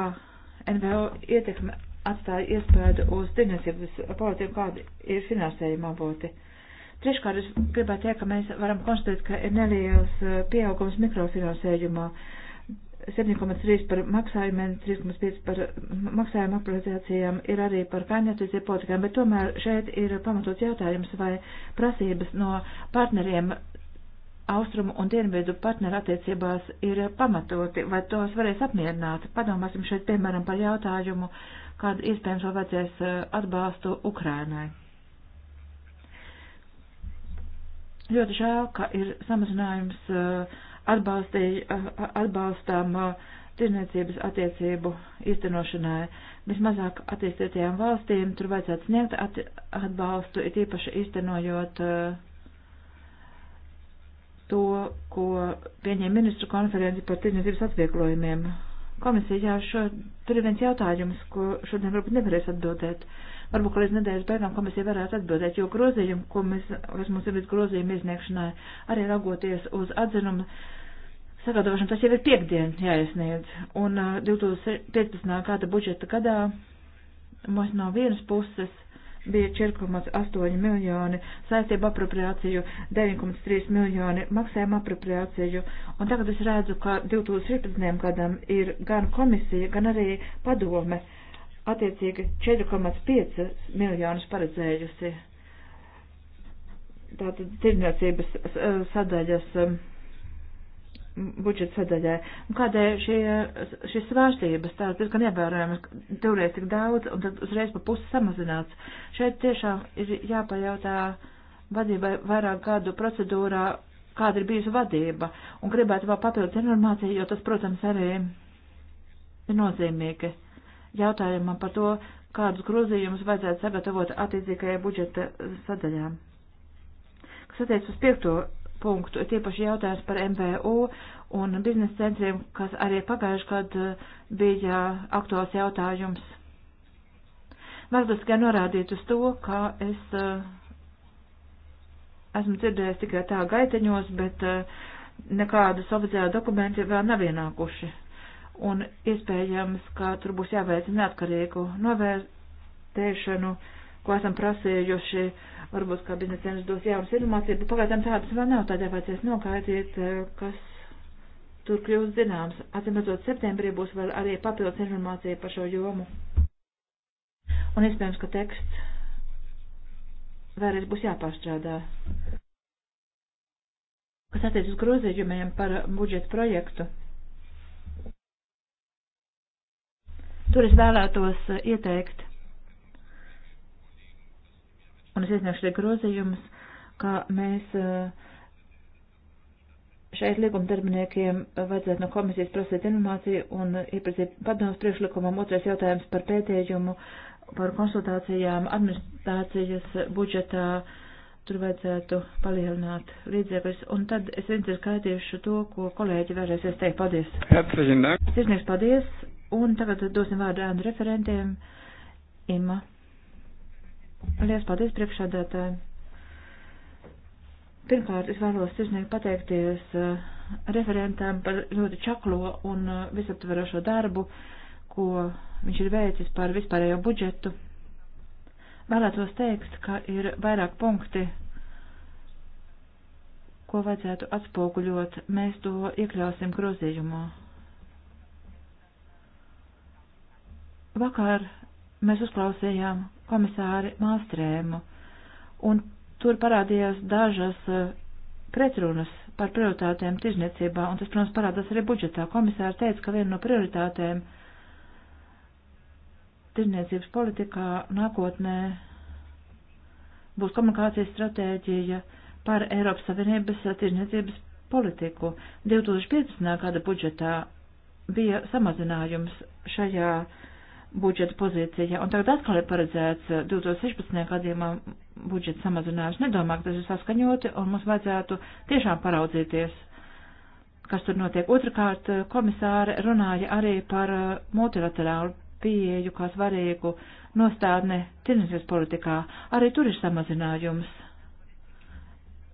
NVO ietekme atstāja iespēju uz tirniecības politiku, kāda ir finansējuma avoti. Treškārt, es gribētu teikt, ka mēs varam konstatēt, ka ir neliels eh, pieaugums mikrofinansējumā. 7,3 par maksājumiem, 3,5 par maksājumu aplikācijām ir arī par kaimiņattiecību politikām, bet tomēr šeit ir pamatots jautājums vai prasības no partneriem austrumu un dienvidu partneru attiecībās ir pamatoti, vai tos varēs apmierināt. Padomāsim šeit, piemēram, par jautājumu kādu iespējams vēl vajadzēs eh, atbalstu Ukrainai. Ļoti žēl, ka ir samazinājums eh, atbalstām eh, tirniecības attiecību īstenošanai. Vismazāk attīstītajām valstīm tur vajadzētu sniegt atbalstu, it īpaši īstenojot to, ko pieņēma ministru konferenci par tirniecības atvieglojumiem Komisijā šo, tur ir viens jautājums, ko šodien varbūt nevarēs atbildēt. Varbūt, ka līdz nedēļas beigām komisija varētu atbildēt, jo grozījumi, ko mēs, kas mums ir līdz grozījuma izniegšanai, arī raugoties uz atzinumu sagatavošanu, tas jau ir piekdien jāiesniedz. Un 2015. Uh, gada budžeta gadā mums no vienas puses bija 4,8 miljoni, saistību apropriāciju 9,3 miljoni, maksājumu apropriāciju. Un tagad es redzu, ka 2017. gadam ir gan komisija, gan arī padome attiecīgi 4,5 miljonus paredzējusi. Tātad tirdzniecības sadaļas. Um, budžeta sadaļai. Un kādēļ šie, šīs svārstības tādas diezgan ievērojamas, divreiz tik daudz un tad uzreiz pa pusi samazināts. Šeit tiešām ir jāpajautā vadībai vairāk kādu procedūrā, kāda ir bijusi vadība, un gribētu vēl papildus informāciju, jo tas, protams, arī ir nozīmīgi jautājumam par to, kādus grozījumus vajadzētu sagatavot attiecīgajai budžeta sadaļām. Kas attiec uz piekto punktu. Es tiepaši jautājums par MVU un biznesa centriem, kas arī pagājuši gadu bija aktuāls jautājums. Varbūt tikai norādīt uz to, ka es eh, esmu dzirdējis tikai tā gaiteņos, bet eh, nekādas oficiāla dokumenti vēl nav ienākuši. Un iespējams, ka tur būs jāveic neatkarīgu novērtēšanu. Novēr ko esam prasījuši, varbūt kā biznesa centrs dos jaunas informācijas, bet pagaidām tādas vēl nav, tādēļ vajadzēs nokaitīt, eh, kas tur kļūst zināms. Atcīmredzot, septembrī būs vēl arī papildus informācija par šo jomu. Un iespējams, ka teksts vēlreiz būs jāpārstrādā. Kas attiec uz grozījumiem par budžetu projektu, tur es vēlētos eh, ieteikt un es iesniegšu te grozījumus, ka mēs eh, šeit līguma darbiniekiem vajadzētu no komisijas prasīt informāciju un iepazīt padomus priekšlikumam. Otrais jautājums par pētījumu, par konsultācijām administrācijas budžetā. Tur vajadzētu palielināt līdzekļus. Un tad es viens ir skaitījuši to, ko kolēģi vēlreiz teikt. Paldies! Sirsnieks, paldies! Un tagad dosim vārdu ēnu referentiem. Ima Lielas paldies priekšādātāji. Pirmkārt, es vēlos sirsnīgi pateikties eh, referentām par ļoti čaklo un eh, visaptverošo darbu, ko viņš ir veicis par vispārējo budžetu. Vēlētos teikt, ka ir vairāk punkti, ko vajadzētu atspoguļot. Mēs to iekļausim grozījumā. Vakar mēs uzklausījām komisāri Māstrēmu, un tur parādījās dažas eh, pretrunas par prioritātēm tirzniecībā, un tas, protams, parādās arī budžetā. Komisāri teica, ka viena no prioritātēm tirzniecības politikā nākotnē būs komunikācijas stratēģija par Eiropas Savienības tirzniecības politiku. 2015. gada budžetā bija samazinājums šajā budžeta pozīcija. Un tagad atkal ir paredzēts 2016. Eh, gadījumā budžeta samazinājums. Nedomāju, ka tas ir saskaņoti, un mums vajadzētu tiešām paraudzīties, kas tur notiek. Otrakārt, eh, komisāri runāja arī par eh, multilaterālu pieeju kā svarīgu nostādni tirdzniecības politikā. Arī tur ir samazinājums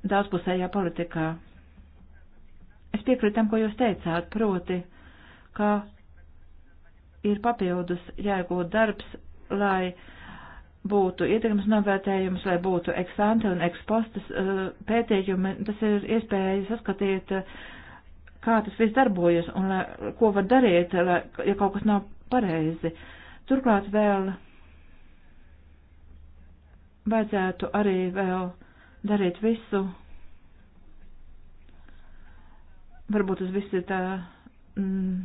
daudzpusējā politikā. Es piekrītu tam, ko jūs teicāt, proti, ka ir papildus jāiegūt darbs, lai būtu ietekmes novērtējums, lai būtu eksante un ekspostas uh, pētījumi. Tas ir iespēja saskatīt, uh, kā tas viss darbojas un lai, ko var darīt, lai, ja kaut kas nav pareizi. Turklāt vēl vajadzētu arī vēl darīt visu. Varbūt tas viss ir tā. Mm,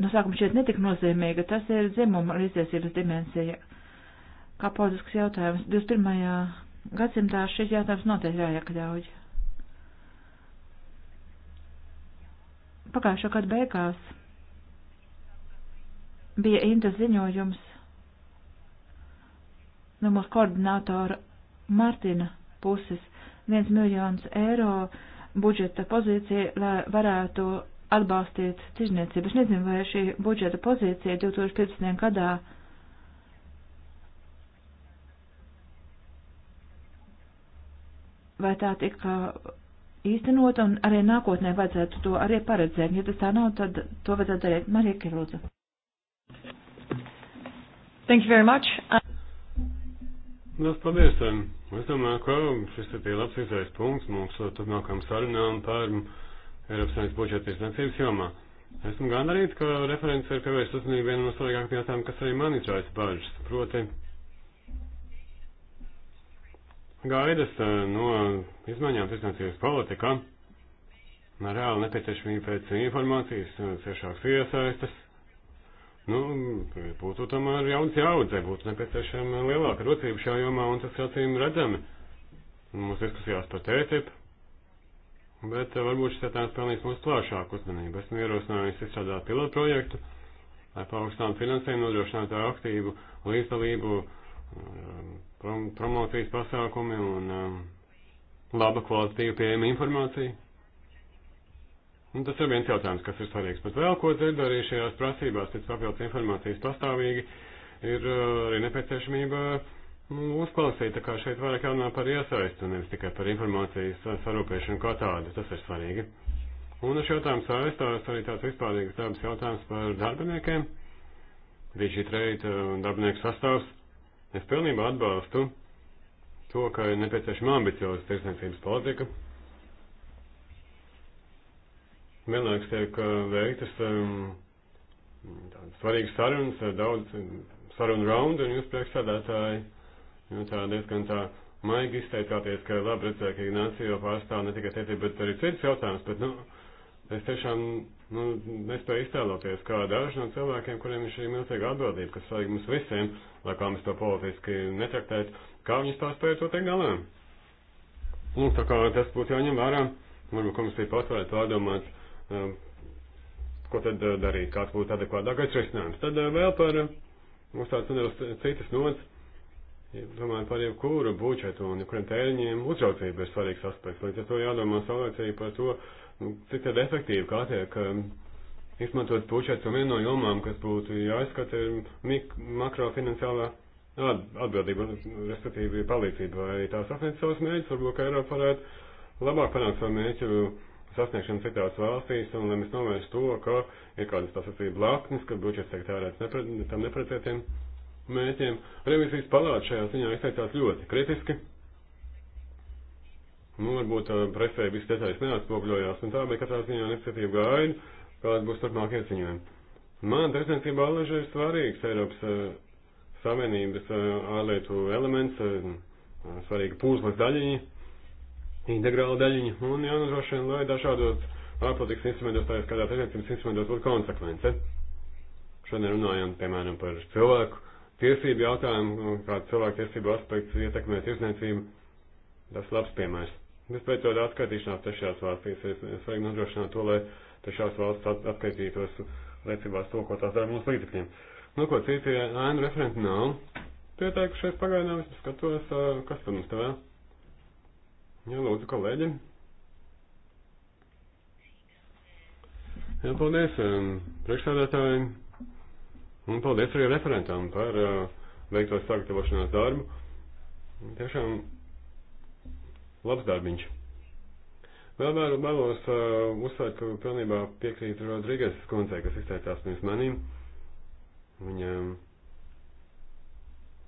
no sākuma šķiet netika nozīmīga, tas ir dzimuma līdztiesības dimensija. Kā politisks jautājums, 21. gadsimtā šis jautājums noteikti jāiekļauj. Pagājušā gada beigās bija Inta ziņojums no mūsu koordinātora Martina puses viens miljons eiro budžeta pozīcija, lai varētu atbalstīt tirzniecību. Es nezinu, vai šī budžeta pozīcija 2015. gadā vai tā tika īstenot un arī nākotnē vajadzētu to arī paredzēt. Ja tas tā nav, tad to vajadzētu darīt. Marija Kirlūdzu. Thank you very much. Liels paldies. Es domāju, ka šis ir tie labs izējas punkts mums turpmākām sarunām par Eiropas Savienības budžeta tirsniecības jomā. Esmu gandarīts, ka referents ir pievērst uzmanību vienam no svarīgākajiem jautājumiem, kas arī man izraisa bažas, proti gaidas eh, no izmaiņām tirsniecības politikā, reāli nepieciešamība pēc informācijas, eh, ciešāks iesaistas. Nu, būtu tomēr jauns jāaudzē, būtu nepieciešama lielāka rocība šajā jomā, un tas acīm redzami. Mums diskusijās par tētipu bet eh, varbūt šis jautājums pelnīs mūsu plašāku uzmanību. Esmu ierosinājis izstrādāt pilotu projektu, lai paaugstinātu finansējumu, nodrošinātu aktīvu līdzdalību, eh, prom promocijas pasākumi un um, laba kvalitatīva pieejama informācija. Un tas ir viens jautājums, kas ir svarīgs. Bet vēl ko dzirdu arī šajās prasībās, pēc papildus informācijas pastāvīgi, ir arī nepieciešamība uh, nu, uzklausīt, tā kā šeit vairāk jārunā par iesaistu, nevis tikai par informācijas sarūpēšanu kā tādu, tas ir svarīgi. Un ar šo jautājumu saistās arī tāds vispārīgs darbs jautājums par darbiniekiem. Digitrade uh, darbinieku sastāvs. Es pilnībā atbalstu to, ka ir nepieciešama ambicioza tirsniecības politika. Vienlaiks tiek uh, veiktas um, svarīgas sarunas, uh, daudz um, sarunu raundu, un jūs priekšsādātāji jo nu, tā diezgan tā maigi izteicāties, ka labi redzēja, ka Ignācijo pārstāv ne tikai tiesību, bet arī citas jautājumas, bet, nu, es tiešām, nu, nespēju iztēloties, kā daži no cilvēkiem, kuriem ir šī milzīga atbildība, kas vajag mums visiem, lai kā mēs to politiski netraktētu, kā viņi tā spēja to teikt galā. Nu, tā kā tas būtu jāņem vērā, varbūt komisija pats varētu pārdomāt, um, ko tad uh, darīt, kāds būtu adekvātākais risinājums. Tad uh, vēl par, uh, uzstāsts nedaudz citas nodas domāju par jebkuru būčetu un jebkuriem tēriņiem uzraucība ir svarīgs aspekts. Līdz ar to jādomā saulēcīgi par to, nu, cik tad efektīvi kā tiek um, izmantot būčets un viena no jomām, kas būtu jāizskata, ir makrofinanciālā atbildība, respektīvi palīdzība, vai tās sasniedz savus mērķus, varbūt, ka Eiropa varētu labāk panākt savu mērķu sasniegšanu citās valstīs, un lai mēs novērstu to, ka ir kādas tās atcīm blaknes, ka budžets tiek tērēts nepre, tam neprecētiem. Nepre mērķiem. Revizijas palāta šajā ziņā izteicās ļoti kritiski. Nu, varbūt presē viss detaļas neatspogļojās, un tā, bet katrā ziņā iniciatīva gaida, kāda būs turpmākie ziņojumi. Man tirdzniecība āleža ir svarīgs Eiropas uh, Savienības uh, ārlietu elements, uh, svarīga pūzles daļiņa, integrāla daļiņa, un jānodrošina, lai dažādos ārpolitikas instrumentos, tā ir kādā tirdzniecības instrumentos, būtu konsekvence. Šodien runājam, piemēram, par cilvēku tiesību jautājumu, kā cilvēku tiesību aspekts ietekmē tirsniecību, tas labs piemērs. Vispēc to atskaitīšanās trešajās valstīs ir svarīgi nodrošināt to, lai trešās valsts atskaitītos liecībās to, ko tās dara mūsu līdzekļiem. Nu, ko citi ēnu referenti nav pieteikušies pagaidām, es skatos, kas tur mums te vēl. Jā, lūdzu, kolēģi. Jā, paldies, priekšsādātāji. Un paldies arī referentam par uh, veikto sagatavošanās darbu. Tiešām labs darbiņš. Vēl vēl vēlos uh, uzsvērt, ka pilnībā piekrītu Rodrīgas kundzei, kas izteicās pirms manīm. Viņa um,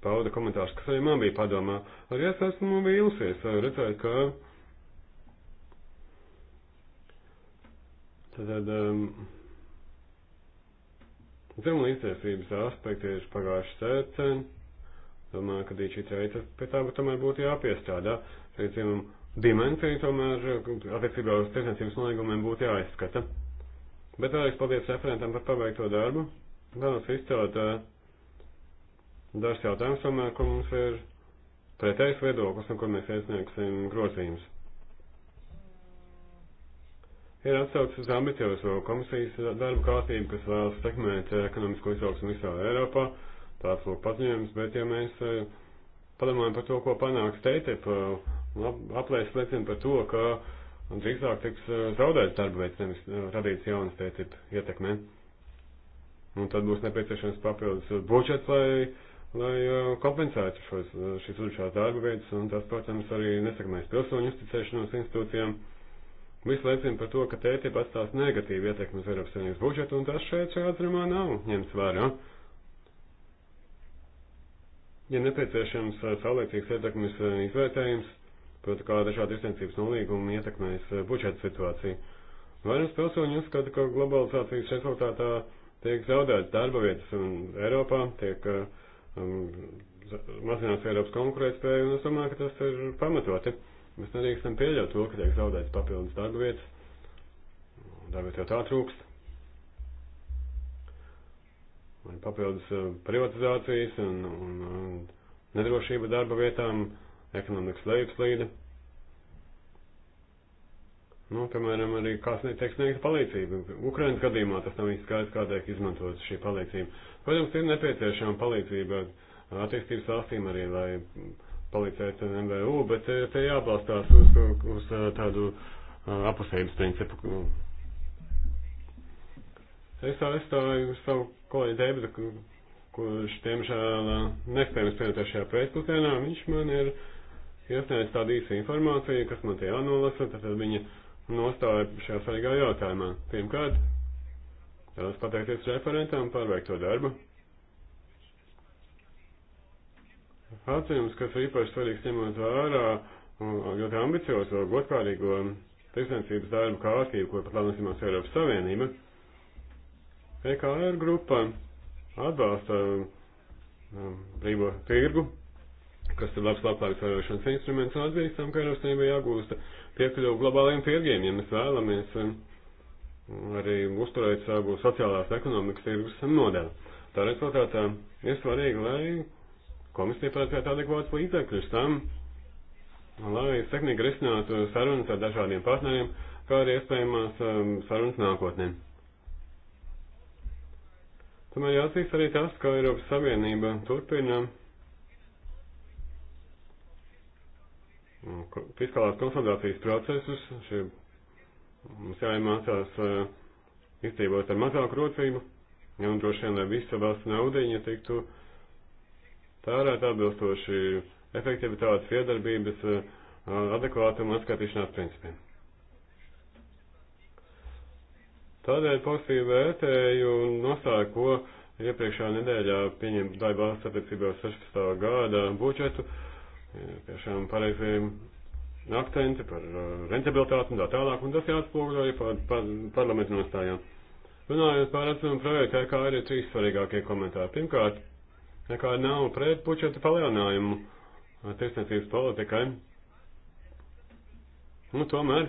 pauda komentārus, kas arī man bija padomā. Arī es esmu vīlusies, uh, redzēju, ka tad, tad um, Dzimuma līdztiesības aspekti ir pagājuši sēcen. Domāju, ka dīķi teica, pie tā, bet tomēr būtu jāpiestrādā. Dzimuma dimensija tomēr attiecībā uz tiesniecības nolīgumiem būtu jāizskata. Bet vēlreiz paldies referentam par pabeigto darbu. Vēlos izcelt eh, dažs jautājums tomēr, ko mums ir pretējs viedoklis un kur mēs iesniegsim grozījumus ir atsaucis uz ambiciozo komisijas darba kārtību, kas vēlas sekmēt eh, ekonomisko izaugsmu visā Eiropā. Tāds lūk paziņojums, bet ja mēs eh, padomājam par to, ko panāks TTIP, eh, aplēs liecina par to, ka drīzāk tiks zaudēts darba veids, nevis radīts jaunas TTIP ietekmē. Un tad būs nepieciešams papildus budžets, lai, lai kompensētu šos, šīs uzušās darba veids, un tas, protams, arī nesakmēs pilsoņu uzticēšanos institūcijām. Viss liecina par to, ka tētība atstās negatīvu ietekmi uz Eiropas Savienības budžetu, un tas šeit šajā atzinumā nav ņemts vērā. Ja nepieciešams eh, saulēcīgs ietekmes eh, izvērtējums, proti kā dažādi izniecības nolīgumi ietekmēs eh, budžeta situāciju. Vairums pilsoņu uzskata, ka globalizācijas rezultātā tiek zaudētas darba vietas un Eiropā tiek um, mazinās Eiropas konkurētspēja, un es domāju, ka tas ir pamatoti. Mēs nedrīkstam pieļaut to, ka tiek zaudēts papildus darba vietas. Darba vietas jau tā trūkst. Vai papildus eh, privatizācijas un, un, un nedrošība darba vietām, ekonomikas lejupslīde. Nu, piemēram, arī kāds netiek sniegta palīdzība. Ukrainas gadījumā tas nav īsti skaidrs, kā tiek izmantot šī palīdzība. Protams, ir nepieciešama palīdzība attīstības valstīm arī, lai palīdzēt MVU, bet eh, te jābalstās uz, uz eh, tādu eh, apusējums principu. Es aizstāju savu kolēģi Debzu, kurš, tiemžēl, nespējams pienoties šajā pēcpusdienā. Viņš man ir iesniedzis tādu īsu informāciju, kas man te jānolasa, tad viņa nostāja šajā svarīgā jautājumā. Pirmkārt, tās pateikties referentam par veikto darbu. atcerums, kas ir īpaši svarīgs ņemot vērā ļoti ambiciozo, godkārīgo tirsniecības darbu kārtību, ko pat labi nosimās Eiropas Savienība. EKR grupa atbalsta um, brīvo tirgu, kas ir labs labklājības vērošanas instruments, un atzīstam, ka Eiropas Savienība jāgūst piekļuvu globāliem tirgiem, ja mēs vēlamies um, arī uzturēt savu sociālās ekonomikas tirgus nodeļu. Tā rezultātā ir svarīgi, lai komisija paredzētu adekvātus līdzekļus tam, lai sekmīgi risinātu sarunas ar dažādiem partneriem, kā arī iespējamās um, sarunas nākotnē. Tomēr jāatzīst arī tas, ka Eiropas Savienība turpina um, fiskālās konsolidācijas procesus, šie mums jāiemācās uh, izdzīvot ar mazāku rocību, un droši vien, lai visa valsts naudiņa tiktu uh, tērēt atbilstoši efektivitātes, iedarbības, eh, adekvātuma atskatīšanās principiem. Tādēļ pozitīvi vērtēju un nosāju, ko iepriekšā nedēļā pieņem Daibās attiecībā 16. gada budžetu, tiešām pareiziem akcenti par eh, rentabilitāti un tā tālāk, un tas jāatspoguļo arī par, par, parlamentu nostājām. Runājot par atzīmumu projektu, kā arī trīs svarīgākie komentāri. Pirmkārt, nekā nav pret pučeta palielinājumu tirsniecības politikai. Nu, tomēr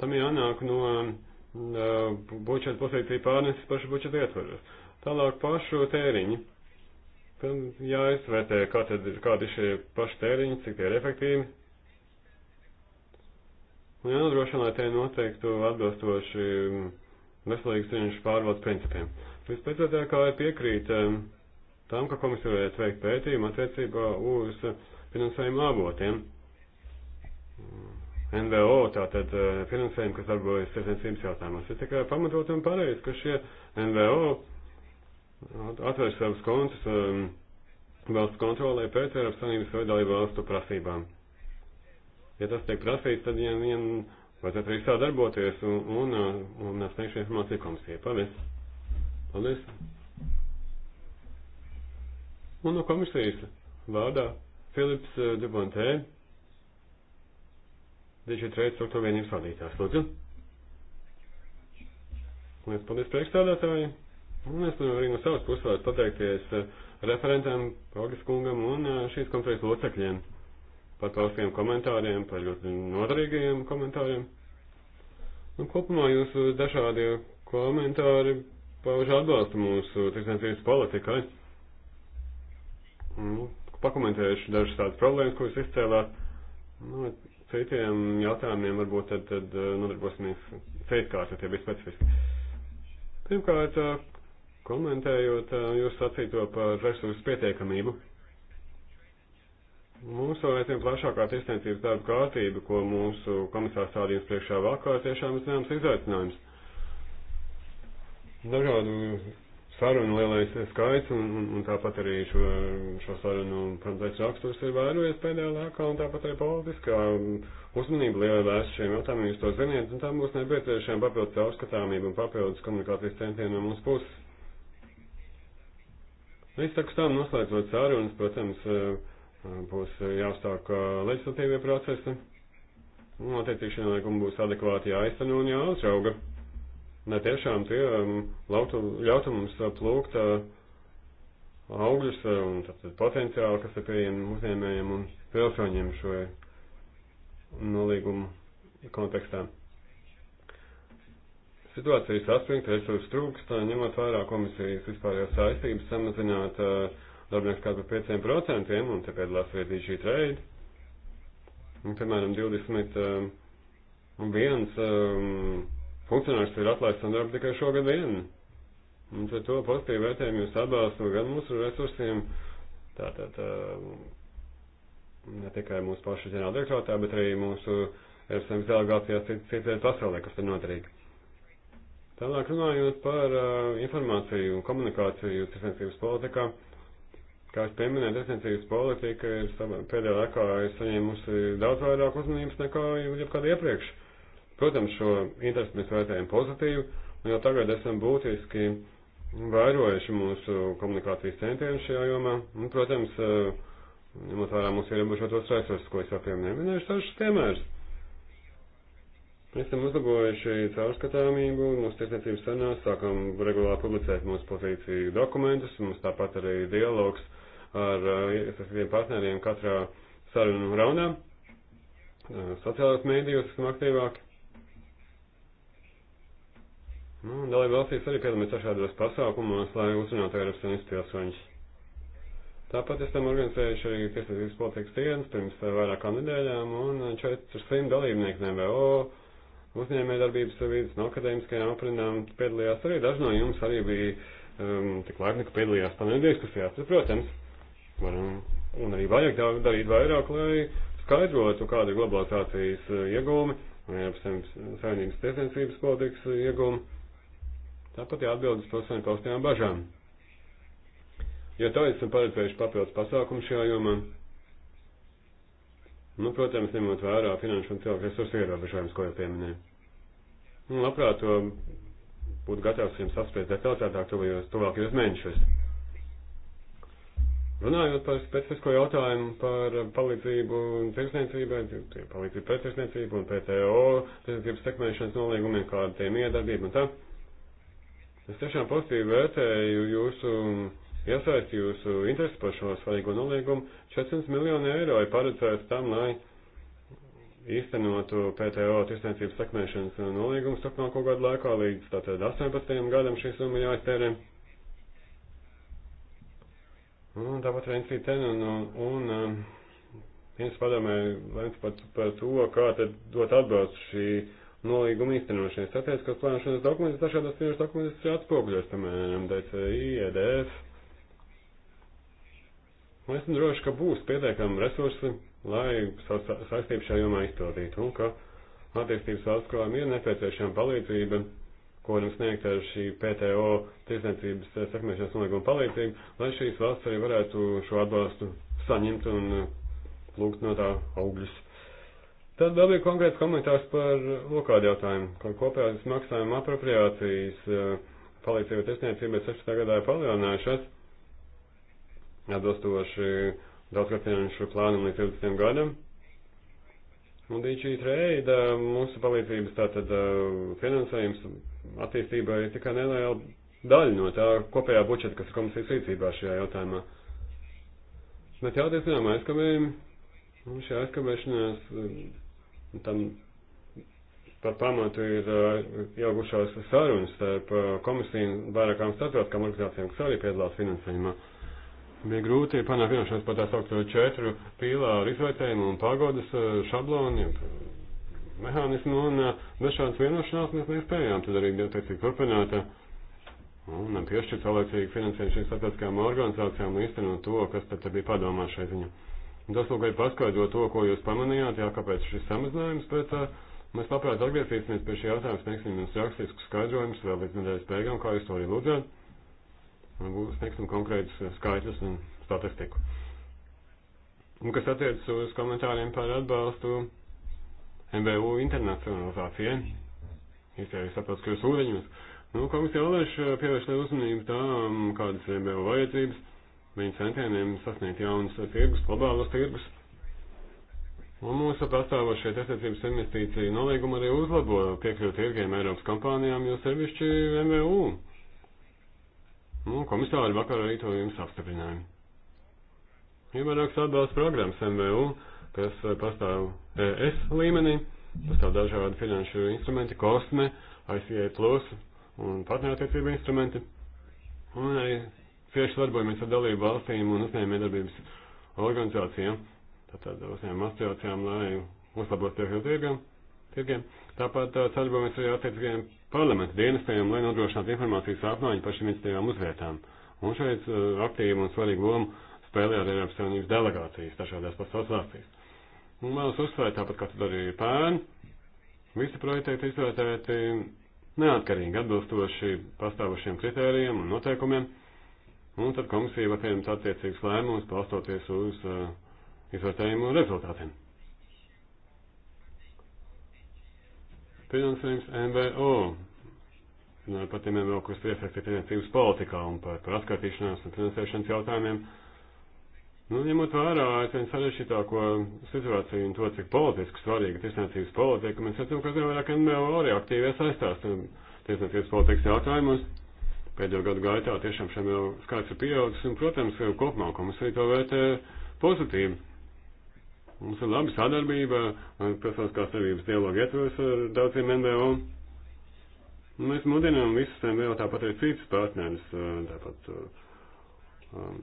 tam jānāk no uh, bučeta pozīcija pārneses pašu bučeta ietvaros. Tālāk pašu tēriņi. Tam jāizvērtē, kā tad, kādi šie paši tēriņi, cik tie ir efektīvi. Un jānodrošina, lai tie noteiktu atbilstoši. Um, veselīgas finanšu pārvaldes principiem. Vispēcētākā piekrīt tam, ka komisija varētu veikt pētījumu attiecībā uz finansējumu avotiem. NVO, tātad eh, finansējumu, kas darbojas tirsniecības jautājumos. Ir tikai pamatot un pareizi, ka šie NVO atver savus kontus um, valsts kontrolē pēc Eiropas Savienības vai dalību valstu prasībām. Ja tas tiek prasīts, tad viņiem, ja, viņiem ja, Vajadzētu arī tā darboties un, un, uh, un sniegšu informāciju komisijai. Paldies! Paldies! Un no komisijas vārdā Filips uh, Dubantē, Digitrade struktūra vienības vadītājs. Lūdzu! Liels paldies priekšstādātāji! Un es arī no savas puses vēlos pateikties uh, referentam, Pogas kungam un šīs konferences locekļiem par paustiem komentāriem, par ļoti noderīgajiem komentāriem. Un kopumā jūsu dažādie komentāri pauž atbalstu mūsu tirsniecības politikai. Nu, pakomentējuši dažas tādas problēmas, ko jūs izcēlāt. Nu, citiem jautājumiem varbūt tad, tad eh, nodarbosimies ceitkārt, ja tie bija specifiski. Pirmkārt, eh, komentējot eh, jūs sacīto par resursu pietiekamību. Mūsu aizvien plašākā tiesniecības darba kārtība, ko mūsu komisārs stādījums priekšā vakar, tiešām ir zināms izaicinājums. Dažādu sarunu lielais skaits un, un, un tāpat arī šo, šo sarunu, protams, raksturs ir vairojies pēdējā laikā un tāpat arī politiskā uzmanība liela vērst šiem jautājumiem, jūs to ziniet, un tam būs nepieciešama papildus caurskatāmība un papildus komunikācijas centieni no mūsu puses. Es saku tam noslēdzot sarunas, protams, uh, būs jāuzsāk leģislatīvie procesi, un attiecīgi šie noteikumi būs adekvāti jāizteno un jāuzrauga. Ne tiešām tie um, lautu, ļautu mums plūkt uh, augļus uh, un tātad potenciālu, kas ir pieejami uzņēmējiem un pilsoņiem šo nolīgumu kontekstā. Situācija saspringta, resursu trūkst, ņemot vērā komisijas vispārējās saistības samazināt uh, darbinieks kāds par 5%, un te piedalās arī šī trade. Un, piemēram, 21 um, um, funkcionārs ir atlaists no darba tikai šogad vien. Un ar to pozitīvu vērtējumu jūs atbalstu gan mūsu resursiem, tātad tā, um, tā, ne tikai mūsu pašu ģenerāla direktorātā, bet arī mūsu RSM delegācijās citviet pasaulē, kas ir noderīgi. Tālāk runājot par uh, informāciju un komunikāciju tirsniecības politikā. Uh, Kā es pieminēju, tirsniecības politika ir sava, pēdējā laikā ir saņēmusi daudz vairāk uzmanības nekā jebkad iepriekš. Protams, šo interesi mēs vērtējam pozitīvi, un jau tagad esam būtiski vairojuši mūsu komunikācijas centienu šajā jomā. Un, protams, eh, ņemot vērā mūsu ierobežotos resursus, ko es jau pieminēju, minēšu dažus piemērus. Mēs esam uzlabojuši caurskatāmību, mūsu tirsniecības sarunās sākam regulāri publicēt mūsu pozīciju dokumentus, mums tāpat arī dialogs ar uh, iesaistītiem partneriem katrā sarunu raundā. Uh, sociālās mēdījos esam aktīvāki. Nu, dalība valstīs arī piedalāmies dažādos pasākumos, lai uzrunātu Eiropas Savienības pilsoņus. Tāpat esam organizējuši arī tiesvedības politikas dienas pirms uh, vairākām nedēļām, un 400 dalībnieki NVO uzņēmējdarbības vidas un akadēmiskajām aprindām piedalījās arī daži no jums arī bija um, tik laipni, ka piedalījās panel diskusijās, bet, protams, Varam, un arī vajag tā darīt vairāk, lai skaidrotu, kāda ir globalizācijas eh, iegūme, saimnības tiesniecības politikas eh, iegūme. Tāpat jāatbildas pilsēņu paustajām bažām. Ja tā esam paredzējuši papildus pasākumu šajā jomā, nu, protams, ņemot vērā finanšu un cilvēku resursu ierobežojumus, ko jau pieminēju. Un nu, labprāt to būtu gatavs jums apspriest detalizētāk tuvākajos mēnešos. Runājot par specifisko jautājumu par palīdzību tirsniecībai, palīdzību pret tirsniecību un PTO, tirsniecības sekmēšanas nolīgumiem, kāda tiem iedarbība un tā. Es tiešām pozitīvi vērtēju jūsu iesaisti, jūsu interesi par šo svarīgo nolīgumu. 400 miljoni eiro ir paredzēts tam, lai īstenotu PTO tirsniecības sekmēšanas nolīgumus turpmāko gadu laikā līdz tātad 18. gadam šī summa jāiztērē. Nu, nu, nu, un tāpat viens ir ten, un, un, un viens padomē lēms par, par to, kā tad dot atbalstu šī nolīguma īstenošanai. Strateģiskās plānošanas dokumentus dažādas finanšu dokumentus ir atspoguļos, piemēram, DCI, EDF. Un esmu droši, ka būs pietiekami resursi, lai saistību šajā jomā izpildītu, un ka attīstības valsts, kurām ir nepieciešama palīdzība, ko jums sniegt ar šī PTO tiesniecības eh, sekmēšanas nolīguma palīdzību, lai šīs valsts arī varētu šo atbalstu saņemt un plūkt eh, no tā augļus. Tad vēl bija konkrēts komentārs par lokādu jautājumu, ka kopējās maksājuma apropriācijas eh, palīdzību tiesniecībai 16. gadā ir palielinājušas, atbilstoši daudzkārt finanšu plānam līdz 20. gadam. Un šī treida mūsu palīdzības tātad eh, finansējums attīstībai ir tikai neliela daļa no tā kopējā budžeta, kas ir komisijas rīcībā šajā jautājumā. Bet jāties zinām aizkavējumi, un šī aizkavēšanās eh, tam par pamatu ir eh, ieaugušās sarunas starp komisiju un vairākām starptautiskām organizācijām, kas arī piedalās finansējumā. Uh, Bija grūti panākt vienošanos par tā saucamo četru pīlāru izvērtējumu un pagodas eh, šabloni mehānismu un eh, bez šādas vienošanās mēs nespējām tad arī attiecīgi turpināt un piešķirt saulēcīgi finansējumu šīm starptautiskajām organizācijām un īstenot to, kas tad bija padomā šai ziņā. Tas lūk, ir paskaidro to, ko jūs pamanījāt, jā, kāpēc šis samazinājums, bet uh, mēs labprāt atgriezīsimies pie šī jautājuma, sniegsim jums rakstisku skaidrojumus vēl līdz nedēļas beigām, kā jūs to arī lūdzētu sniegsim konkrētus skaitļus un statistiku. Un kas attiecas uz komentāriem par atbalstu MBU internacionalizācijai, es jau saprotu, ka jūs ūdeņos. Nu, komisija Olēš pievērš lielu uzmanību tām, kādas ir MBU vajadzības, viņu centieniem sasniegt jaunas tirgus, globālos tirgus. Un mūsu pastāvošie tiesniecības investīcija nolīguma arī uzlabo piekļuvu tirgiem Eiropas kompānijām, jo sevišķi MBU Nu, komisāri vakar arī to jums apstiprināja. Ir vairākas atbalsta programmas MVU, kas pastāv ES līmenī, pastāv dažādi finanšu instrumenti, kosme, ICA plus un partnerattiecība instrumenti. Un arī cieši sadarbojamies ar dalību valstīm un uzņēmējdarbības organizācijām, tātad uzņēmuma asociācijām, lai uzlabotu piekļuvu tirgiem. tirgiem. Tāpat sadarbojamies arī attiecīgajiem parlamentu dienestiem, lai nodrošinātu informācijas apmaiņu par šīm iniciatīvām uzvietām. Un šeit eh, aktīvu un svarīgu lomu spēlē arī Eiropas Savienības delegācijas dažādās pasaules valstīs. Un vēlos uzsvērt, tāpat kā tad arī pērn, visi projekti tiek izvērtēti neatkarīgi atbilstoši pastāvošiem kritērijiem un noteikumiem, un tad komisija var pieņemt attiecīgus lēmumus, balstoties uz uh, izvērtējumu rezultātiem. finansējums NVO. Runāju par tiem NVO, kas piesaistīti finansējums politikā un par, par atskaitīšanās un finansēšanas jautājumiem. Nu, ņemot vērā aizvien sarežģītāko situāciju un to, cik politiski svarīga tirsniecības politika, mēs redzam, ka arvien vairāk NVO arī aktīvi iesaistās tirsniecības politikas jautājumos. Pēdējo gadu gaitā tiešām šiem jau skaits ir pieaudzis un, protams, kopumā komisija to vērtē pozitīvi. Mums ir laba sadarbība, eh, pilsētiskās sadarbības dialoga ietvaros ar daudziem NVO. Mēs mudinām visus NVO, tāpat arī citus partnerus, eh, tāpat eh, um,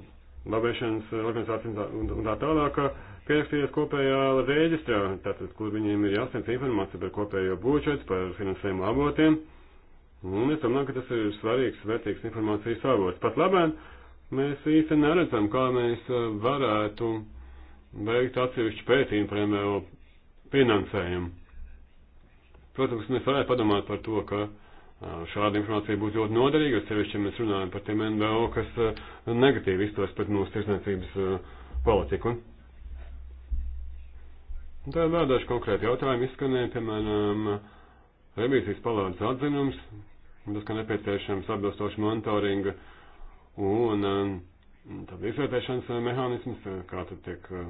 labēšanas organizācijas un tā tālāk, pierakstīties kopējā reģistrā, tātad, kur viņiem ir jāsniedz informācija par kopējo būčets, par finansējumu avotiem. Un es domāju, ka tas ir svarīgs, vērtīgs informācijas avots. Pat labāk mēs īsti neredzam, kā mēs varētu. Uh, veikt atsevišķu pētījumu par MVO finansējumu. Protams, mēs varētu padomāt par to, ka šāda informācija būtu ļoti noderīga, jo sevišķi mēs runājam par tiem NVO, kas negatīvi izturas pret mūsu tirsniecības politiku. Un tā ir vēl daži konkrēti jautājumi izskanēja, piemēram, revīzijas palādes atzinums, tas, ka nepieciešams atbilstoši monitoringa un Tad izvērtēšanas mehānisms, eh, kā tad tiek eh,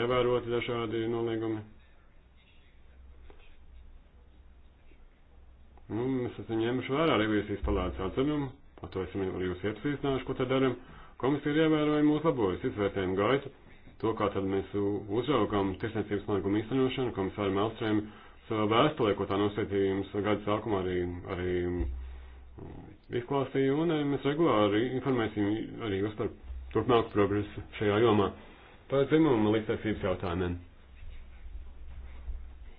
ievēroti dažādi noliegumi. Nu, mēs esam ņēmuši vērā revīzijas palādes atzinumu, par to esam arī jūs iepazīstinājuši, ko tad darām. Komisija ir ievērojami uzlabojusi izvērtējumu gaitu, to, kā tad mēs uzraugām tirsniecības nolīgumu īstenošanu, komisāra Melstrēma savā vēstulē, ko tā nosvietīja jums gada sākumā arī, arī izklāstīja, un eh, mēs regulāri informēsim arī jūs par turpmāku progresu šajā jomā. Par dzimumu līdztaisības jautājumiem.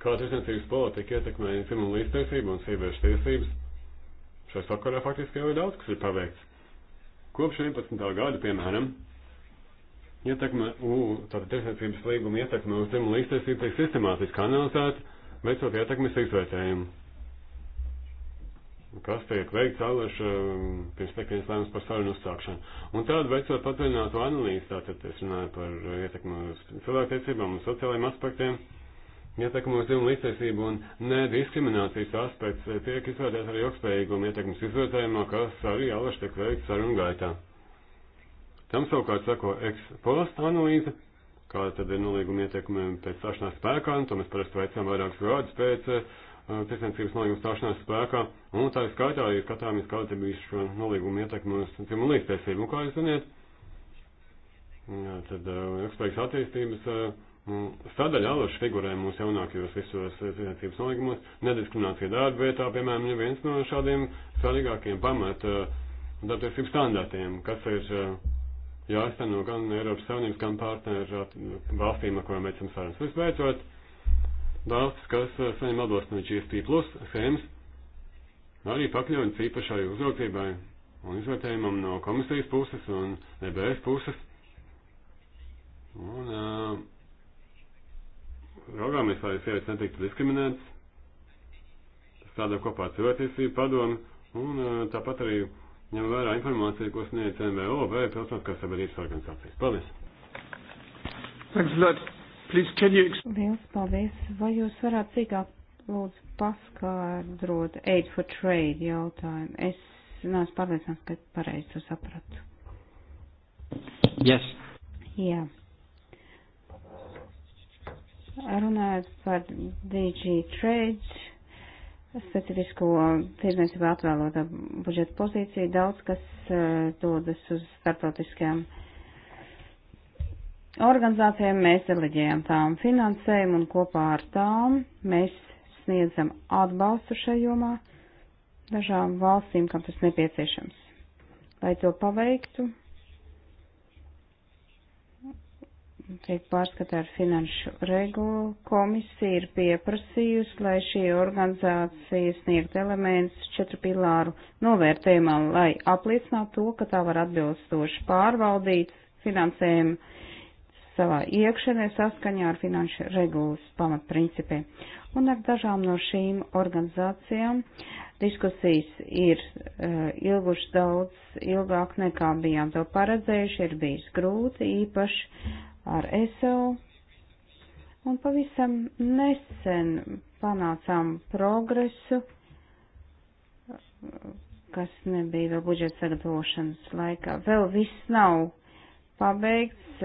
Kā tirsniecības politika ietekmē dzimumu līdztaisību un sieviešu tiesības? Šai sakarā faktiski jau ir daudz, kas ir paveikts. Kopš 11. gada, piemēram, ietekme, u, tātad tirsniecības līguma ietekme uz dzimumu līdztaisību tiek sistemātiski analizēta, veicot ietekmes izvērtējumu kas tiek veikts alaši um, pirms tiek viens lēmums par sarunu uzsākšanu. Un tādu veicot padziļinātu analīzi, tātad es runāju par uh, ietekmu uz cilvēktiesībām un sociālajiem aspektiem, ietekmu uz dzimumu līdztiesību un nediskriminācijas aspekts eh, tiek izvērtēts arī ilgspējīguma ietekmes izvērtējumā, kas arī alaši tiek veikts sarunu gaitā. Tam savukārt sako ex post analīze, kāda tad ir nolīguma ietekme pēc stāšanās spēkā, un to mēs parasti veicam vairākus gadus pēc uh, Uh, tirsniecības nolīguma stāšanās spēkā, un tā ir skaitā, ja skatāmies, kāda bija šo nolīguma ietekme uz dzimumu līdztiesību. Un kā jūs ziniet, jā, tad uh, ilgspējīgas attīstības uh, sadaļa alaši figurē mūsu jaunākajos visos tirsniecības nolīgumos, nediskriminācija darba vietā, piemēram, ir viens no šādiem svarīgākiem pamat darbtiesību standartiem, kas ir jāizteno gan Eiropas Savienības, gan partneru valstīm, ar kurām veicam sarunas. Visbeidzot, valsts, kas eh, saņem atbalstu no GSP plus schēmas, arī pakļaujas īpašai uzraudzībai un izvērtējumam no komisijas puses un EBS puses. Un uh, raugāmies, lai sievietes netiktu diskriminētas. Tas tādā kopā cilvēktiesību padomu un uh, tāpat arī ņem vērā informāciju, ko sniedz MVO vai pilsoniskās sabiedrības organizācijas. Paldies! Thanks a lot. Please, can you... Liels paldies. Vai jūs varētu cīkāk lūdzu paskārdrot aid for trade jautājumu? Es neesmu pārliecināts, ka pareizi to sapratu. Yes. Jā. Runājot par DG trade, specifisko tirzniecību atvēlotā budžeta pozīciju, daudz kas uh, dodas uz starptautiskajām uh, organizācijām, mēs deleģējam tām finansējumu un kopā ar tām mēs sniedzam atbalstu šajomā dažām valstīm, kam tas nepieciešams. Lai to paveiktu, tiek pārskatā ar finanšu regulu, komisija ir pieprasījusi, lai šī organizācija sniegt elements četru pilāru novērtējumā, lai apliecinātu to, ka tā var atbilstoši pārvaldīt finansējumu savā iekšēnē saskaņā ar finanšu regulas pamatprincipiem. Un ar dažām no šīm organizācijām diskusijas ir uh, ilgušas daudz ilgāk nekā bijām to paredzējuši, ir bijis grūti, īpaši ar ESO. Un pavisam nesen panācām progresu, kas nebija vēl budžeta sagatavošanas laikā. Vēl viss nav uh, pabeigts,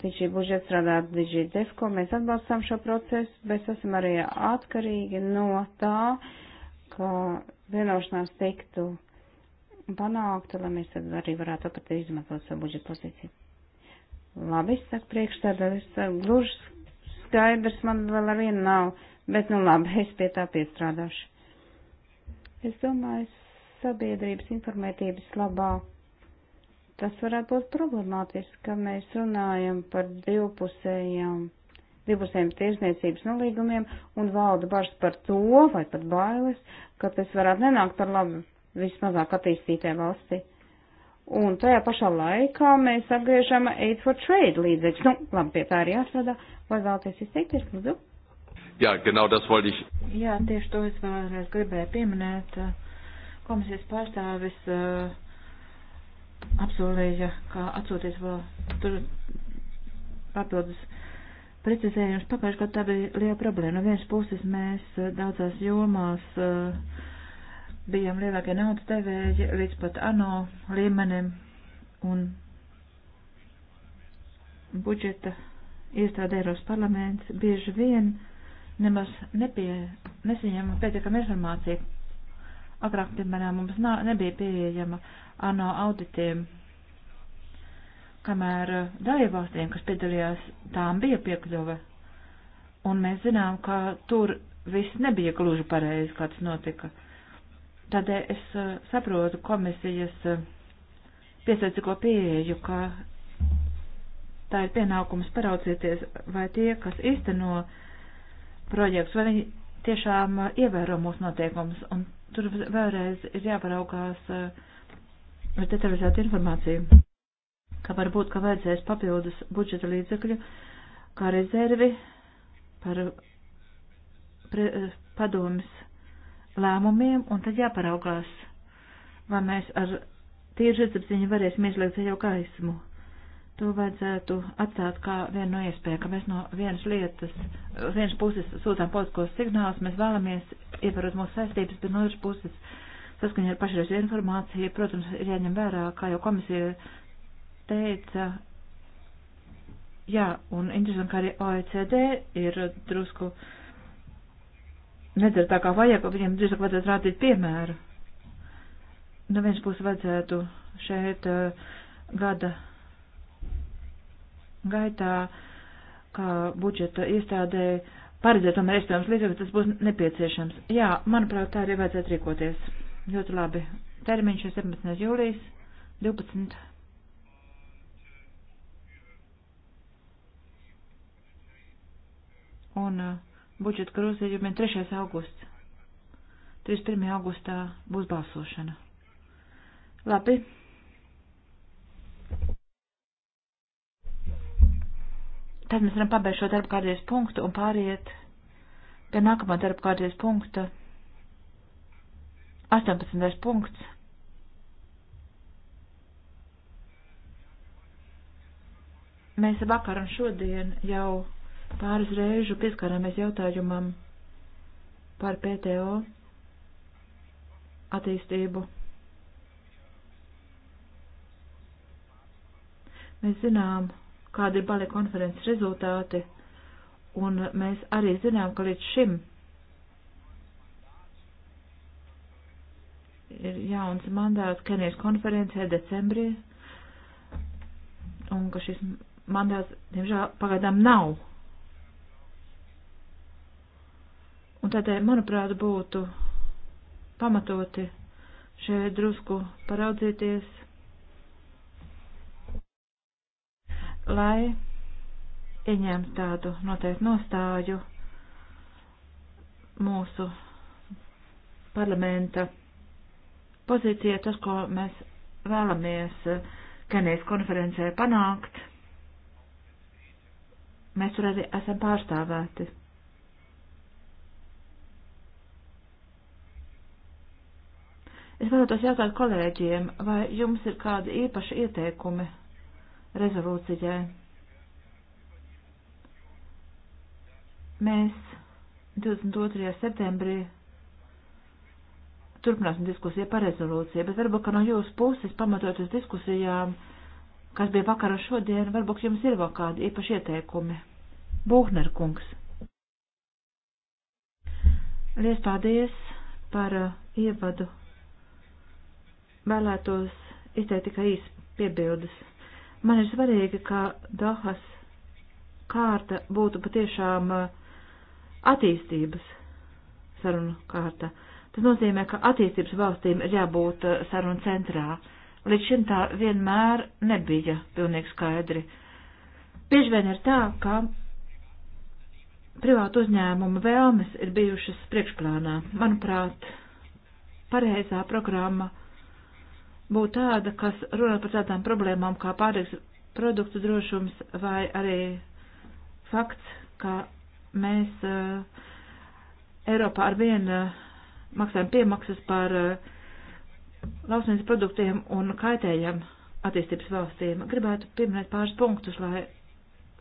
diži eh, budžets strādā diži defko, mēs atbalstām šo procesu, bet esam arī atkarīgi no tā, ka vienošanās tiktu panākta, lai mēs tad arī varētu operatīvi izmantot savu budžeta pozīciju. Labi, es saku priekšstādājus, eh, gluži skaidrs man vēl ar vienu nav, bet nu labi, es pie tā piestrādāšu. Es domāju, sabiedrības informētības labāk Tas varētu būt problemātiski, ka mēs runājam par divpusējām, divpusējiem tirsniecības nolīgumiem un valda bažas par to, vai pat bailes, ka tas varētu nenākt par labu vismazāk attīstītē valstī. Un tajā pašā laikā mēs atgriežam Aid for Trade līdzekļus. Nu, labi, pie tā ir jāstrādā. Vai vēlaties izteikties, lūdzu? Jā, genau das wollte ich. Jā, tieši to es vēlreiz gribēju pieminēt. Komisijas pārstāvis uh, apsolēja, ka atsoties vēl tur papildus precizējums pagājušajā gadā bija liela problēma. No vienas puses mēs eh, daudzās jomās eh, bijām lielākie naudas devēji līdz pat ANO līmenim un budžeta iestāde Eiropas parlaments bieži vien nemaz nepie, nesaņem pietiekam informāciju Agrāk, piemēram, mums nā, nebija pieejama ANO auditiem, kamēr uh, dalībvalstīm, kas piedalījās, tām bija piekļuve. Un mēs zinām, ka tur viss nebija gluži pareizi, kā tas notika. Tādēļ es uh, saprotu komisijas uh, piesaicīgo pieeju, ka tā ir pienākums paraucieties, vai tie, kas īsteno projekts, vai viņi tiešām ievēro mūsu noteikumus. Un tur vēlreiz ir jāparaugās eh, ar detalizētu informāciju, ka varbūt, ka vajadzēs papildus budžeta līdzekļu kā rezervi par pre, eh, padomis lēmumiem, un tad jāparaugās, vai mēs ar tīru redzapziņu varēsim izliekt jau gaismu to vajadzētu atstāt kā vienu no iespēju, ka mēs no vienas lietas, vienas puses sūtām politiskos signālus, mēs vēlamies ievērot mūsu saistības, bet no otras puses saskaņā ar pašreiz informāciju, protams, ir jāņem vērā, kā jau komisija teica, jā, un interesanti, ka arī OECD ir drusku nedara tā kā vajag, viņiem drusku vajadzētu rādīt piemēru. No vienas puses vajadzētu šeit uh, gada gaitā, kā budžeta iestādē paredzētam iespējams līdzekļus, tas būs nepieciešams. Jā, manuprāt, tā arī vajadzētu rīkoties. Ļoti labi. Termiņš ir 17. jūlijas 12. Un uh, budžeta grozījumiem 3. augusts. 31. augustā būs balsošana. Labi. Tad mēs varam pabeigt šo darba kārtības punktu un pāriet pie nākamā darba kārtības punkta. 18. punkts. Mēs vakar un šodien jau pāris reižu pieskārāmies jautājumam par PTO attīstību. Mēs zinām, kāda ir balē konferences rezultāti, un mēs arī zinām, ka līdz šim ir jauns mandāts Kenijas konferencē decembrī, un ka šis mandāts, diemžēl, pagaidām nav. Un tādēļ, manuprāt, būtu pamatoti šeit drusku paraudzīties lai ieņemtu tādu noteiktu nostāju mūsu parlamenta pozīcija, tas, ko mēs vēlamies Kenijas konferencē panākt, mēs tur arī esam pārstāvēti. Es vēlētos jautāt kolēģiem, vai jums ir kādi īpaši ieteikumi rezolūcijai. Mēs 22. septembrī turpināsim diskusiju par rezolūciju, bet varbūt, ka no jūsu puses pamatot uz diskusijām, kas bija vakar un šodien, varbūt jums ir vēl kādi īpaši ieteikumi. Būhner kungs. Lies paldies par uh, ievadu. Vēlētos izteikt tikai īsi piebildes. Man ir svarīgi, ka Dahas kārta būtu patiešām uh, attīstības sarunu kārta. Tas nozīmē, ka attīstības valstīm ir jābūt uh, sarunu centrā. Līdz šim tā vienmēr nebija pilnīgi skaidri. Bieži vien ir tā, ka privātu uzņēmumu vēlmes ir bijušas priekšplānā. Manuprāt, pareizā programma būtu tāda, kas runā par tādām problēmām kā pārējais produktu drošums vai arī fakts, ka mēs uh, Eiropā ar vienu uh, eh, maksājam piemaksas par uh, eh, lausnības produktiem un kaitējam attīstības valstīm. Gribētu pieminēt pāris punktus, lai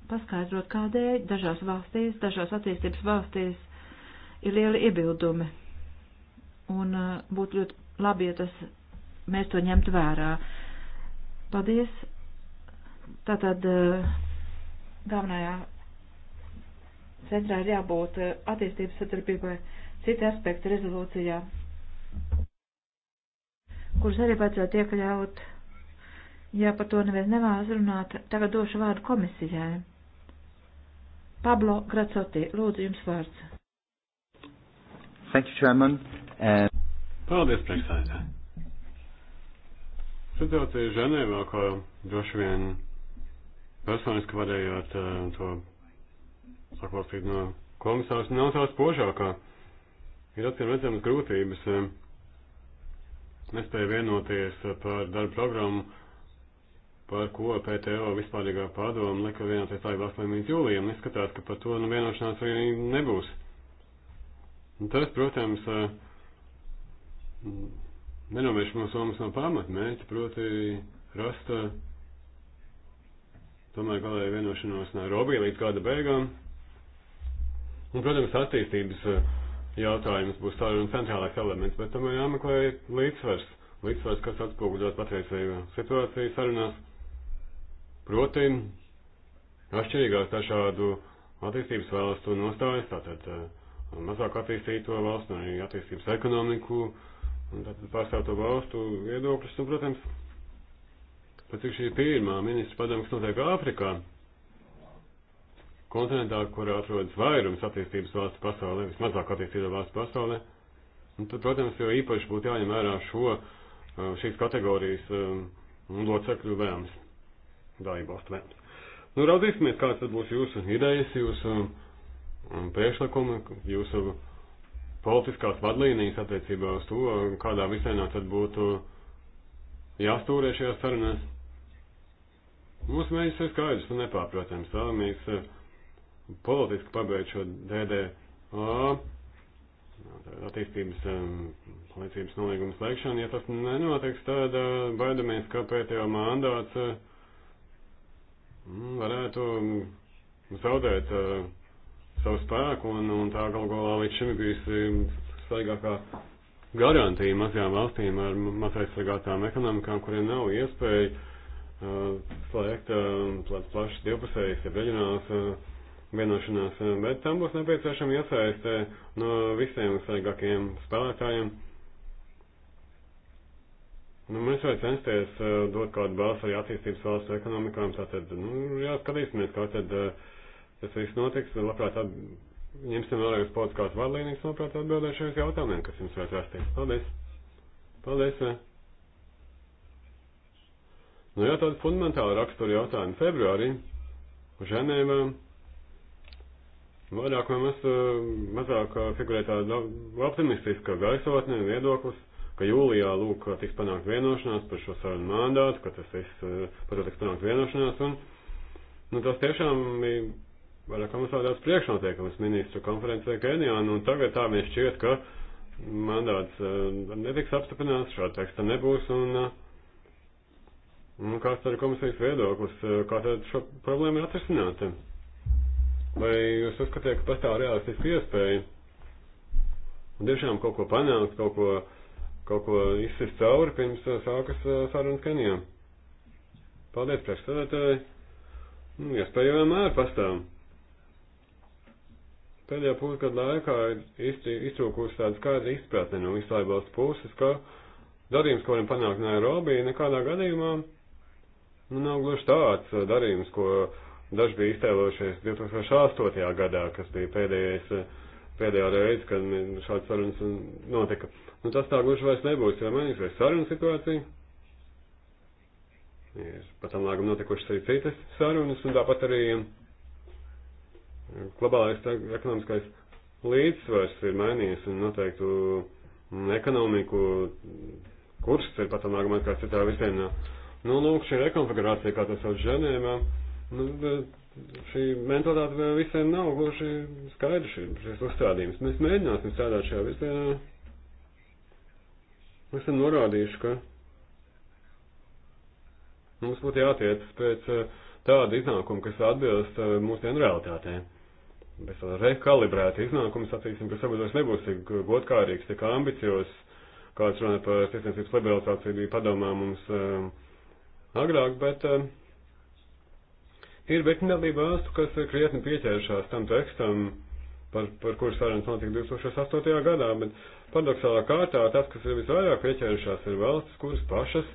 paskaidrot, kādēļ dažās valstīs, dažās attīstības valstīs ir lieli iebildumi. Un uh, būtu ļoti labi, ja tas mēs to ņemtu vērā. Paldies. Tātad eh, galvenajā centrā ir jābūt eh, attīstības sadarbībai citi aspekti rezolūcijā, kurus arī vajadzētu iekļaut. Ja par to neviens nevēlas runāt, tagad došu vārdu komisijai. Pablo Gracoti, lūdzu jums vārds. Thank you, Chairman. Uh... Paldies, priekšsēdētāji. Situācija Ženēvā, ko droši vien personiski varējāt eh, to saklausīt no komisārs, nav tā spožākā. Ir atcīm redzamas grūtības. Eh, nespēja vienoties par darbu programmu, par ko PTO vispārīgā padoma lika vienoties tā jau 8 līdz jūlijam. Neskatās, ka par to nu, vienošanās arī nebūs. Un tas, protams, eh, nenovērš mūsu somas no pamatmērķa, proti rast eh, tomēr galēju vienošanos Nairobi līdz kāda beigām. Un, protams, attīstības eh, jautājums būs tāds un centrālais elements, bet tomēr jāmeklē līdzsvars, līdzsvars, kas atspoguļot patreizējo situāciju sarunās. Proti, atšķirīgās dažādu attīstības valstu nostājas, tātad eh, mazāk attīstīto valstu un arī attīstības ekonomiku, uh, tātad pārstāv to valstu viedokļus, un, protams, pat cik šī pirmā ministra padomas notiek Āfrikā, kontinentā, kur atrodas vairums attīstības valsts pasaulē, vismazāk attīstības valsts pasaulē, un tad, protams, jau īpaši būtu jāņem vērā šo, uh, šīs kategorijas um, locekļu vēlms, dalību valstu vēlms. Nu, raudīsimies, kāds tad būs jūsu idejas, jūsu um, priekšlikumi, jūsu politiskās vadlīnijas attiecībā uz to, kādā visēnā tad būtu jāstūrē šajās sarunās. Mūsu mērķis ir skaidrs un nepārprotams. Vēlamies eh, politiski pabeigt šo DDA attīstības palīdzības nolīgumu slēgšanu. Ja tas nenotiks, tad eh, baidamies, ka pēdējā mandāts eh, varētu zaudēt uh, savu spēku, un, un tā galu galā līdz šim ir bijusi svaigākā garantija mazajām valstīm ar mazaizsargātām ekonomikām, kuriem nav iespēja uh, slēgt uh, plašas divpusējas, ja reģionālas uh, vienošanās, uh, bet tam būs nepieciešama iesaiste no visiem svaigākajiem spēlētājiem. Nu, mēs varam censties uh, dot kādu balsu arī attīstības valstu ekonomikām, tātad, nu, jā, skatīsimies, kā tad uh, tas viss notiks, labprāt, at... ņemsim vēlreiz podskās vadlīnijas, labprāt, atbildēšu uz jautājumiem, kas jums varētu rasties. Paldies! Paldies! Eh. Nu, jā, tāda fundamentāla rakstura jautājuma februārī, Ženēvā, vairāk vai maz, eh, mazāk eh, figurē tāda optimistiska gaisotne, viedoklis, ka jūlijā, lūk, tiks panākt vienošanās par šo sarunu mandātu, ka tas viss, par to tiks panākt vienošanās, un, nu, tas tiešām vairāk mums vēl daudz priekšnoteikumus ministru konferencē Kenijā, nu, un tagad tā mēs šķiet, ka mandāts eh, netiks apstiprināts, šāda teksta nebūs, un, eh, un kāds tad ir komisijas viedoklis, eh, kā tad šo problēmu ir atrisināta? Vai jūs uzskatiet, ka pastāv realistiski iespēja un tiešām kaut ko panākt, kaut ko, kaut ko izsist cauri pirms sākas sarunas Kenijā? Paldies, priekšsēdētāji! Nu, iespējamā mērā pastāv. Pēdējā pusgada laikā ir iztrūkusi tāda skaidra izpratne no visai valsts puses, ka darījums, ko varam panākt Nairobi, nekādā gadījumā nu, nav gluži tāds darījums, ko daži bija iztēlojušies 2008. gadā, kas bija pēdējais, pēdējā reize, kad šāds sarunas notika. Nu, tas tā gluži vairs nebūs, jo mainīsies saruna situācija. Ir pat tam lāgam notikušas arī citas sarunas, un tāpat arī globālais ekonomiskais līdzsvars ir mainījies un noteiktu ekonomiku kurss ir pat un arguments, kā citā virzienā. Nu, lūk, šī rekonfigurācija, kā tas sauc Ženēmā, nu, šī mentalitāte visiem nav gluži skaidrs, šis uzstādījums. Mēs mēģināsim strādāt šajā virzienā. Mēs esam norādījuši, ka mums būtu jātiec pēc eh, tāda iznākuma, kas atbilst eh, mūsdienu realitātēm mēs vēl rekalibrētu iznākumu, sacīsim, ka samazinājums nebūs tik godkārīgs, tik ambicios, kāds runā par tiesniecības liberalizāciju bija padomā mums um, agrāk, bet um, ir virkni dalība valstu, kas ir krietni pieķērušās tam tekstam, par, par kuru sarunas notika 2008. gadā, bet paradoxālā kārtā tas, kas ir visvairāk pieķērušās, ir valstis, kuras pašas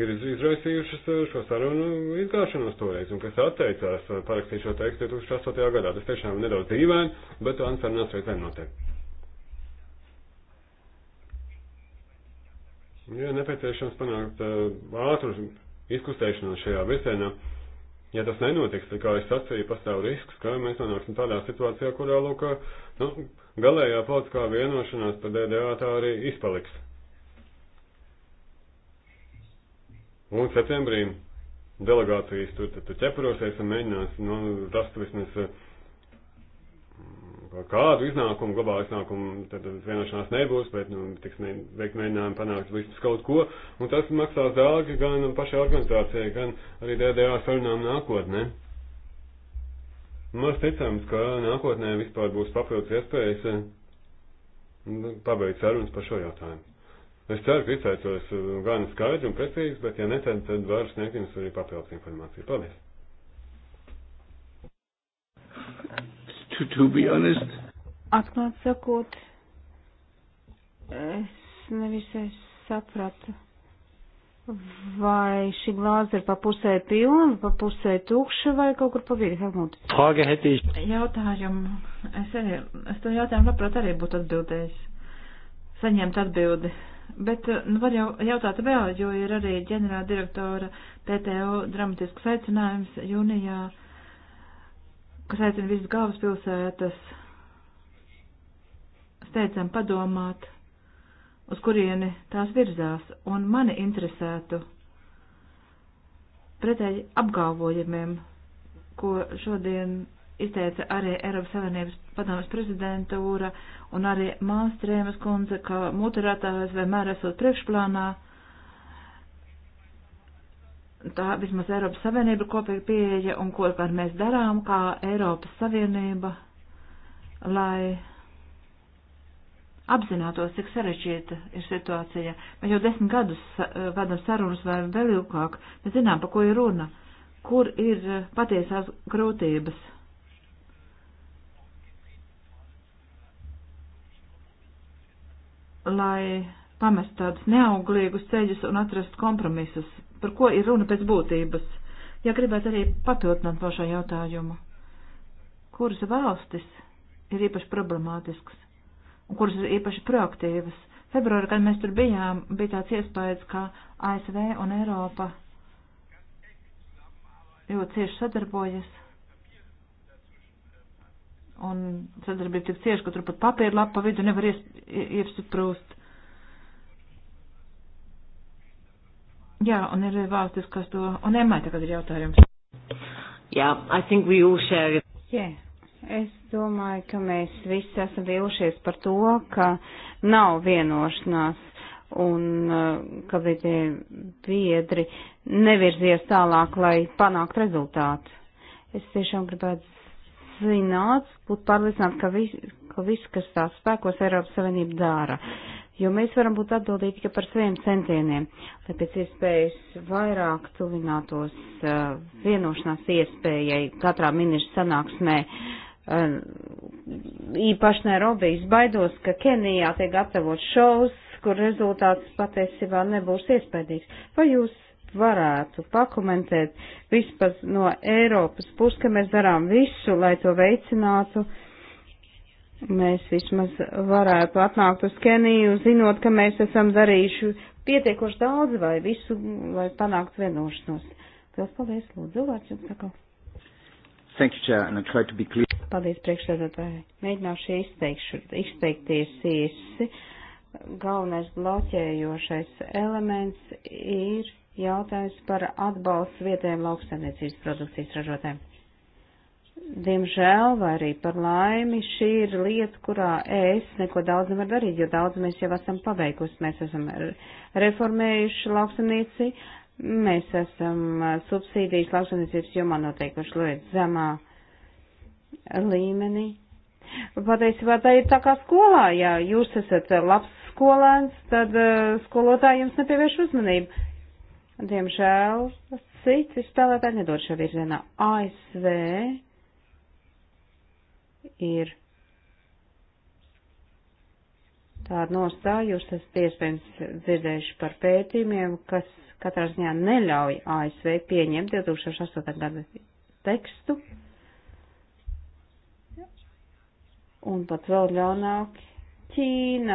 ir izraisījušas uh, šo sarunu izgāšanos toreiz, un kas atteicās uh, parakstīt šo tekstu 2008. gadā. Tas tiešām ir nedaudz dīvaini, bet tā sarunās reizēm notiek. Ja nepieciešams panākt uh, ātru izkustēšanos šajā virzienā, ja tas nenotiks, tad, kā es sacīju, pastāv risks, ka mēs nonāksim tādā situācijā, kurā, lūk, uh, nu, galējā politiskā vienošanās par DDA tā arī izpaliks. Un septembrī delegācijas tur, tur, tur ķeparosies un mēģinās nu, rast vismaz eh, kādu iznākumu, globālu iznākumu, tad vienošanās nebūs, bet, nu, tiks mē, veikt mēģinājumu panākt vismaz kaut ko, un tas maksās dārgi gan pašai organizācijai, gan arī DDA sarunām nākotnē. Mēs ticams, ka nākotnē vispār būs papildus iespējas eh, nu, pabeigt sarunas par šo jautājumu. Es ceru, ka izteicos uh, gan skaidri un precīzi, bet ja ne, tad, tad varu sniegt jums arī papildus informāciju. Paldies! To, to be honest. Atklāt sakot, es nevisai sapratu, vai šī glāze ir pa pusē pilna, pa pusē tukša vai kaut kur pa vidu. Helmut. Frage hätte ich. Jautājumu. Es, arī, es to jautājumu labprāt arī būtu atbildējis. Saņemt atbildi. Bet eh, nu, var jau jautāt vēl, jo ir arī ģenerāla direktora PTO dramatisks aicinājums jūnijā, kas aicina visas galvaspilsētas steidzam padomāt, uz kurieni tās virzās, un mani interesētu pretēji apgalvojumiem, ko šodien izteica arī Eiropas Savienības padomas prezidentūra un arī māstrēmas kundze, ka muturētājs vienmēr esot priekšplānā. Tā vismaz Eiropas Savienība kopīgi pieeja un ko gan mēs darām kā Eiropas Savienība, lai apzinātos, cik sarežģīta ir situācija. Mēs jau desmit gadus vadam sarunas vai vēl ilgāk. Mēs zinām, pa ko ir runa, kur ir patiesās grūtības lai pamest tādus neauglīgus ceļus un atrast kompromisus, par ko ir runa pēc būtības. Ja gribētu arī papildināt par šo jautājumu, kuras valstis ir īpaši problemātiskas un kuras ir īpaši proaktīvas. Februārā, kad mēs tur bijām, bija tāds iespējas, ka ASV un Eiropa ļoti cieši sadarbojas un sadarbība tik cieši, ka tur pat papīra lapa pa vidu nevar iepsiprūst. Jā, un ir valstis, kas to, un Emai tagad ir jautājums. Jā, yeah, I think we all share it. Yeah. Es domāju, ka mēs visi esam vīlušies par to, ka nav vienošanās un uh, ka vidē biedri nevirzies tālāk, lai panāktu rezultātu. Es tiešām gribētu apzināts, būt pārliecināts, ka, vis, ka viss, kas tās spēkos Eiropas Savienība dara. Jo mēs varam būt atbildīgi tikai par saviem centieniem, lai pēc iespējas vairāk tuvinātos uh, vienošanās iespējai katrā ministra sanāksmē. Uh, īpaši Nairobijas baidos, ka Kenijā tiek gatavot šovs, kur rezultāts patiesībā nebūs iespējams. Vai jūs varētu pakomentēt vispār no Eiropas puses, ka mēs darām visu, lai to veicinātu. Mēs vismaz varētu atnākt uz Keniju, zinot, ka mēs esam darījuši pietiekoši daudz vai visu, lai panāktu vienošanos. Pils paldies, lūdzu, vārds jums sakau. Thank you, Chair, and I try to be clear. Paldies, priekšsēdētāji. Mēģināšu izteikšu, izteikties īsi. Galvenais bloķējošais elements ir jautājums par atbalstu vietējiem lauksaimniecības produkcijas ražotēm. Diemžēl, vai arī par laimi, šī ir lieta, kurā es neko daudz nevaru darīt, jo daudz mēs jau esam paveikusi. Mēs esam reformējuši lauksaimnieci, mēs esam subsīdijas lauksaimniecības jomā noteikuši ļoti zemā līmenī. Patiesībā tā ir tā kā skolā, ja jūs esat labs skolēns, tad uh, skolotāji jums nepievērš uzmanību diemžēl, citi spēlētāji nedod šo virzienā. ASV ir tāda nostāja, jūs esat iespējams dzirdējuši par pētījumiem, kas katrā ziņā neļauj ASV pieņemt 2008. gada tekstu. Un pat vēl ļaunāk Ķīna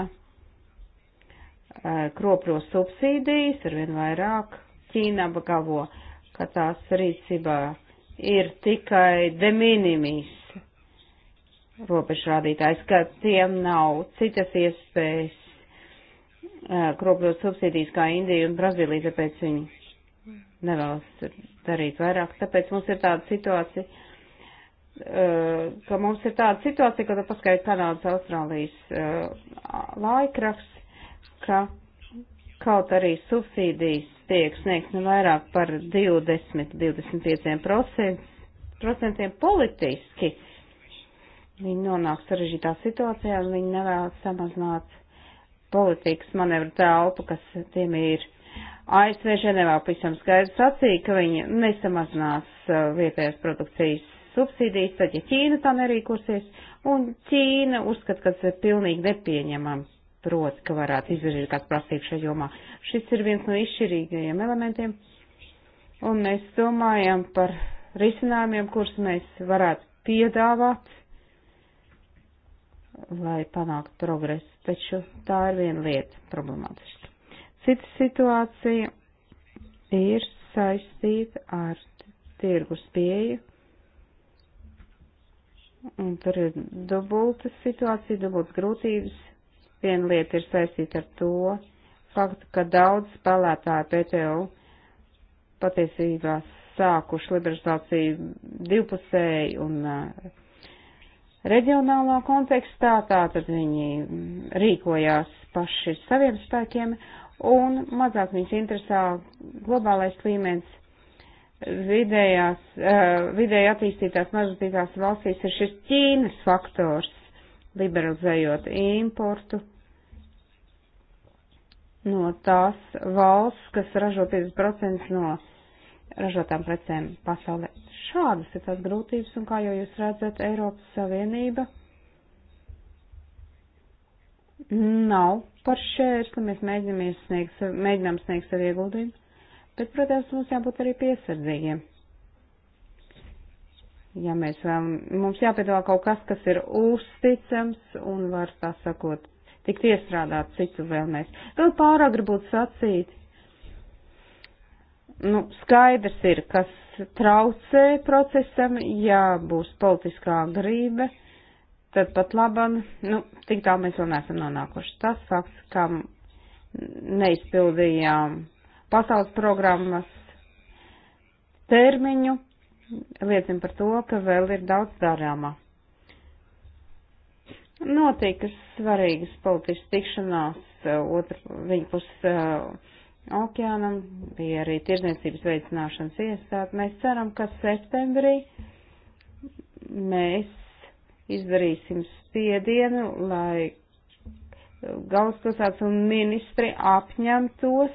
eh, kropļo subsīdijas ar vien vairāk Ķīna apgalvo, ka tās rīcībā ir tikai de minimis robežrādītājs, ka tiem nav citas iespējas uh, kropļot subsīdijas kā Indija un Brazīlija, tāpēc viņi nevēlas darīt vairāk. Tāpēc mums ir tāda situācija, uh, ka mums ir tāda situācija, ka tu paskaidri Kanādas Austrālijas uh, laikraks, ka kaut arī subsīdijas tiek sniegts ne vairāk par 20-25% politiski, viņi nonāk sarežģītā situācijā un viņi nevēlas samazināt politikas manevru telpu, kas tiem ir. ASV Ženevā pavisam skaidrs sacīja, ka viņi nesamazinās uh, vietējās produkcijas subsīdijas, tad ja Ķīna tā nerīkosies, un Ķīna uzskata, ka tas ir pilnīgi nepieņemams proti, ka varētu izvirzīt kāds prasības šajā jomā. Šis ir viens no izšķirīgajiem elementiem, un mēs domājam par risinājumiem, kurus mēs varētu piedāvāt, lai panāktu progresu, taču tā ir viena lieta problemātiska. Cita situācija ir saistīta ar tirgus pieeju un tur ir dubulta situācija, dubultas grūtības, Viena lieta ir saistīta ar to faktu, ka daudz spēlētāju PTO patiesībā sākuši liberalizāciju divpusēji un uh, reģionālā kontekstā, tātad viņi rīkojās paši saviem spēkiem un mazāk viņus interesē globālais līmenis. Vidējās, uh, vidēji attīstītās mazatīgās valstīs ir šis Ķīnas faktors, liberalizējot importu no tās valsts, kas ražo 50% no ražotām precēm pasaulē. Šādas ir tās grūtības, un kā jau jūs redzat, Eiropas Savienība nav par šķērsli, mēs mēģinām sniegt, mēģinām sniegt savu ieguldījumu, bet, protams, mums jābūt arī piesardzīgiem ja mēs vēlam, mums jāpiedāvā kaut kas, kas ir uzticams un var, tā sakot, tikt iestrādāt citu vēlmēs. Vēl pārāk būtu sacīt, nu, skaidrs ir, kas traucē procesam, ja būs politiskā grība, tad pat labam, nu, tik tā mēs vēl neesam nonākuši. Tas fakts, kam neizpildījām pasaules programmas termiņu, liecina par to, ka vēl ir daudz darāmā. Notika svarīgas politiskas tikšanās eh, otru, viņa puses uh, okeānam, bija arī tirzniecības veicināšanas iestāde. Mēs ceram, ka septembrī mēs izdarīsim spiedienu, lai eh, galvaspilsētas un ministri apņemtos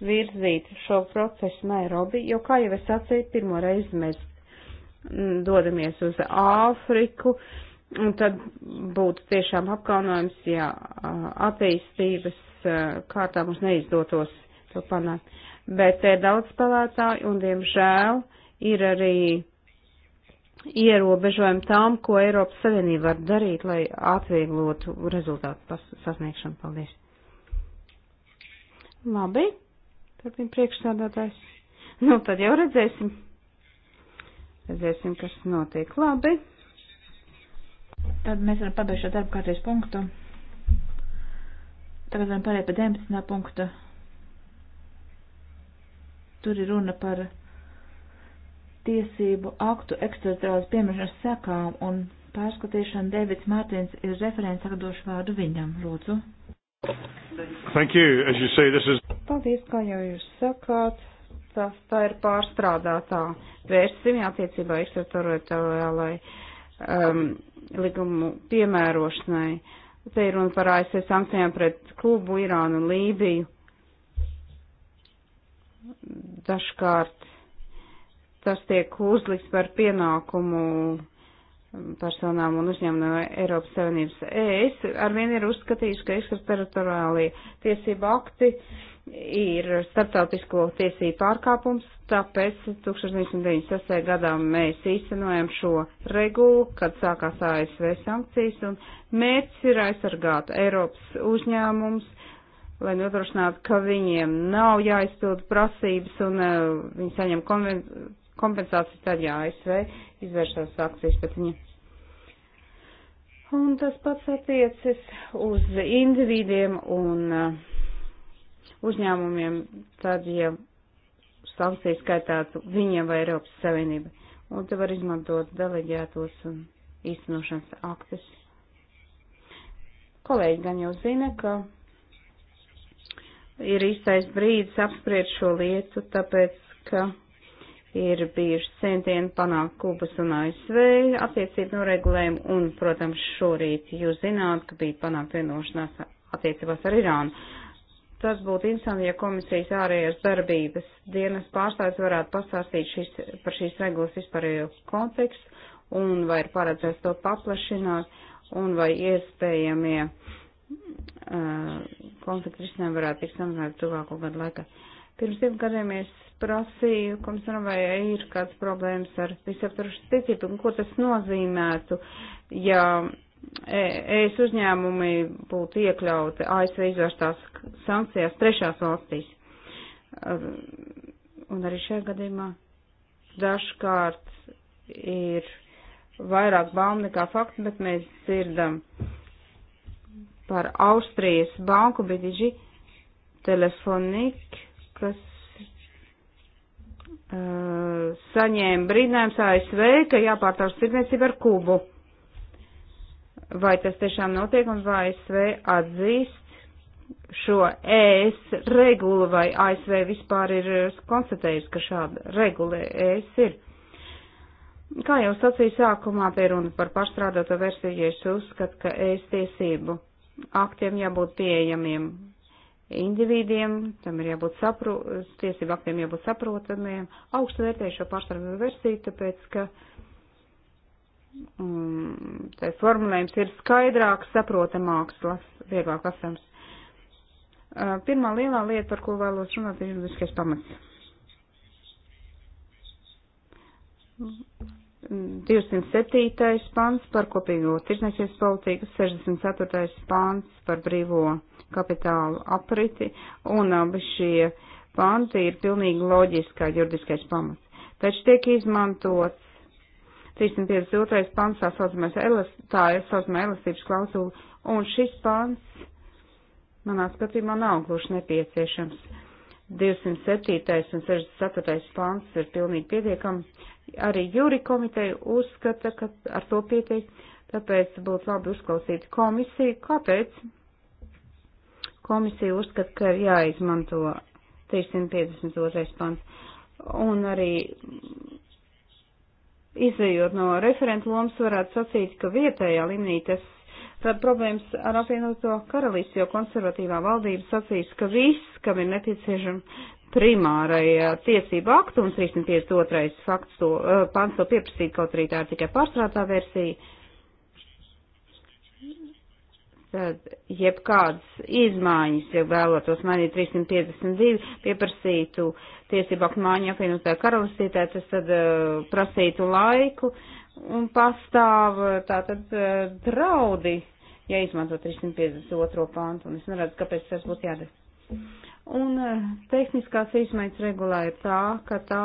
virzīt šo procesu Nairobi, jo, kā jau es sacīju, pirmo reizi mēs mm, dodamies uz Āfriku, un tad būtu tiešām apkaunojums, ja attīstības kārtā mums neizdotos to panākt. Bet te ir daudz spēlētāju, un, diemžēl, ir arī ierobežojumi tām, ko Eiropas Savienība var darīt, lai atvieglotu rezultātu sasniegšanu. Paldies! Labi. Turpin priekšstādātājs. Nu, tad jau redzēsim. Redzēsim, kas notiek labi. Tad mēs varam pabeigt šo darbu kārtības punktu. Tagad varam pārēt pie 19. punkta. Tur ir runa par tiesību aktu ekstraterālas piemēršanas sekām un pārskatīšanu. Deivids Mārtiņš ir referents, tagad došu vārdu viņam, lūdzu. Thank you. As you say, this is Paldies, kā jau jūs sakāt, tas tā ir pārstrādātā versija attiecībā ekstraterritoriālai um, likumu piemērošanai. Te ir runa par ASV sankcijām pret Kubu, Irānu un Lībiju. Dažkārt tas tiek uzlikts par pienākumu um, personām un uzņēmumiem no Eiropas Savienības. Es arvien ir uzskatījuši, ka ekstraterritoriālie tiesība akti uh, ir starptautisko tiesību pārkāpums, tāpēc 1996. gadā mēs īstenojam šo regulu, kad sākās ASV sankcijas, un mērķis ir aizsargāt Eiropas uzņēmums, lai nodrošinātu, ka viņiem nav jāizpild prasības un uh, viņi saņem kompensāciju tad, ja ASV izvēršās sankcijas pret viņiem. Un tas pats attiecas uz individiem un uh, uzņēmumiem, tad, ja sankcijas skaitātu viņiem vai Eiropas Savienībai. Un te var izmantot deleģētos un īstenošanas aktus. Kolēģi gan jau zina, ka ir īstais brīdis apspriest šo lietu, tāpēc, ka ir bijuši centieni panākt Kubas un ASV attiecību noregulējumu, un, protams, šorīt jūs zināt, ka bija panākt vienošanās attiecībās ar Irānu. Tas būtu interesanti, ja komisijas ārējās darbības dienas pārstāvis varētu pastāstīt šis, par šīs regulas vispārējo kontekstu un vai ir paredzēts to paplašināt un vai iespējamie uh, konflikti risinājumi varētu tikt samazināti tuvāko gadu laikā. Pirms diviem gadiem es prasīju komisaram, vai ir kādas problēmas ar visaptvarošu ticību un ko tas nozīmētu, ja E, ES uzņēmumi būtu iekļauti ASV izvērstās sankcijās trešās valstīs. Un arī šajā gadījumā dažkārt ir vairāk baumu nekā faktu, bet mēs dzirdam par Austrijas banku bidiži telefonik, kas uh, saņēma brīdinājums ASV, ka jāpārtauc tirdzniecība ar Kubu vai tas tiešām notiek un vai ASV atzīst šo ES regulu vai ASV vispār ir eh, konstatējis, ka šāda regula ES ir. Kā jau sacīju sākumā pie runa par pārstrādāto versiju, es uzskatu, ka ES tiesību aktiem jābūt pieejamiem individiem, tam ir jābūt sapro, tiesību aktiem jābūt saprotamiem, augstu vērtēju šo pārstrādāto versiju, tāpēc, ka uh, um, formulējums ir skaidrāks, saprotamāks, las, vieglāk lasams. Uh, pirmā lielā lieta, par ko vēlos runāt, ir juridiskais pamats. 207. pants par kopīgo tirsniecības politiku, 64. pants par brīvo kapitālu apriti, un abi šie panti ir pilnīgi loģiskā juridiskais pamats. Taču tiek izmantots 352. pants, tā saucamais elast, tā ir saucamā elastības klauzula, un šis pants, manā skatījumā, nav gluži nepieciešams. 207. un 64. pants ir pilnīgi pietiekami. Arī jūri komiteja uzskata, ka ar to pietiek, tāpēc būtu labi uzklausīt komisiju. Kāpēc? Komisija uzskata, ka ir jāizmanto 352. pants. Un arī izējot no referentu lomas, varētu sacīt, ka vietējā līmenī tas tad problēmas ar apvienoto karalisti, jo konservatīvā valdība sacīs, ka viss, kam ir nepieciešama primārai tiesība aktu un 352. fakts to, pants to pieprasīt, kaut arī tā ir tikai pārstrātā versija, Tad jebkādas izmaiņas, ja vēlētos mainīt 352, pieprasītu tiesību akmāņu apvienotā karalistītē, tas tad uh, prasītu laiku un pastāv eh, tātad uh, eh, draudi, ja izmanto 352. pāntu, un es neredzu, kāpēc tas būtu jādara. Un uh, tehniskās izmaiņas regulā ir tā, ka tā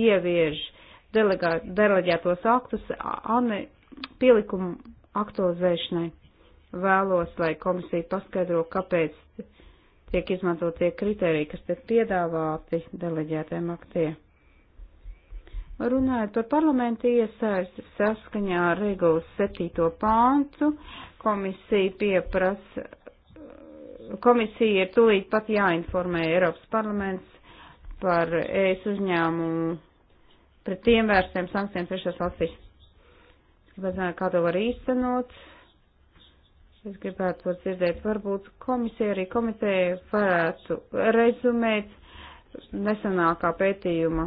ievieš delegā, deleģētos aktus ane, pielikumu aktualizēšanai vēlos, lai komisija paskaidro, kāpēc tiek izmantot tie kriteriji, kas tiek piedāvāti deleģētiem aktiem. Runājot par parlamentu iesaisti saskaņā ar regulas 7. pāntu, komisija pieprasa, komisija ir tūlīt pat jāinformē Eiropas parlaments par ES uzņēmumu pret tiem vērstiem sankcijiem trešās valstīs. Gribētu zināt, kā to var īstenot, Es gribētu to dzirdēt. Varbūt komisija arī komiteja varētu rezumēt nesenākā pētījuma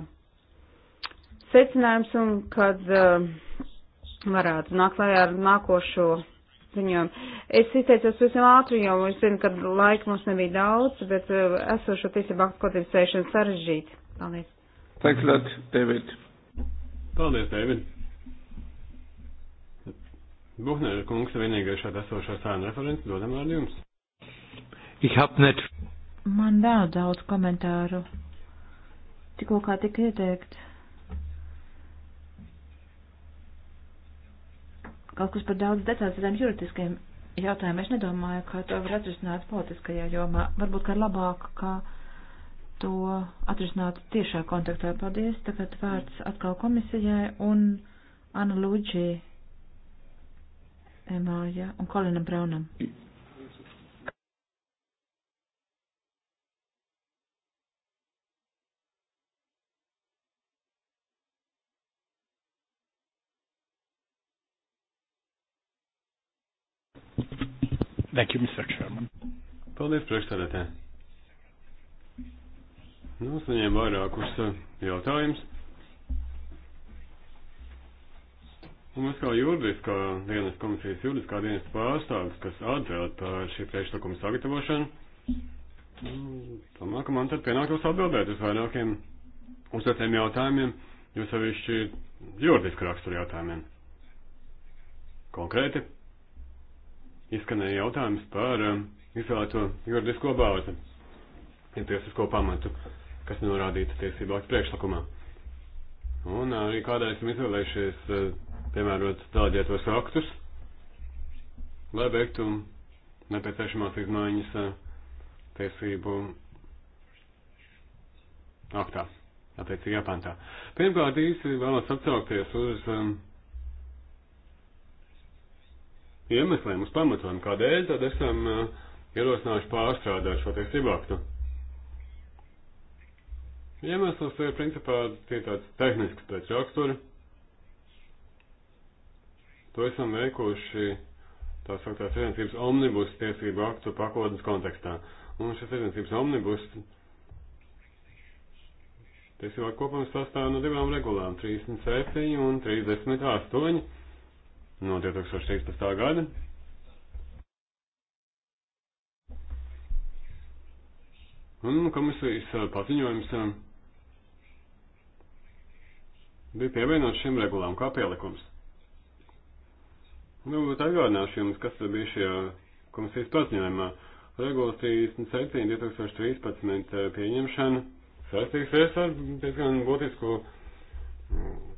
secinājums un kad uh, varētu nākt klajā ar nākošo ziņojumu. Es izteicos visam ātri, jo es zinu, ka laika mums nebija daudz, bet uh, esošo tiesību aktu kodificēšanu sarežģīti. Paldies. Thanks a lot, David. Paldies, David. Buhner kungs vienīgais šāda esošā sēna referents, dodam vārdu jums. Ich hab net. Man vēl daudz komentāru. Tikko kā tika ieteikt. Kaut kas par daudz detalizētiem juridiskiem jautājumiem. Es nedomāju, ka to var atrisināt politiskajā jomā. Varbūt, ka ir labāk, ka to atrisināt tiešā kontaktā. Paldies. Tagad vārds atkal komisijai un Anna Lūdžija Emāļa un Kolinam Braunam. Thank you, Mr. Chairman. Paldies, priekšstādātē. Nu, saņēmu vairākus uh, jautājumus. Un mēs kā juridiskā dienas komisijas, juridiskā dienas pārstāvis, kas atbild par šī priekšlikuma sagatavošanu, domāju, ka man tad pienākums atbildēt uz vairākiem uzdotiem jautājumiem, jo sevišķi juridiski raksturu jautājumiem. Konkrēti, izskanēja jautājums par um, izvēlēto juridisko bāzi, ja tiesisko pamatu, kas norādīta tiesībāk priekšlikumā. Un arī kādēļ esam izvēlējušies uh, piemērot tādētos aktus, lai veiktu nepieciešamās izmaiņas eh, tiesību aktā, attiecīgajā pantā. Pirmkārt, īsi vēlos atsaukties uz um, iemesliem, uz pamatojumu, kādēļ tad esam uh, ierosinājuši pārstrādāt šo tiesību aktu. Iemesls ir principā tie tāds tehnisks pēc rakstura. To esam veikuši tā sauktā tirdzniecības omnibus tiesību aktu pakotnes kontekstā. Un šis tirdzniecības omnibus tiesību aktu kopums sastāv no divām regulām - 37 un 38 no 2016. gada. Un komisijas paziņojums eh, bija pievienots šim regulām kā pielikums. Nu, atgādināšu jums, kas tad bija šajā komisijas paziņojumā. Regulas 37. 2013. pieņemšana saistīsies ar diezgan būtisku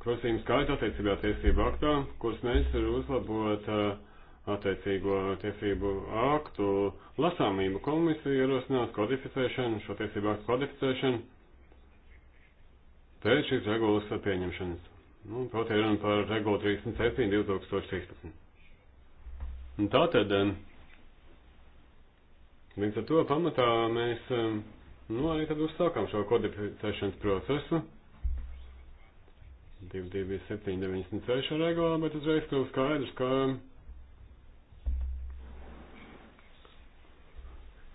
krosījumu mm, skaitu attiecībā tiesību aktā, kuras mēs ir uzlabot eh, attiecīgo tiesību aktu lasāmību komisiju ierosinās kodificēšanu, šo tiesību aktu kodificēšanu pēc šīs regulas pieņemšanas. Nu, proti, runa par regulu 37. 2013. Un tātad, eh, līdz ar to pamatā mēs, eh, nu, arī tad uzsākām šo kodificēšanas procesu. 22796 regulā, bet uzreiz kļūst skaidrs, ka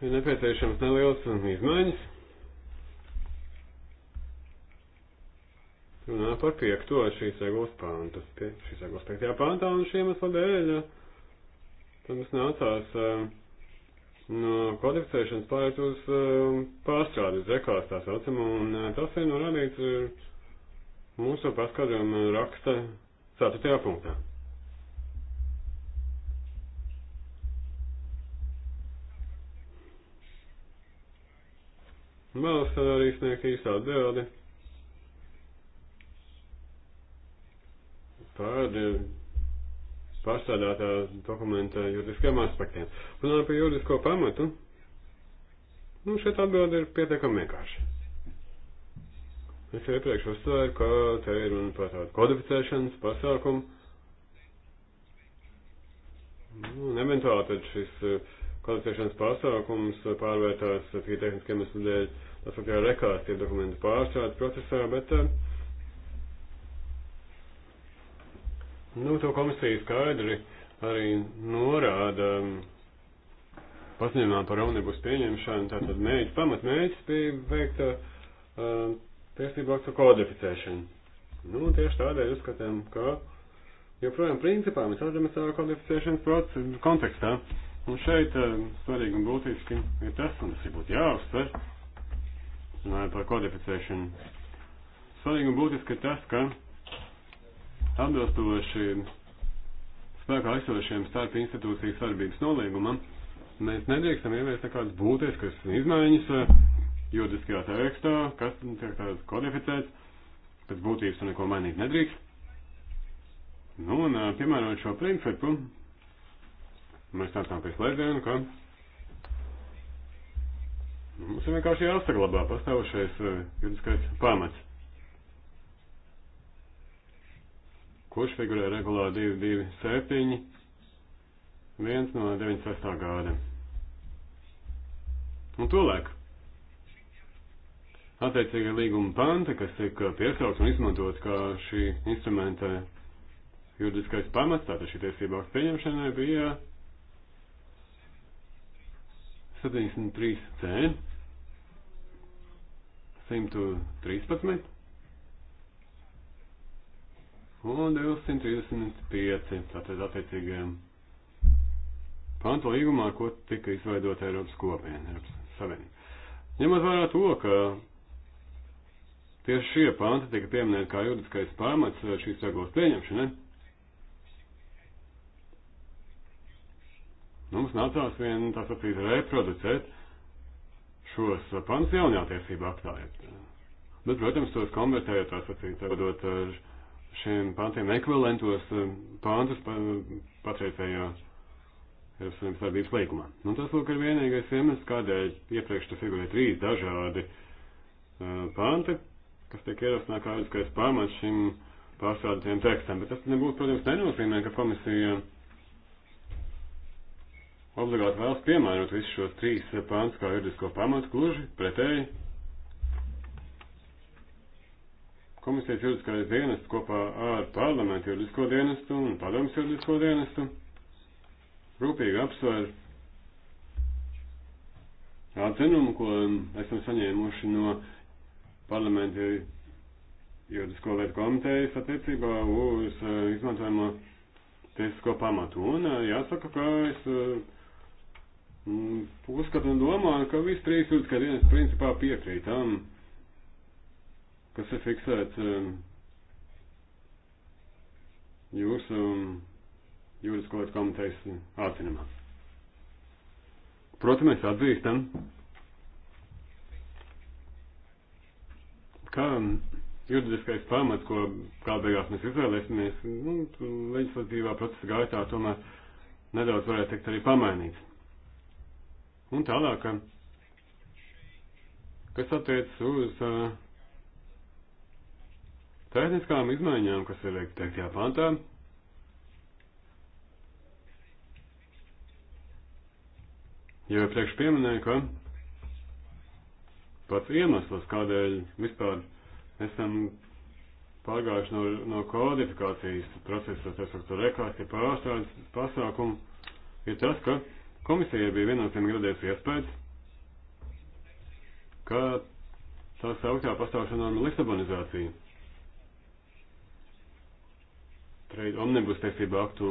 ir nepieciešams neliels izmaiņas. Runā par piekto šīs regulas pāntas, pie, šīs regulas piektajā pāntā un šiem esla dēļ tad mums nācās eh, no kodificēšanas pāriet uz eh, pārstrādi, uz rekās tā saucamu, un eh, tas ir norādīts mūsu paskatījuma raksta 4. punktā. Vēlas arī sniegt īsā atbildi. Pārdi pārstrādātā dokumenta juridiskiem aspektiem. Runājot par juridisko pamatu, nu, šeit atbildi ir pietiekami vienkārši. Es jau iepriekš uzsvēru, ka te ir runa par tādu kodificēšanas pasākumu. Nu, eventuāli tad šis eh, kvalificēšanas pasākums pārvērtās tikai tehniskiem iemesliem dēļ, tas ir kā rekās tie dokumentu pārstrādes procesā, bet uh, Nu, to komisija skaidri arī norāda um, paziņojumā par omnibus pieņemšanu, tātad mēģi, pamatmēģis bija veikt uh, um, tiesību aktu kodificēšanu. Nu, tieši tādēļ uzskatām, ka joprojām principā mēs atzīmēsim savu kodificēšanas procesu kontekstā. Un šeit uh, svarīgi un būtiski ir tas, un tas ir būtu jāuzsver, runājot par kodificēšanu. Svarīgi un būtiski ir tas, ka Atbilstoši spēkā aizsošiem starp institūcijas sadarbības nolīgumam, mēs nedrīkstam ieviest nekādas būtiskas izmaiņas eh, juridiskajā tekstā, kas tiek tāds kodificēts, pēc būtības tur neko mainīt nedrīkst. Nu, un, eh, piemērot šo principu, mēs nākam pie slēdzienu, ka nu, mums ir vienkārši jāsaglabā pastāvošais eh, juridiskais pamats. kurš figurē regulā 227, viens no 96. gada. Un to liek. Attiecīgi līguma panta, kas tika piesaukt un izmantot kā šī instrumenta juridiskais pamats, tātad šī tiesība aktu pieņemšanai bija 73C 113 un 235, tātad attiecīgajam pantu līgumā, ko tika izveidota Eiropas kopiena, Eiropas Savienība. Ņemot vērā to, ka tieši šie panti tika pieminēti kā juridiskais pamats eh, šīs regulas pieņemšanai, nu, mums nācās vien tā sacīt reproducēt šos pants jaunajā tiesību aktā. Bet, protams, tos konvertējot, tā sacīt, vadot uh, šiem pantiem ekvivalentos eh, pantus patreizējā Eiropas Savienības darbības līgumā. Nu, tas lūk ir vienīgais iemesls, kādēļ iepriekš tur figurē trīs dažādi uh, panti, kas tiek ierosināti kā juridiskais pamats šim pārstrādātiem tekstam. Bet tas nebūtu, protams, nenozīmē, ka komisija obligāti vēlas piemērot visus šos trīs eh, pantus kā juridisko pamatu, gluži pretēji Komisijas juridiskais dienests kopā ar parlamentu juridisko dienestu un padomjas juridisko dienestu rūpīgi apsver atzinumu, ko esam saņēmuši no parlamenta juridisko lietu komitejas attiecībā uz eh, izmantojamo tiesisko pamatu. Un eh, jāsaka, ka es eh, uzskatu un domāju, ka visi trīs juridiskā dienas principā piekrītam kas ir fiksēts um, jūsu um, jūras kolēģis komitejas ācinumā. Protams, mēs atzīstam, ka um, juridiskais pamats, ko kādreiz mēs izvēlēsimies, nu, leģislatīvā procesa gaitā tomēr nedaudz varētu tikt arī pamainīts. Un tālāk, kas attiecas uz uh, Teorētiskām izmaiņām, kas ir veikta teiktajā pantā, jau iepriekš pieminēju, ka pats iemesls, kādēļ vispār esam pārgājuši no, no kodifikācijas procesa, tas ir rekās, ir pārstrādes pasākumu, ir tas, ka komisijai bija vienotiem gradies iespējas, ka tā sauktā pastāvšanā no Lisabonizācija. trade omnibus tiesību aktu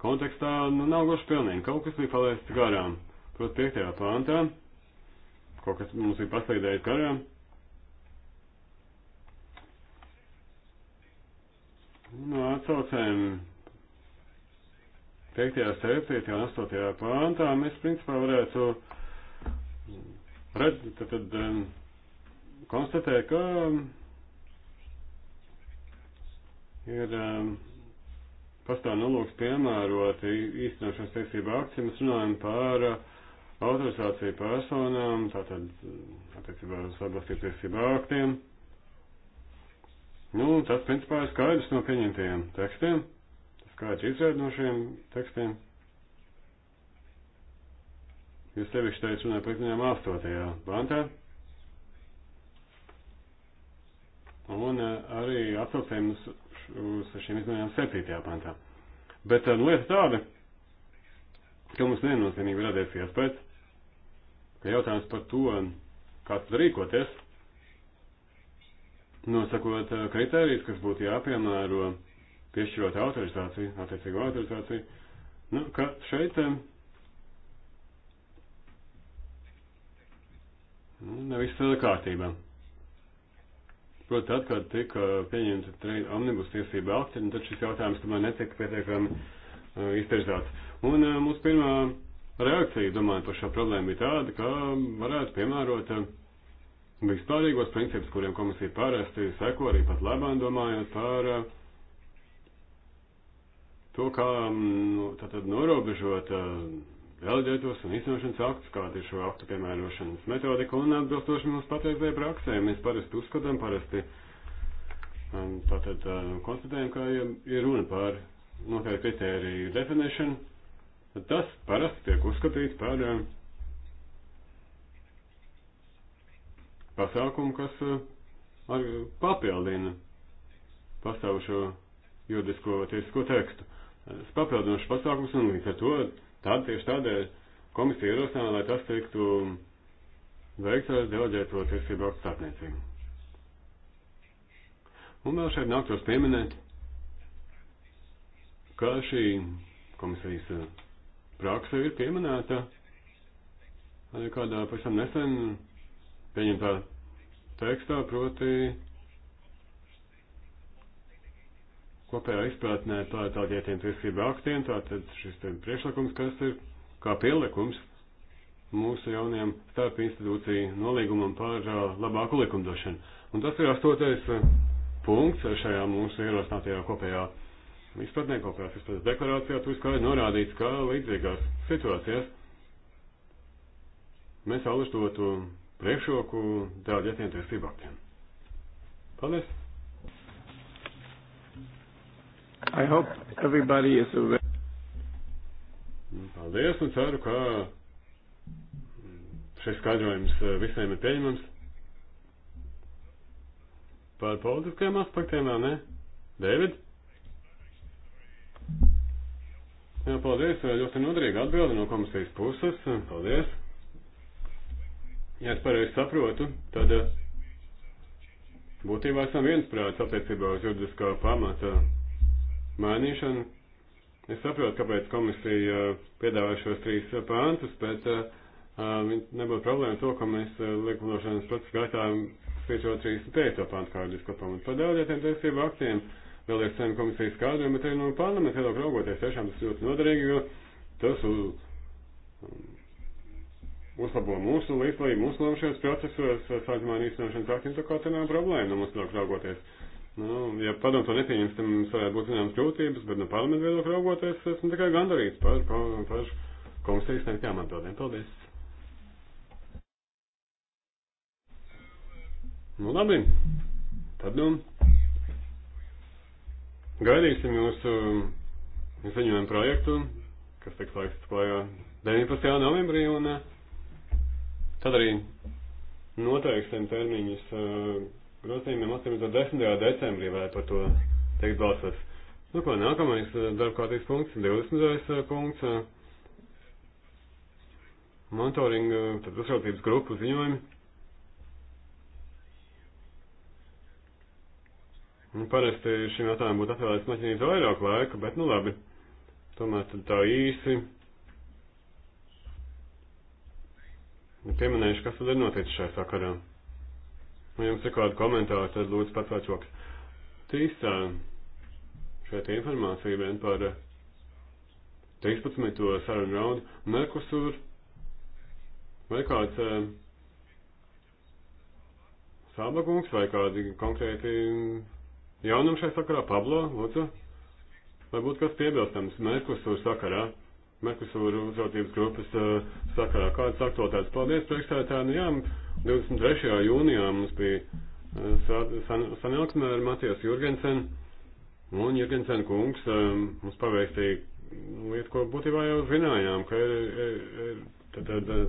kontekstā nu, nav gluži pilnīgi. Kaut kas bija palaists garām. Protams, piektajā pāntā kaut kas mums ir paslīdējis garām. No nu, atsaucēm 5., 7. un 8. pāntā mēs principā varētu redz, tad, tad, um, konstatēt, ka ir um, pastāv nolūks piemērot īstenošanas tiesību akciju, mēs runājam par uh, autorizāciju personām, tātad uh, attiecībā uz atbalstīt tiesību aktiem. Nu, tas principā ir skaidrs no pieņemtajiem tekstiem, skaidrs izrēd no šiem tekstiem. Jūs sevišķi teicu runāju par izmaiņām 8. pantā. Un uh, arī atsaucējums uz šīm izmaiņām 7. pantā. Bet eh, nu, lieta tāda, ka mums viennozīmīgi radies iespējas, ka jautājums par to, kā tad rīkoties, nosakot eh, kritērijas, kas būtu jāpiemēro, piešķirot autorizāciju, attiecīgo autorizāciju, nu, ka šeit eh, nu, nevis kārtībā. Proti, tad, kad tika pieņemta omnibus tiesība akti, tad šis jautājums tomēr netika pietiekami uh, eh, izterzāts. Un uh, mūsu pirmā reakcija, domājot par šo problēmu, bija tāda, ka varētu piemērot uh, vispārīgos principus, kuriem komisija pārēsti seko arī pat labāk domājot par uh, to, kā mm, nu, tātad norobežot uh, deleģētos un iznošanas aktus, kāda ir šo aktu piemērošanas metodika un atbilstoši mums patreizējai praksē. Mēs parasti uzskatām, parasti um, tātad uh, konstatējam, ka ir runa par noteikti kritēriju definēšanu. Tas parasti tiek uzskatīts par um, pasākumu, kas uh, ar, papildina pasaušo juridisko tiesisko tekstu. Es papildinošu pasākums un līdz ar to Tad tieši tādēļ komisija ierosināja, lai tas tiktu veikts ar deleģēto tiesību aktu starpniecību. Un vēl šeit nāktos pieminēt, ka šī komisijas eh, praksa ir pieminēta arī kādā pavisam nesen pieņemtā tekstā, proti kopējā izpratnē par tādiem tiesību aktiem, tātad šis priekšlikums, kas ir kā pielikums mūsu jaunajam starp institūciju nolīgumam par labāku likumdošanu. Un tas ir astotais punkts šajā mūsu ierosinātajā kopējā izpratnē, kopējās izpratnes deklarācijā, tur skaidri norādīts, ka līdzīgās situācijās mēs alus dotu priekšroku tādiem tiesību aktiem. Paldies! I hope everybody is aware. Nu, paldies un ceru, ka mm, šis skaidrojums eh, visiem ir pieņemams. Par politiskajiem aspektiem vēl ne? David? Jā, paldies. Eh, ļoti noderīga atbilde no komisijas puses. Eh, paldies. Ja es pareizi saprotu, tad būtībā esam viensprāts attiecībā uz juridiskā pamata mainīšanu. Es saprotu, kāpēc komisija uh, piedāvā šos trīs uh, pāntus, bet uh, uh nebūtu problēma to, ka mēs likumdošanas procesa gaitā spiežot 35. pāntu kādu izkopam. Par daudzietiem tiesību aktiem vēl ir sen komisijas kādiem, bet arī no parlamenta viedokļa raugoties tiešām tas ļoti noderīgi, jo tas um, uzlabo mūsu līdzlību, mūsu lēmušajos procesos, sākumā īstenošanas aktiem, tā kā te nav problēma no mūsu viedokļa raugoties. Nu, ja padomu to nepieņems, tam varētu būt zināmas grūtības, bet no parlamenta viedokļa raugoties, esmu tikai gandarīts par, par, par komisijas sniegtām atbildēm. Paldies! Nu, labi. Tad, nu, gaidīsim jūsu ziņojumu projektu, kas tiks laiks klājā 19. novembrī, un eh, tad arī noteiksim termiņus. Uh, grozījumiem 18. decembrī vai par to teikt balsos. Nu, ko nākamais eh, darbkārtīgs punkts, 20. Eh, punkts, eh, monitoringa, tad uzraudzības grupu ziņojumi. Un nu, parasti šim jautājumam būtu atvēlēts maķinīt vairāk laika, bet nu labi. Tomēr tad tā īsi. Pieminējuši, kas tad ir noticis šajā sakarā. Un nu, jums ir kādi komentāri, tad lūdzu pats vāčoks. Tīsā šeit informācija vien par 13. sarunu raudu Merkusur. Vai kāds sābagungs vai kādi konkrēti jaunumi šai sakarā? Pablo, lūdzu. Vai būtu kas piebilstams Merkusur sakarā? Merkusur uzraudzības grupas sakarā. Kādas aktualitātes? Paldies, priekšstādātāji. Nu, jā, 23. jūnijā mums bija eh, sanāksme ar Matijas Jurgensen, un Jurgensen kungs eh, mums paveiktīja lietu, ko būtībā jau zinājām, ka ir, ir, ir tad, tad eh,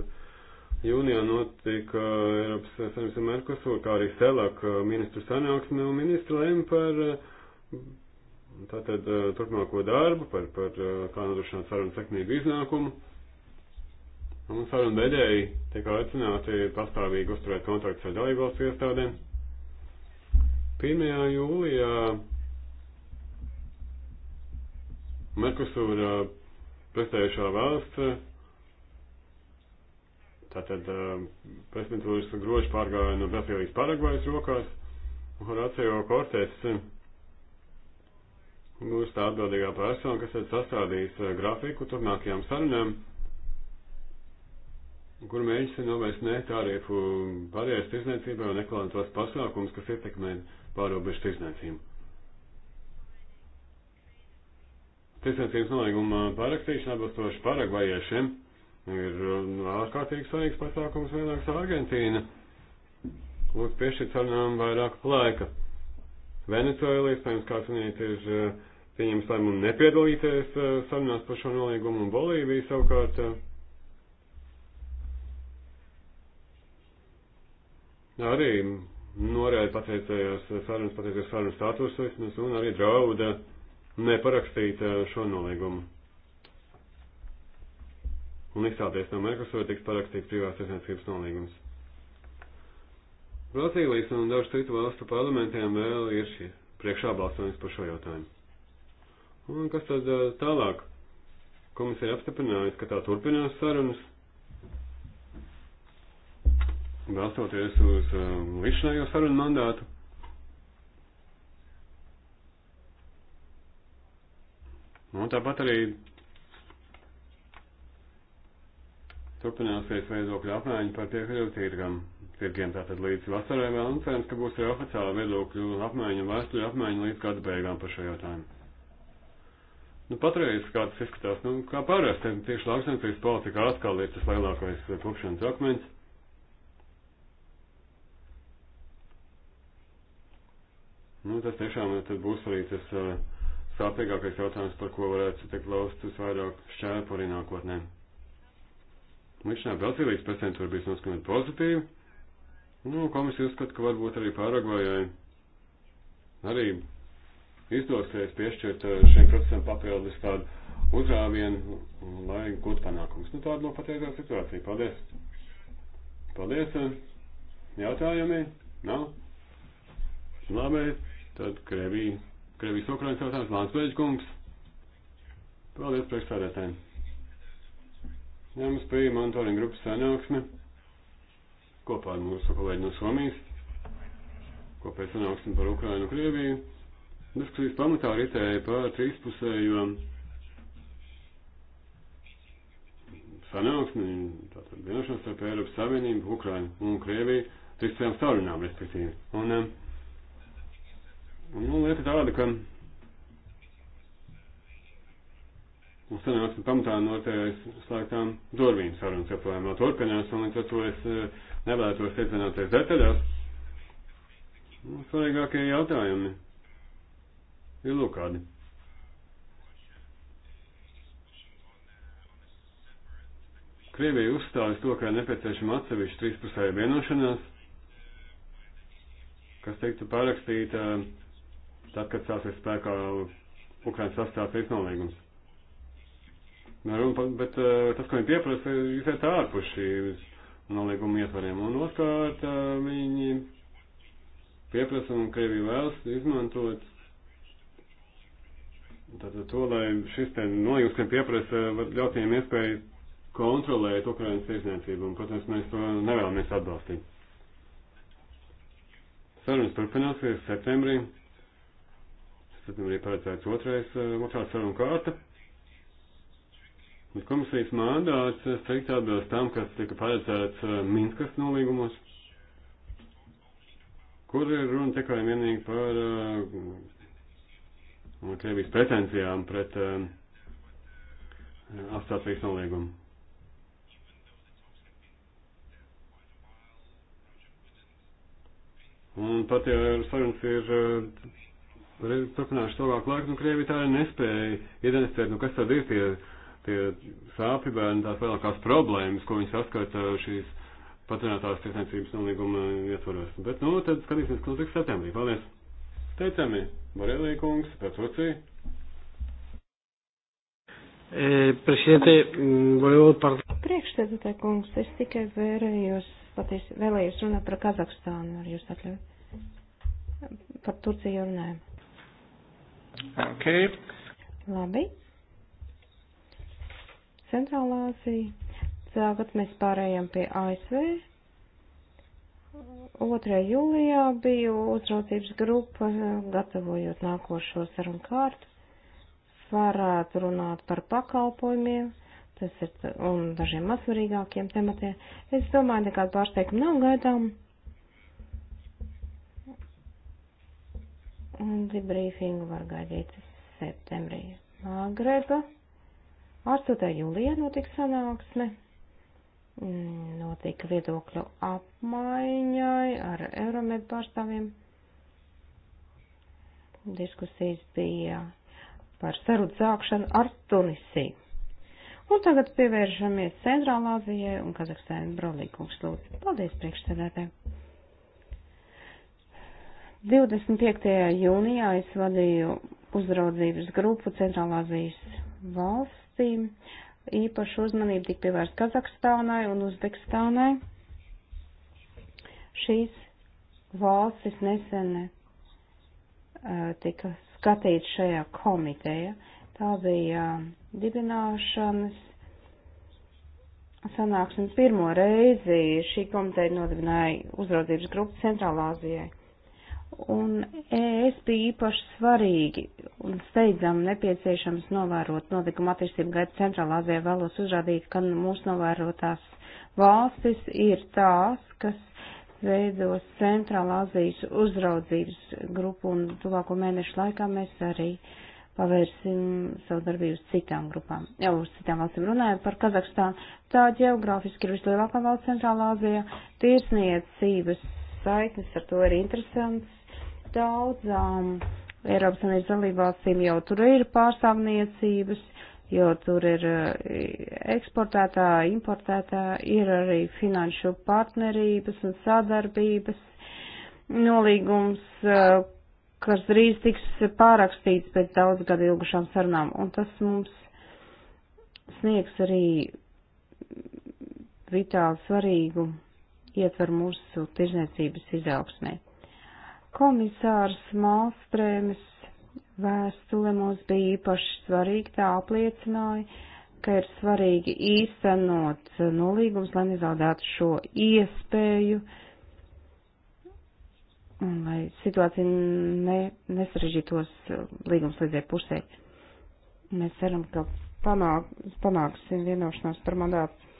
jūnijā notika Eiropas Savienības un Merkusur, kā arī Selak ministru sanāksme, un ministri lēma par tātad turpmāko darbu, par, par kā nodrošināt sarunu sekmīgu iznākumu. Un sarunu vedēji tiek aicināti pastāvīgi uzturēt kontaktus ar dalībvalstu iestādēm. 1. jūlijā Merkusūra prezidējušā valsts, tātad um, prezidentūras groži pārgāja no Brazīlijas Paragvajas rokās, un Horacio Cortes būs tā atbildīgā persona, kas ir sastādījis uh, grafiku turpmākajām sarunām kur mēģina novērst netāriefu pārējais tirzniecībai un ekoloģiskos pasākums, kas ietekmē pārobežu tirzniecību. Tirzniecības nolīguma pārakstīšana atbilstoši paragvajiešiem ir nu, ārkārtīgi svarīgs pasākums vienāks Argentīna. Lūdzu, piešķirt sarunām vairāk laika. Venecuēlā iespējams kāds viņiet ir eh, pieņems lēmumu nepiedalīties eh, sarunās par šo nolīgumu un Bolīvija savukārt. Uh, arī norēda pateicējās sarunas, pateicējās sarunas status vismaz, un arī drauda neparakstīt eh, šo nolīgumu. Un izstāties no Merkusura tiks parakstīts privās tiesniecības nolīgums. Brazīlijas un dažu citu valstu parlamentiem vēl ir šie priekšā balsojums par šo jautājumu. Un kas tad eh, tālāk? Komisija apstiprinājusi, ka tā turpinās sarunas balstoties uz um, līdzinājo sarunu mandātu. Un tāpat arī turpināsies viedokļu apmaiņa par piekļuvu tirgam. Tirgiem tātad līdz vasarai vēl un cerams, ka būs arī oficiāla viedokļu apmaiņa un vēstuļu apmaiņa līdz gada beigām par šo jautājumu. Nu, patreiz, kā tas izskatās, nu, kā parasti, tieši lauksaimniecības politika atkal ir tas lielākais kopšanas dokuments. Nu, tas tiešām eh, būs arī tas uh, sāpīgākais jautājums, par ko varētu tikt laustas vairāk šķērpu arī nākotnē. Līdzinājā Brazīlijas prezidentūra bija noskaņot pozitīvi. Nu, komisija uzskata, ka varbūt arī Paragvajai arī izdosies piešķirt eh, šiem procesam papildus tādu uzrāvienu, lai gūtu panākumus. Nu, tāda lūk pateicā situācija. Paldies! Paldies! Jautājumi? Nav? Labi! Tad Krievija, Krievijas Ukrainas jautājums, Lānsbeģis kungs. Paldies priekšsādētājiem. Jā, mums bija monitoringa grupas sanāksme kopā ar mūsu kolēģi no Somijas. Kopēja sanāksme par Ukrainu Krieviju. Diskusijas pamatā ritēja par trīspusējo sanāksmi, tātad vienošanos starp Eiropas Savienību, Ukrainu un Krieviju trīspusējām sarunām, respektīvi. Un, um, Nu, lieta tāda, ka Un sanāksim pamatā no tevis slēgtām durvīm sarunas joprojām vēl turpinās, un līdz ar to es eh, nevēlētos iedzināties detaļās. Nu, svarīgākie jautājumi ir lūk kādi. Krievija uzstājas to, ka ir nepieciešama atsevišķa trīspusēja vienošanās, kas teiktu parakstīta uh, tad, kad sāksies spēkā Ukrainas asociācijas nolīgums. Runa, bet eh, tas, ko viņi pieprasa, ir iziet ārpus šīs nolīguma ietvariem. Un otrkārt, eh, viņi pieprasa un Krievija vēlas izmantot tātad to, lai šis te nolīgums, ko pieprasa, ļaut viņiem iespēju kontrolēt Ukrainas tirsniecību. Un, protams, mēs to nevēlamies atbalstīt. Sarunas turpināsies septembrī septembrī paredzēts otrais, eh, otrā saruna kārta. Bet komisijas mandāts eh, strikt atbilst tam, kas tika paredzēts eh, Minskas nolīgumos, kur ir runa tikai vienīgi par uh, Krievijas pretensijām pret uh, asociācijas nolīgumu. Un pat ja sarunas ir uh, turpināšu tālāk laiku, nu, Krievija tā arī nespēja identificēt, nu, kas tad ir tie, tie sāpju bērni, tās lielākās problēmas, ko viņi saskata šīs paturinātās tiesniecības nolīguma ietvaros. Bet, nu, tad skatīsimies, kas notiks septembrī. Paldies! Teicami, Borelī kungs, pēc Rucija. E, mm, Priekšsēdētāji kungs, es tikai vērējos, patiesi vēlējos runāt par Kazahstānu, ar jūs atļaut. Par Turciju runājumu. Ok. Labi. Centrālā Āzija. Tagad mēs pārējām pie ASV. 2. jūlijā bija uzraudzības grupa, gatavojot nākošo sarunu kārtu. Varētu runāt par pakalpojumiem, tas ir un dažiem mazsvarīgākiem tematiem. Es domāju, nekāda pārsteiguma nav gaidām. Un debriefingu var gaidīt septembrī. Magreba 8. jūlijā notika sanāksme. Notika viedokļu apmaiņai ar Euromed pārstāvjiem. Diskusijas bija par sarunu sākšanu ar Tunisiju. Un tagad pievēršamies Centrālā Azijai un Kazahstānai Brolīkungs lūdzu. Paldies priekšsēdētājai! 25. jūnijā es vadīju uzraudzības grupu Centrālāzijas valstīm. Īpašu uzmanību tika pievērsta Kazahstānai un Uzbekistānai. Šīs valstis nesen tika skatīts šajā komiteja. Tā bija dibināšanas sanāksme pirmo reizi. Šī komiteja nodibināja uzraudzības grupu Centrālāzijai un ES bija īpaši svarīgi un steidzam nepieciešams novērot notikuma attīstību gaidu Centrālā Azijā. Vēlos uzrādīt, ka mūsu novērotās valstis ir tās, kas veidos Centrālā Azijas uzraudzības grupu un tuvāko mēnešu laikā mēs arī pavērsim savu darbību uz citām grupām. Jau uz citām valstīm runājot par Kazahstānu, tā ģeogrāfiski ir vislielākā valsts Centrālā Azijā, tirsniecības saiknes ar to ir interesants Daudzām Eiropas Savienības dalībvalstīm jau tur ir pārstāvniecības, jo tur ir eh, eksportētā, importētā, ir arī finanšu partnerības un sadarbības nolīgums, eh, kas drīz tiks pārakstīts pēc daudz gadu ilgušām sarunām, un tas mums sniegs arī vitāli svarīgu ietver mūsu tirzniecības izaugsmē. Komisārs Malstrēmis vēstule mums bija īpaši svarīga, tā apliecināja, ka ir svarīgi īstenot nolīgums, lai nezaudētu šo iespēju un lai situācija ne, nesarežģītos līgums līdzēju pusē. Mēs ceram, ka panāk, panāksim vienošanos par mandātu.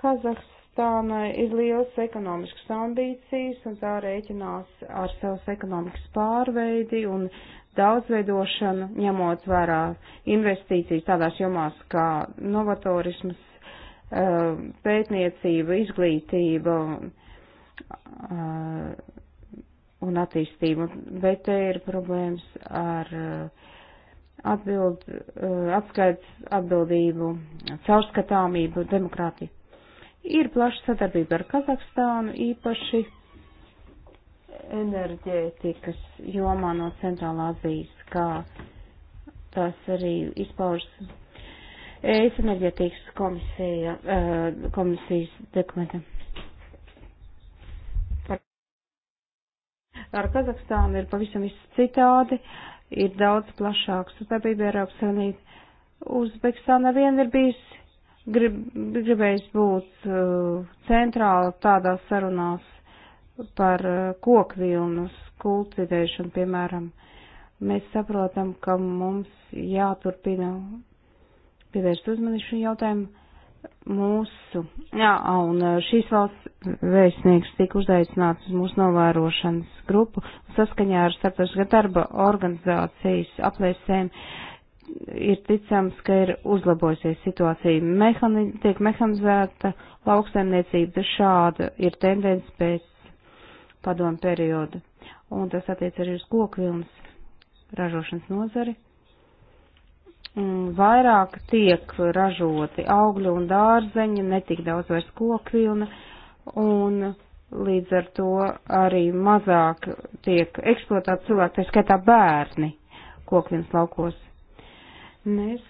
Kazahs Kazahstānai ir liels ekonomisks ambīcijas, un tā rēķinās ar savas ekonomikas pārveidi un daudzveidošanu, ņemot vērā investīcijas tādās jomās kā novatorisms, eh, pētniecība, izglītība eh, un attīstība, bet te ir problēmas ar eh, atbild, atskaits atbildību, caurskatāmību, demokrātiju. Ir plaša sadarbība ar Kazahstānu, īpaši enerģētikas jomā no Centrālā Azijas, kā tas arī izpaužas ES enerģētikas komisija, eh, komisijas dokumentam. Ar Kazahstānu ir pavisam citādi, ir daudz plašāks sadarbība Eiropas Savienība. Uzbekistāna vien ir bijusi grib, gribējis būt uh, centrāli tādās sarunās par uh, kokvilnas kultivēšanu, piemēram. Mēs saprotam, ka mums jāturpina pievērst uzmanību šim jautājumam mūsu, jā, un uh, šīs valsts vēstnieks tika uzaicināts uz mūsu novērošanas grupu saskaņā ar starptautiskā darba organizācijas aplēsēm. Uh, ir ticams, ka ir uzlabojusies situācija. Mehani, tiek mehanizēta lauksaimniecība šāda ir tendence pēc padomu perioda. Un tas attiec arī uz kokvilnas ražošanas nozari. Mm, vairāk tiek ražoti augļu un dārzeņi, netik daudz vairs kokvilna, un līdz ar to arī mazāk tiek eksploatēti cilvēki, tā skaitā bērni kokvilnas laukos Mēs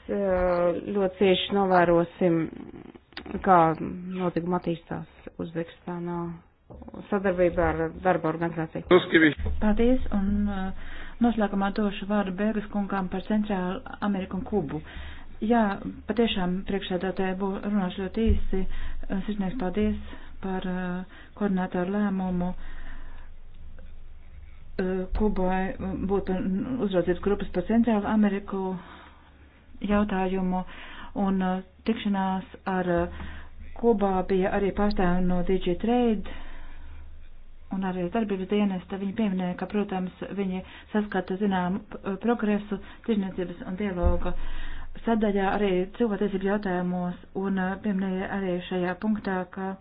ļoti cieši novērosim, kā notikuma attīstās Uzbekistānā sadarbībā ar darba organizāciju. Uzskivīšu. Paldies, un noslēgumā došu vārdu Bēgas kungām par Centrālu Ameriku un Kubu. Jā, patiešām priekšsēdētāji būs runāšu ļoti īsi. Sirsnieks paldies par koordinātoru lēmumu. Kubai būtu uzraudzības grupas par Centrālu Ameriku jautājumu, un uh, tikšanās ar uh, Kubā bija arī pārstāvi no DigiTrade un arī darbības dienesta. Viņi pieminēja, ka, protams, viņi saskata zinām uh, progresu tirzniecības un dialoga sadaļā arī cilvēktiesību jautājumos, un pieminēja arī šajā punktā, ka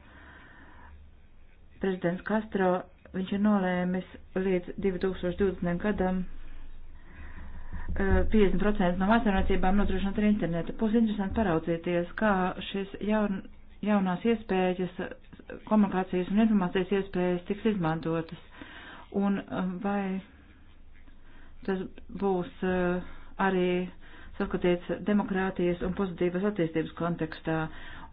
prezidents Castro, viņš ir nolēmis līdz 2020. gadam 50% eh, no mazsaimniecībām nodrošināt ar internetu. Būs interesanti paraudzīties, kā šis jaun, jaunās iespējas, komunikācijas un informācijas iespējas tiks izmantotas. Un eh, vai tas būs eh, arī saskatīts demokrātijas un pozitīvas attīstības kontekstā,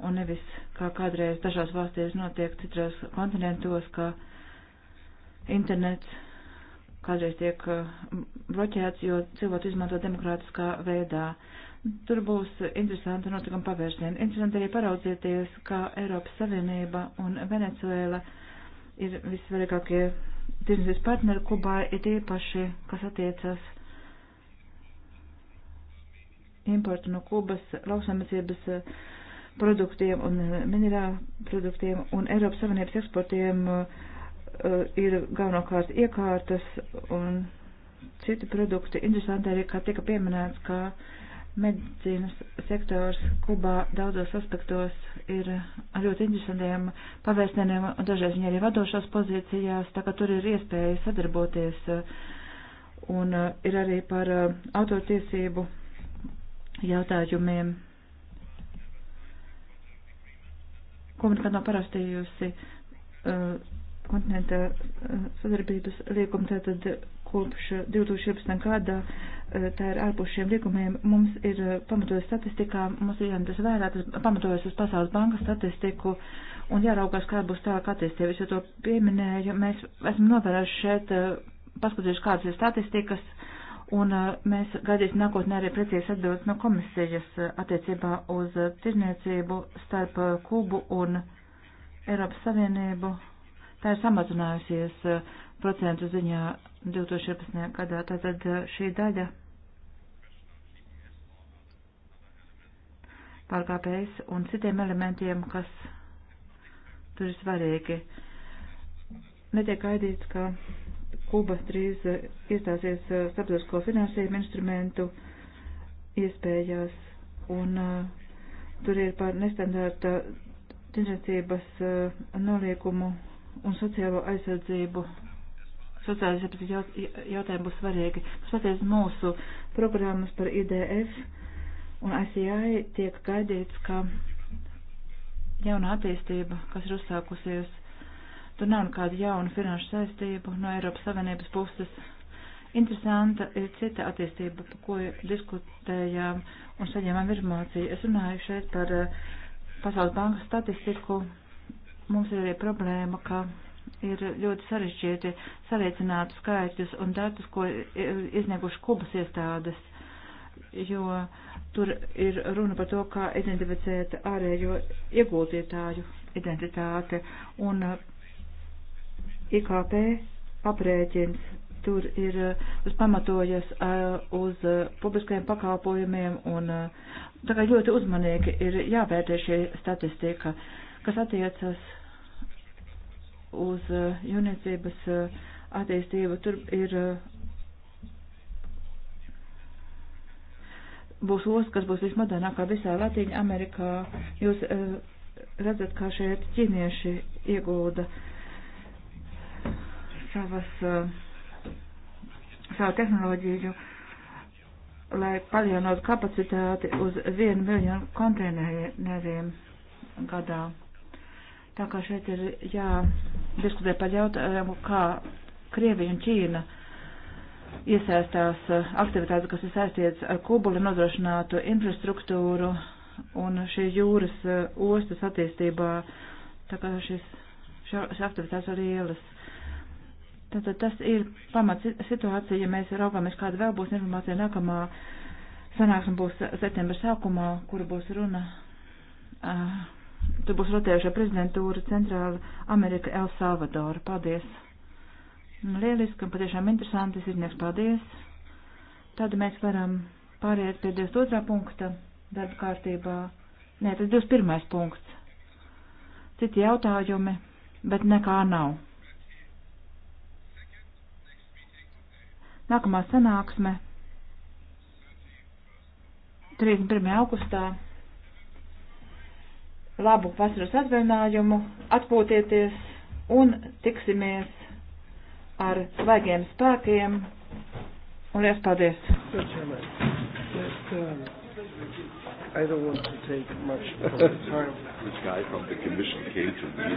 un nevis kā kādreiz dažās valstīs notiek citās kontinentos, ka internets kādreiz tiek bloķēts, jo cilvēki izmanto demokrātiskā veidā. Tur būs interesanti notikuma pavērsieni. Interesanti arī paraudzieties, kā Eiropas Savienība un Venecuēla ir vissvarīgākie tirdzniecības partneri Kubā, ir īpaši, kas attiecas importu no Kubas, lauksamniecības eh, produktiem un eh, minerālu produktiem un Eiropas Savienības eksportiem uh, Eh, ir galvenokārt iekārtas un citi produkti. Interesanti arī, kā tika pieminēts, ka medicīnas sektors Kubā daudzos aspektos ir ar ļoti interesantiem pavērstieniem un dažreiz viņi arī vadošās pozīcijās, tā ka tur ir iespēja sadarboties eh, un eh, ir arī par autortiesību jautājumiem. Komunikāta nav parastījusi uh, kontinenta eh, sadarbības līguma, tātad kopš 2011. gada eh, tā ir ārpus šiem līgumiem. Mums ir eh, pamatojas statistikā, mums ir jāņem tas vērā, tas pamatojas uz Pasaules bankas statistiku un jāraugās, kā būs tālāk attīstība. Es jau to pieminēju, mēs esam novērojuši šeit, paskatījuši, kādas ir statistikas, un mēs gaidīsim nākotnē arī precīzi atbildes no komisijas attiecībā uz tirniecību starp Kubu un Eiropas Savienību. Tā ir samazinājusies uh, procentu ziņā 2014. gadā. Tātad uh, šī daļa pārkāpējas un citiem elementiem, kas tur ir svarīgi. Netiek gaidīts, ka Kuba drīz uh, iestāsies starptautisko finansējumu instrumentu iespējās, un uh, tur ir par nestandarta tirdzniecības uh, noliekumu un sociālo aizsardzību. Sociālais aizsardzības jautājumi būs svarīgi. Tas pateic mūsu programmas par IDF un ICI tiek gaidīts, ka jauna attīstība, kas ir uzsākusies, tur nav nekāda jauna finanšu saistība no Eiropas Savienības puses. Interesanta ir cita attīstība, par ko diskutējām un saņēmām informāciju. Es runāju šeit par eh, Pasaules bankas statistiku Mums ir arī problēma, ka ir ļoti sarežģīti sareicināt skaitļus un datus, ko iznieguši Kubas iestādes, jo tur ir runa par to, kā identificēt ārējo ieguldītāju identitāti un uh, IKP aprēķins. Tur ir, tas uh, pamatojas uh, uz publiskajiem pakalpojumiem un tā kā ļoti uzmanīgi ir jāvērtē šī statistika, kas attiecas uz uh, jūniecības uh, attīstību. Tur ir uh, būs osta, kas būs vismodernākā visā Latīņa Amerikā. Jūs redzat, kā šeit ķīnieši iegūda savas, savu tehnoloģiju, lai palielinātu kapacitāti uz vienu miljonu konteineriem gadā. Tā kā šeit ir jā. Ja, diskutē par jautājumu, kā Krievija un Ķīna iesaistās eh, aktivitātes, kas ir saistītas ar Kubu, lai nodrošinātu infrastruktūru un šī jūras eh, ostas attīstībā. Tā kā šis, šis aktivitātes arī ielas. Tātad tas ir pamats situācija, ja mēs raugāmies, kāda vēl būs informācija nākamā sanāksme būs septembra sākumā, kura būs runa. Uh, Tur būs rotējuša prezidentūra Centrāla Amerika El Salvadora. Paldies! Nu, lieliski un patiešām interesanti, Sidnieks, paldies! Tad mēs varam pāriet pie 22. punkta darba kārtībā. Nē, tas 21. punkts. Citi jautājumi, bet nekā nav. Nākamā sanāksme 31. augustā labu vasaras atvaļinājumu, atpūtieties un tiksimies ar svaigiem spēkiem. Un liels paldies! I don't want to take much of the time. This guy from the commission came to me.